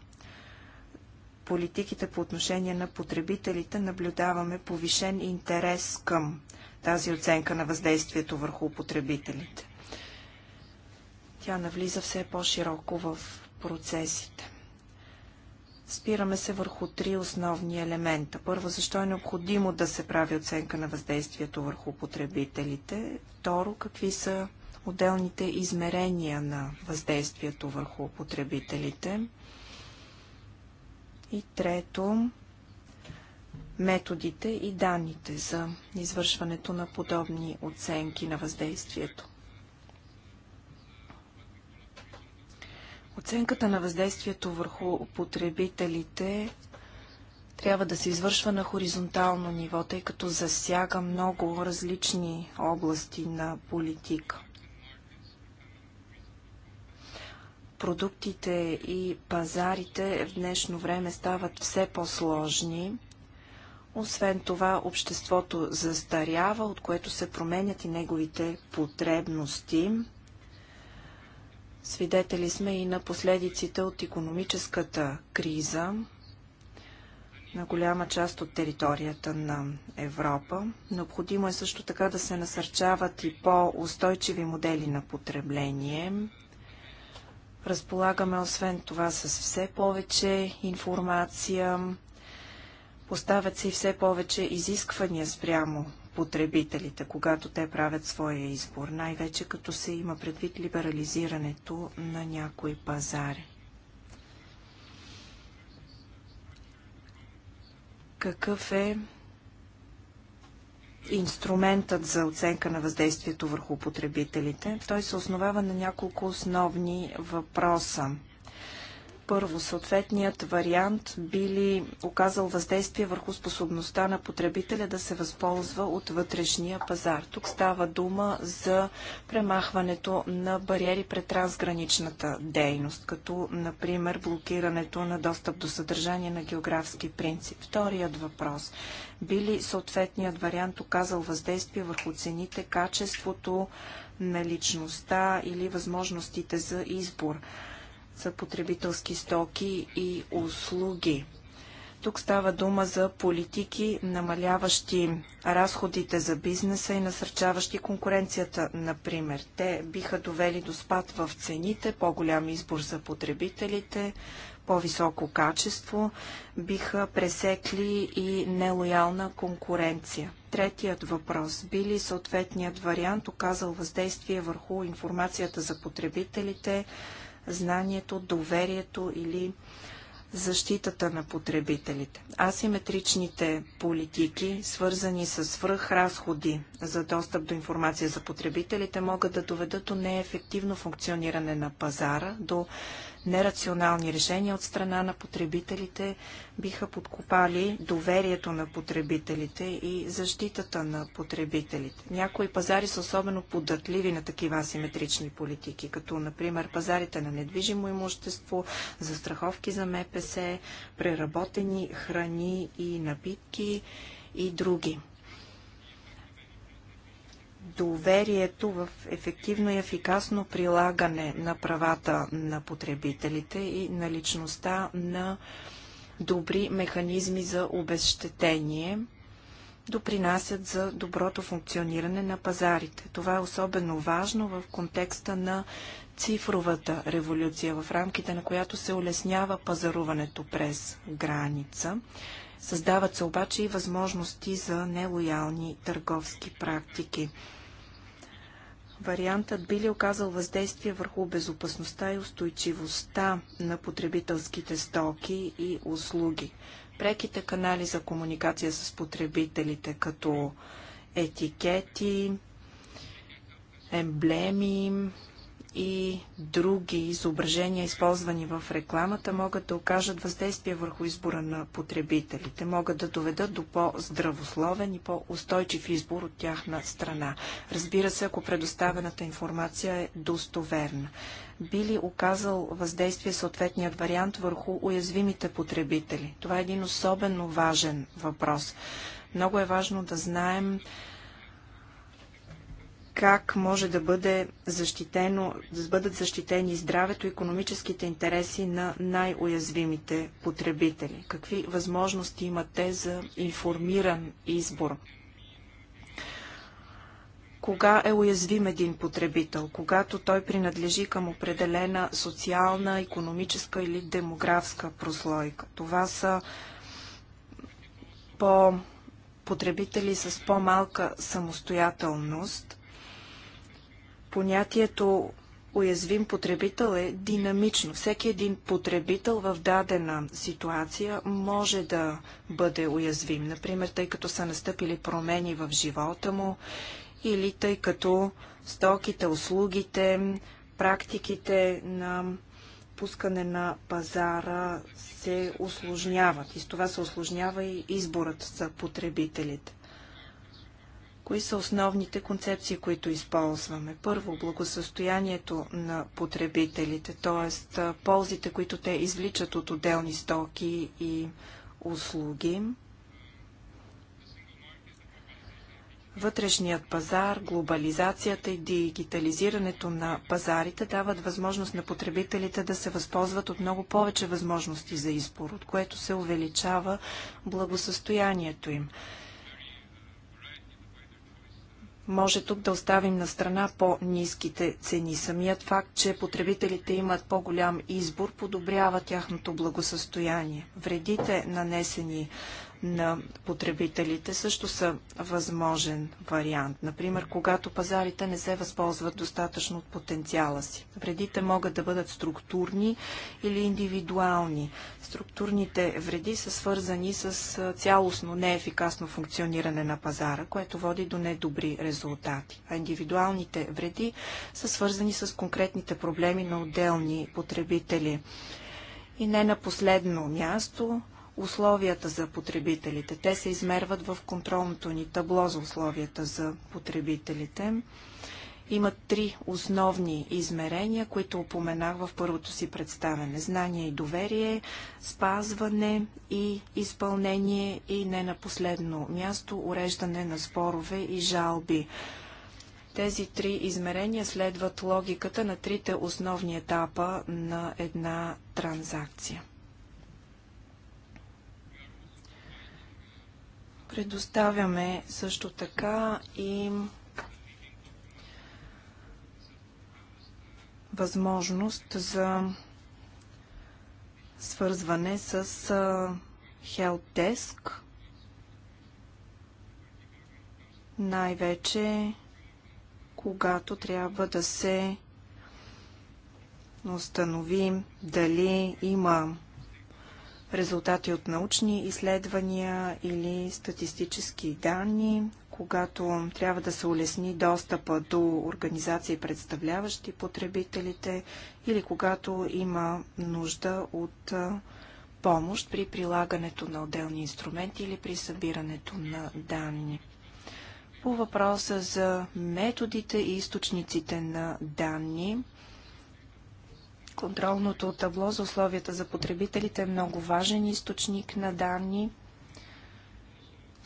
политиките по отношение на потребителите наблюдаваме повишен интерес към тази оценка на въздействието върху потребителите. Тя навлиза все по-широко в процесите. Спираме се върху три основни елемента. Първо, защо е необходимо да се прави оценка на въздействието върху потребителите. Второ, какви са отделните измерения на въздействието върху потребителите. И трето, методите и данните за извършването на подобни оценки на въздействието. Оценката на въздействието върху потребителите трябва да се извършва на хоризонтално ниво, тъй като засяга много различни области на политика. Продуктите и пазарите в днешно време стават все по-сложни. Освен това, обществото застарява, от което се променят и неговите потребности. Свидетели сме и на последиците от економическата криза на голяма част от територията на Европа. Необходимо е също така да се насърчават и по-устойчиви модели на потребление. Разполагаме освен това с все повече информация. Поставят се и все повече изисквания спрямо потребителите, когато те правят своя избор, най-вече като се има предвид либерализирането на някои пазари. Какъв е инструментът за оценка на въздействието върху потребителите? Той се основава на няколко основни въпроса. Първо, съответният вариант би ли оказал въздействие върху способността на потребителя да се възползва от вътрешния пазар? Тук става дума за премахването на бариери пред трансграничната дейност, като, например, блокирането на достъп до съдържание на географски принцип. Вторият въпрос. Би ли съответният вариант оказал въздействие върху цените, качеството, на личността или възможностите за избор? за потребителски стоки и услуги. Тук става дума за политики, намаляващи разходите за бизнеса и насърчаващи конкуренцията, например. Те биха довели до спад в цените, по-голям избор за потребителите, по-високо качество, биха пресекли и нелоялна конкуренция. Третият въпрос. Би ли съответният вариант оказал въздействие върху информацията за потребителите, знанието, доверието или защитата на потребителите. Асиметричните политики, свързани с свръхразходи за достъп до информация за потребителите, могат да доведат до неефективно функциониране на пазара, до нерационални решения от страна на потребителите биха подкопали доверието на потребителите и защитата на потребителите. Някои пазари са особено податливи на такива асиметрични политики, като например пазарите на недвижимо имущество, застраховки за МПС, преработени храни и напитки и други доверието в ефективно и ефикасно прилагане на правата на потребителите и на личността на добри механизми за обезщетение допринасят за доброто функциониране на пазарите. Това е особено важно в контекста на цифровата революция, в рамките на която се улеснява пазаруването през граница. Създават се обаче и възможности за нелоялни търговски практики вариантът би ли оказал въздействие върху безопасността и устойчивостта на потребителските стоки и услуги? Преките канали за комуникация с потребителите, като етикети, емблеми, и други изображения, използвани в рекламата, могат да окажат въздействие върху избора на потребителите, могат да доведат до по-здравословен и по-устойчив избор от тяхна страна. Разбира се, ако предоставената информация е достоверна. Би ли оказал въздействие съответният вариант върху уязвимите потребители? Това е един особено важен въпрос. Много е важно да знаем как може да, бъде защитено, да бъдат защитени здравето и економическите интереси на най-уязвимите потребители? Какви възможности имате те за информиран избор? Кога е уязвим един потребител? Когато той принадлежи към определена социална, економическа или демографска прослойка. Това са по потребители с по-малка самостоятелност, Понятието уязвим потребител е динамично. Всеки един потребител в дадена ситуация може да бъде уязвим. Например, тъй като са настъпили промени в живота му или тъй като стоките, услугите, практиките на пускане на пазара се осложняват. И с това се осложнява и изборът за потребителите. Кои са основните концепции, които използваме? Първо, благосъстоянието на потребителите, т.е. ползите, които те извличат от отделни стоки и услуги. Вътрешният пазар, глобализацията и дигитализирането на пазарите дават възможност на потребителите да се възползват от много повече възможности за избор, от което се увеличава благосъстоянието им. Може тук да оставим на страна по-низките цени. Самият факт, че потребителите имат по-голям избор, подобрява тяхното благосъстояние. Вредите, нанесени на потребителите също са възможен вариант. Например, когато пазарите не се възползват достатъчно от потенциала си. Вредите могат да бъдат структурни или индивидуални. Структурните вреди са свързани с цялостно неефикасно функциониране на пазара, което води до недобри резултати. А индивидуалните вреди са свързани с конкретните проблеми на отделни потребители. И не на последно място, условията за потребителите. Те се измерват в контролното ни табло за условията за потребителите. Има три основни измерения, които упоменах в първото си представене. Знание и доверие, спазване и изпълнение и не на последно място уреждане на спорове и жалби. Тези три измерения следват логиката на трите основни етапа на една транзакция. Предоставяме също така и възможност за свързване с Helpdesk, най-вече когато трябва да се установи дали има резултати от научни изследвания или статистически данни, когато трябва да се улесни достъпа до организации, представляващи потребителите, или когато има нужда от помощ при прилагането на отделни инструменти или при събирането на данни. По въпроса за методите и източниците на данни, Контролното табло за условията за потребителите е много важен източник на данни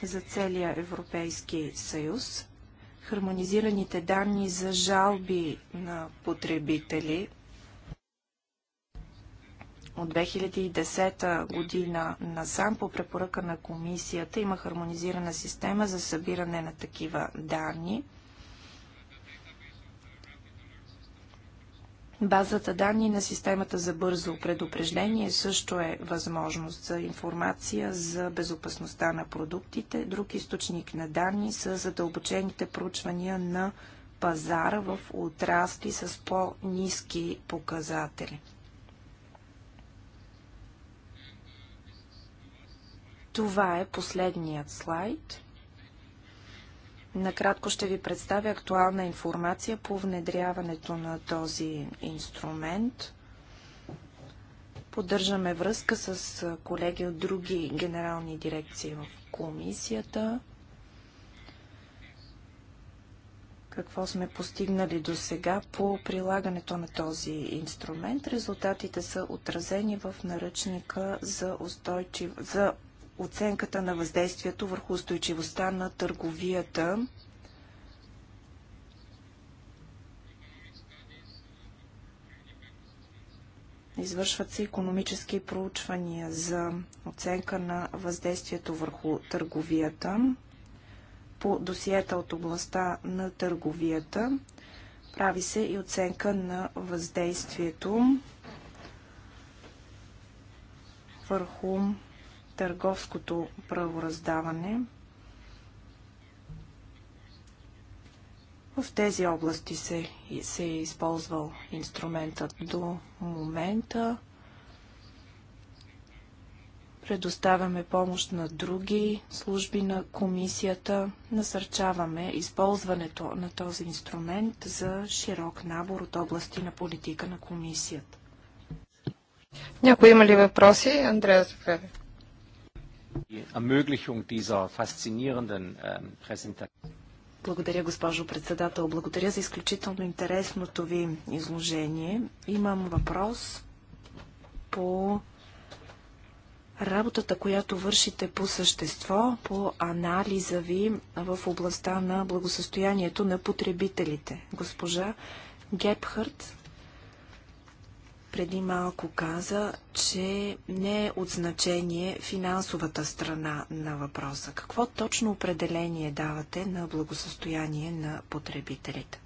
за целия Европейски съюз. Хармонизираните данни за жалби на потребители от 2010 година насам по препоръка на комисията има хармонизирана система за събиране на такива данни – Базата данни на системата за бързо предупреждение също е възможност за информация за безопасността на продуктите. Друг източник на данни са задълбочените проучвания на пазара в отрасли с по-низки показатели. Това е последният слайд. Накратко ще ви представя актуална информация по внедряването на този инструмент. Поддържаме връзка с колеги от други генерални дирекции в комисията. Какво сме постигнали до сега по прилагането на този инструмент? Резултатите са отразени в наръчника за, устойчив... за оценката на въздействието върху устойчивостта на търговията. Извършват се економически проучвания за оценка на въздействието върху търговията по досиета от областта на търговията. Прави се и оценка на въздействието върху търговското правораздаване. В тези области се, се е използвал инструментът до момента. Предоставяме помощ на други служби на комисията. Насърчаваме използването на този инструмент за широк набор от области на политика на комисията. Някой има ли въпроси? Андрея Зафеви. Ähm, Благодаря, госпожо председател. Благодаря за изключително интересното ви изложение. Имам въпрос по работата, която вършите по същество, по анализа ви в областта на благосъстоянието на потребителите. Госпожа Гепхарт преди малко каза, че не е от значение финансовата страна на въпроса. Какво точно определение давате на благосъстояние на потребителите?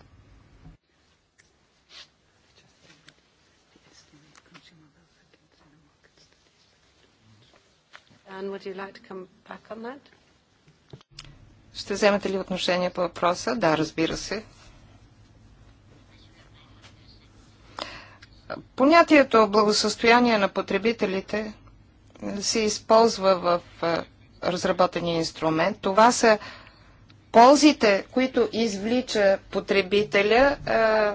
Ще вземете ли отношение по въпроса? Да, разбира се. Понятието благосъстояние на потребителите се използва в е, разработения инструмент. Това са ползите, които извлича потребителя е,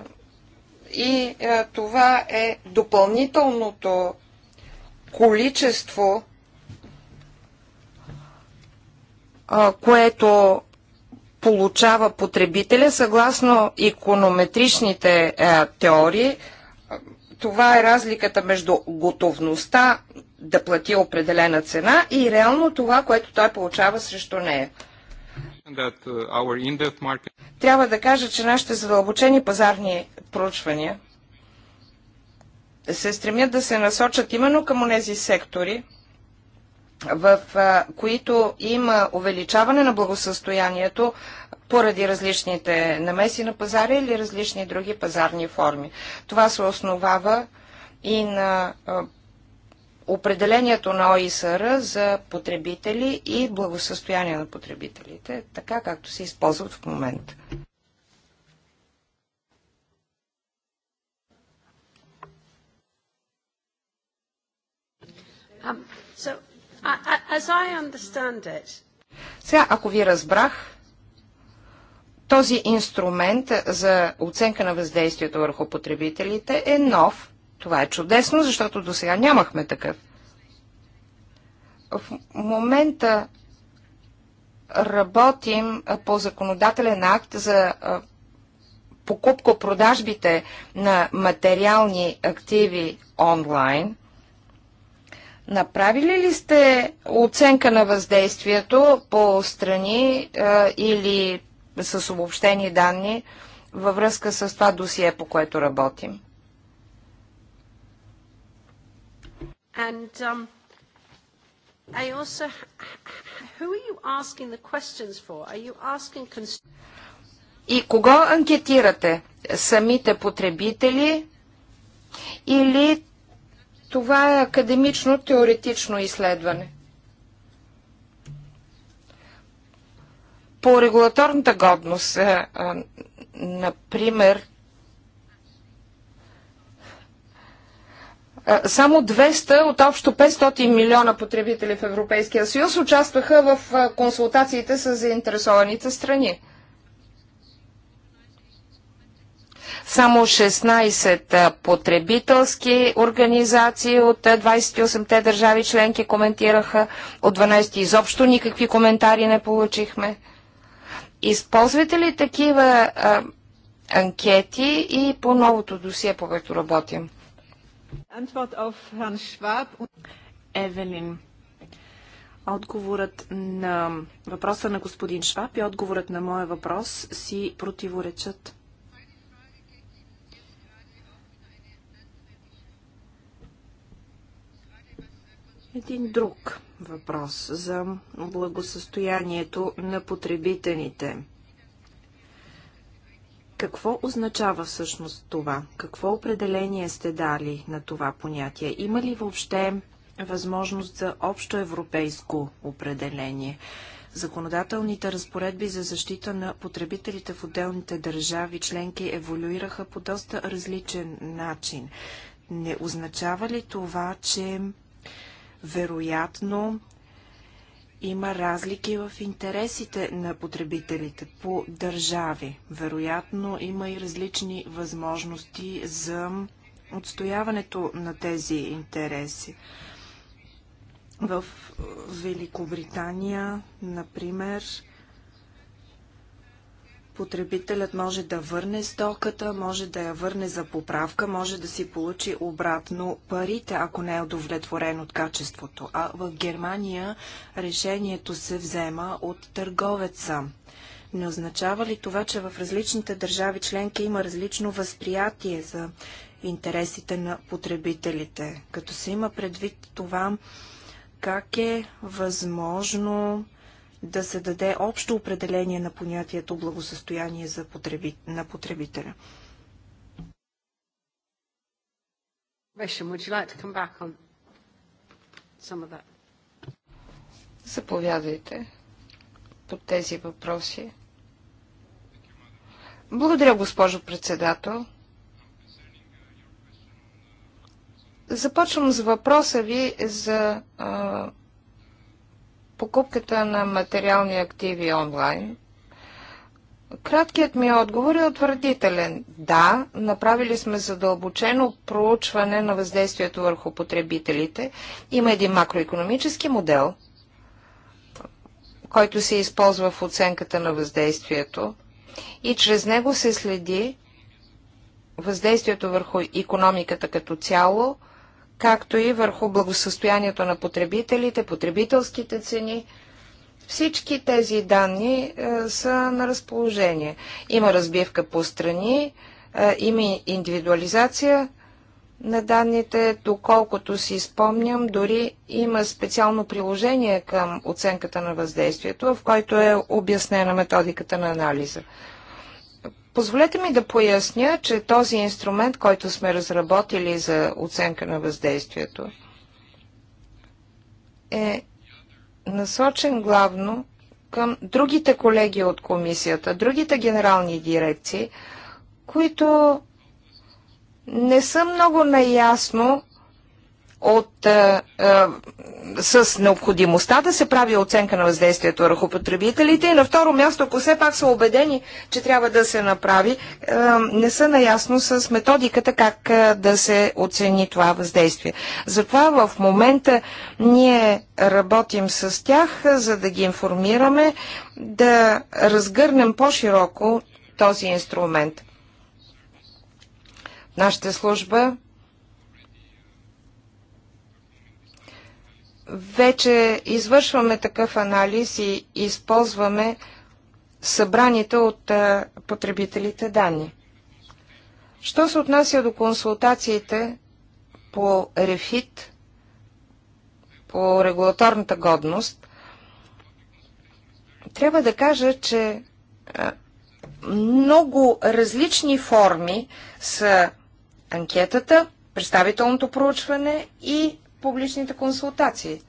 и е, това е допълнителното количество, което получава потребителя съгласно иконометричните теории – това е разликата между готовността да плати определена цена и реално това, което той получава срещу нея. Uh, Трябва да кажа, че нашите задълбочени пазарни проучвания се стремят да се насочат именно към тези сектори, в които има увеличаване на благосъстоянието поради различните намеси на пазара или различни други пазарни форми. Това се основава и на определението на ОИСР за потребители и благосъстояние на потребителите, така както се използват в момента. Um, so, I, I, it... Сега, ако ви разбрах, този инструмент за оценка на въздействието върху потребителите е нов. Това е чудесно, защото до сега нямахме такъв. В момента работим по законодателен акт за покупко-продажбите на материални активи онлайн. Направили ли сте оценка на въздействието по страни а, или с обобщени данни във връзка с това досие, по което работим. And, um, I also, who are you asking the questions for? Are you asking И кого анкетирате? Самите потребители или това е академично теоретично изследване? по регулаторната годност. Е, например, Само 200 от общо 500 милиона потребители в Европейския съюз участваха в консултациите с заинтересованите страни. Само 16 потребителски организации от 28-те държави членки коментираха, от 12 изобщо никакви коментари не получихме. Използвате ли такива а, анкети и по новото досие, по което работим? Евелин, отговорът на въпроса на господин Шваб и отговорът на моя въпрос си противоречат. Един друг въпрос за благосъстоянието на потребителите. Какво означава всъщност това? Какво определение сте дали на това понятие? Има ли въобще възможност за общо европейско определение? Законодателните разпоредби за защита на потребителите в отделните държави членки еволюираха по доста различен начин. Не означава ли това, че вероятно има разлики в интересите на потребителите по държави. Вероятно има и различни възможности за отстояването на тези интереси. В Великобритания, например, Потребителят може да върне стоката, може да я върне за поправка, може да си получи обратно парите, ако не е удовлетворен от качеството. А в Германия решението се взема от търговеца. Не означава ли това, че в различните държави членки има различно възприятие за интересите на потребителите? Като се има предвид това, как е възможно да се даде общо определение на понятието благосъстояние за потреби... на потребителя. Заповядайте по тези въпроси. Благодаря, госпожо председател. Започвам с въпроса ви за а, покупката на материални активи онлайн, краткият ми отговор е утвърдителен. Да, направили сме задълбочено проучване на въздействието върху потребителите. Има един макроекономически модел, който се използва в оценката на въздействието и чрез него се следи въздействието върху економиката като цяло както и върху благосъстоянието на потребителите, потребителските цени. Всички тези данни е, са на разположение. Има разбивка по страни, е, има индивидуализация на данните. Доколкото си спомням, дори има специално приложение към оценката на въздействието, в който е обяснена методиката на анализа. Позволете ми да поясня, че този инструмент, който сме разработили за оценка на въздействието, е насочен главно към другите колеги от комисията, другите генерални дирекции, които не са много наясно от, а, а, с необходимостта да се прави оценка на въздействието върху потребителите и на второ място, ако все пак са убедени, че трябва да се направи, а, не са наясно с методиката как а, да се оцени това въздействие. Затова в момента ние работим с тях, а, за да ги информираме, да разгърнем по-широко този инструмент. Нашата служба Вече извършваме такъв анализ и използваме събраните от потребителите данни. Що се отнася до консултациите по рефит, по регулаторната годност, трябва да кажа, че много различни форми са анкетата, представителното проучване и публичните консултации.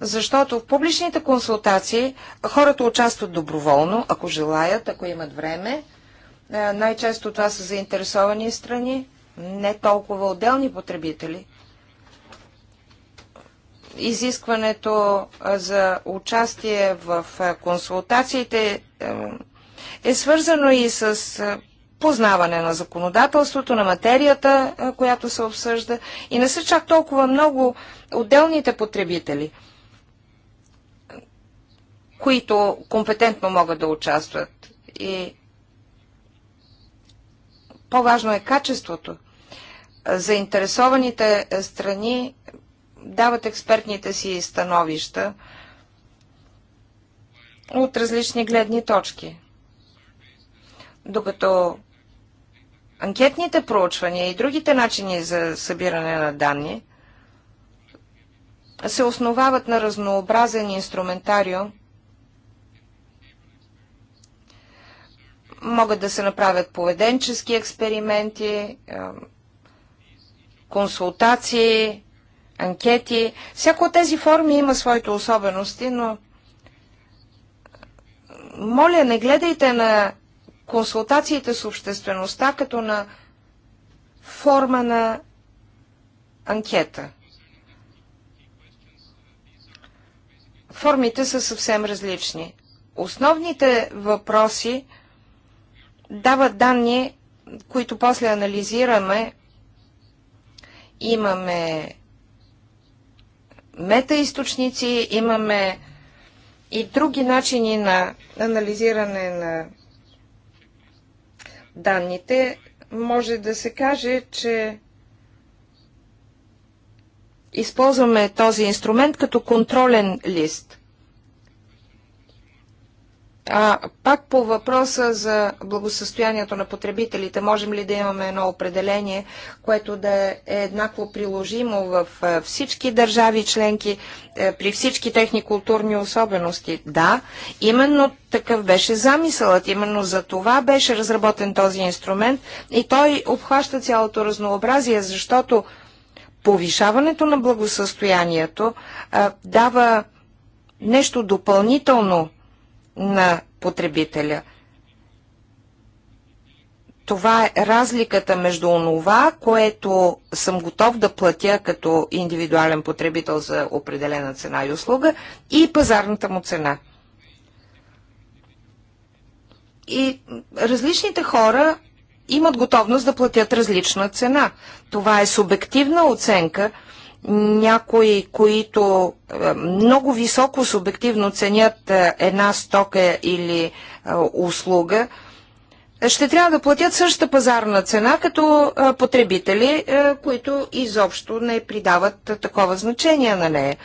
Защото в публичните консултации хората участват доброволно, ако желаят, ако имат време. Е, най-често това са заинтересовани страни, не толкова отделни потребители. Изискването е, за участие в е, консултациите е свързано и с познаване на законодателството, на материята, която се обсъжда и не са чак толкова много отделните потребители, които компетентно могат да участват. И по-важно е качеството. Заинтересованите страни дават експертните си становища от различни гледни точки. Докато анкетните проучвания и другите начини за събиране на данни се основават на разнообразен инструментариум. Могат да се направят поведенчески експерименти, консултации, анкети. Всяко от тези форми има своите особености, но моля, не гледайте на Консултацията с обществеността като на форма на анкета. Формите са съвсем различни. Основните въпроси дават данни, които после анализираме. Имаме метаисточници, имаме и други начини на анализиране на данните, може да се каже, че използваме този инструмент като контролен лист – а, пак по въпроса за благосъстоянието на потребителите, можем ли да имаме едно определение, което да е еднакво приложимо в всички държави членки, е, при всички техни културни особености? Да, именно такъв беше замисълът, именно за това беше разработен този инструмент и той обхваща цялото разнообразие, защото повишаването на благосъстоянието а, дава нещо допълнително – на потребителя. Това е разликата между онова, което съм готов да платя като индивидуален потребител за определена цена и услуга и пазарната му цена. И различните хора имат готовност да платят различна цена. Това е субективна оценка – някои, които е, много високо субективно ценят е, една стока или е, услуга, ще трябва да платят същата пазарна цена като потребители, които изобщо не придават такова значение на нея.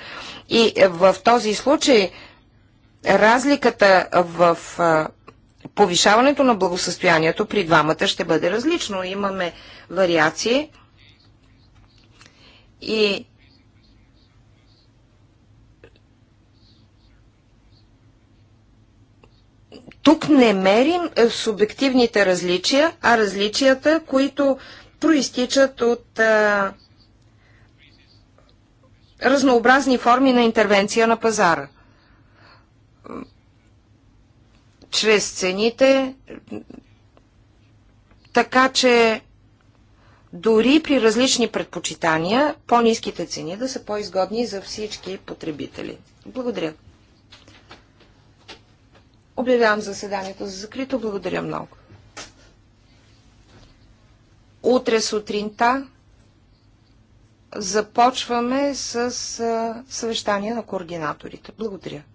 И в този случай разликата в повишаването на благосъстоянието при двамата ще бъде различно. Имаме вариации и Тук не мерим е, субективните различия, а различията, които проистичат от а, е, разнообразни форми на интервенция на пазара. Чрез цените, така че дори при различни предпочитания, по-низките цени да са по-изгодни за всички потребители. Благодаря. Обявявам заседанието за закрито. Благодаря много. Утре сутринта започваме с съвещание на координаторите. Благодаря.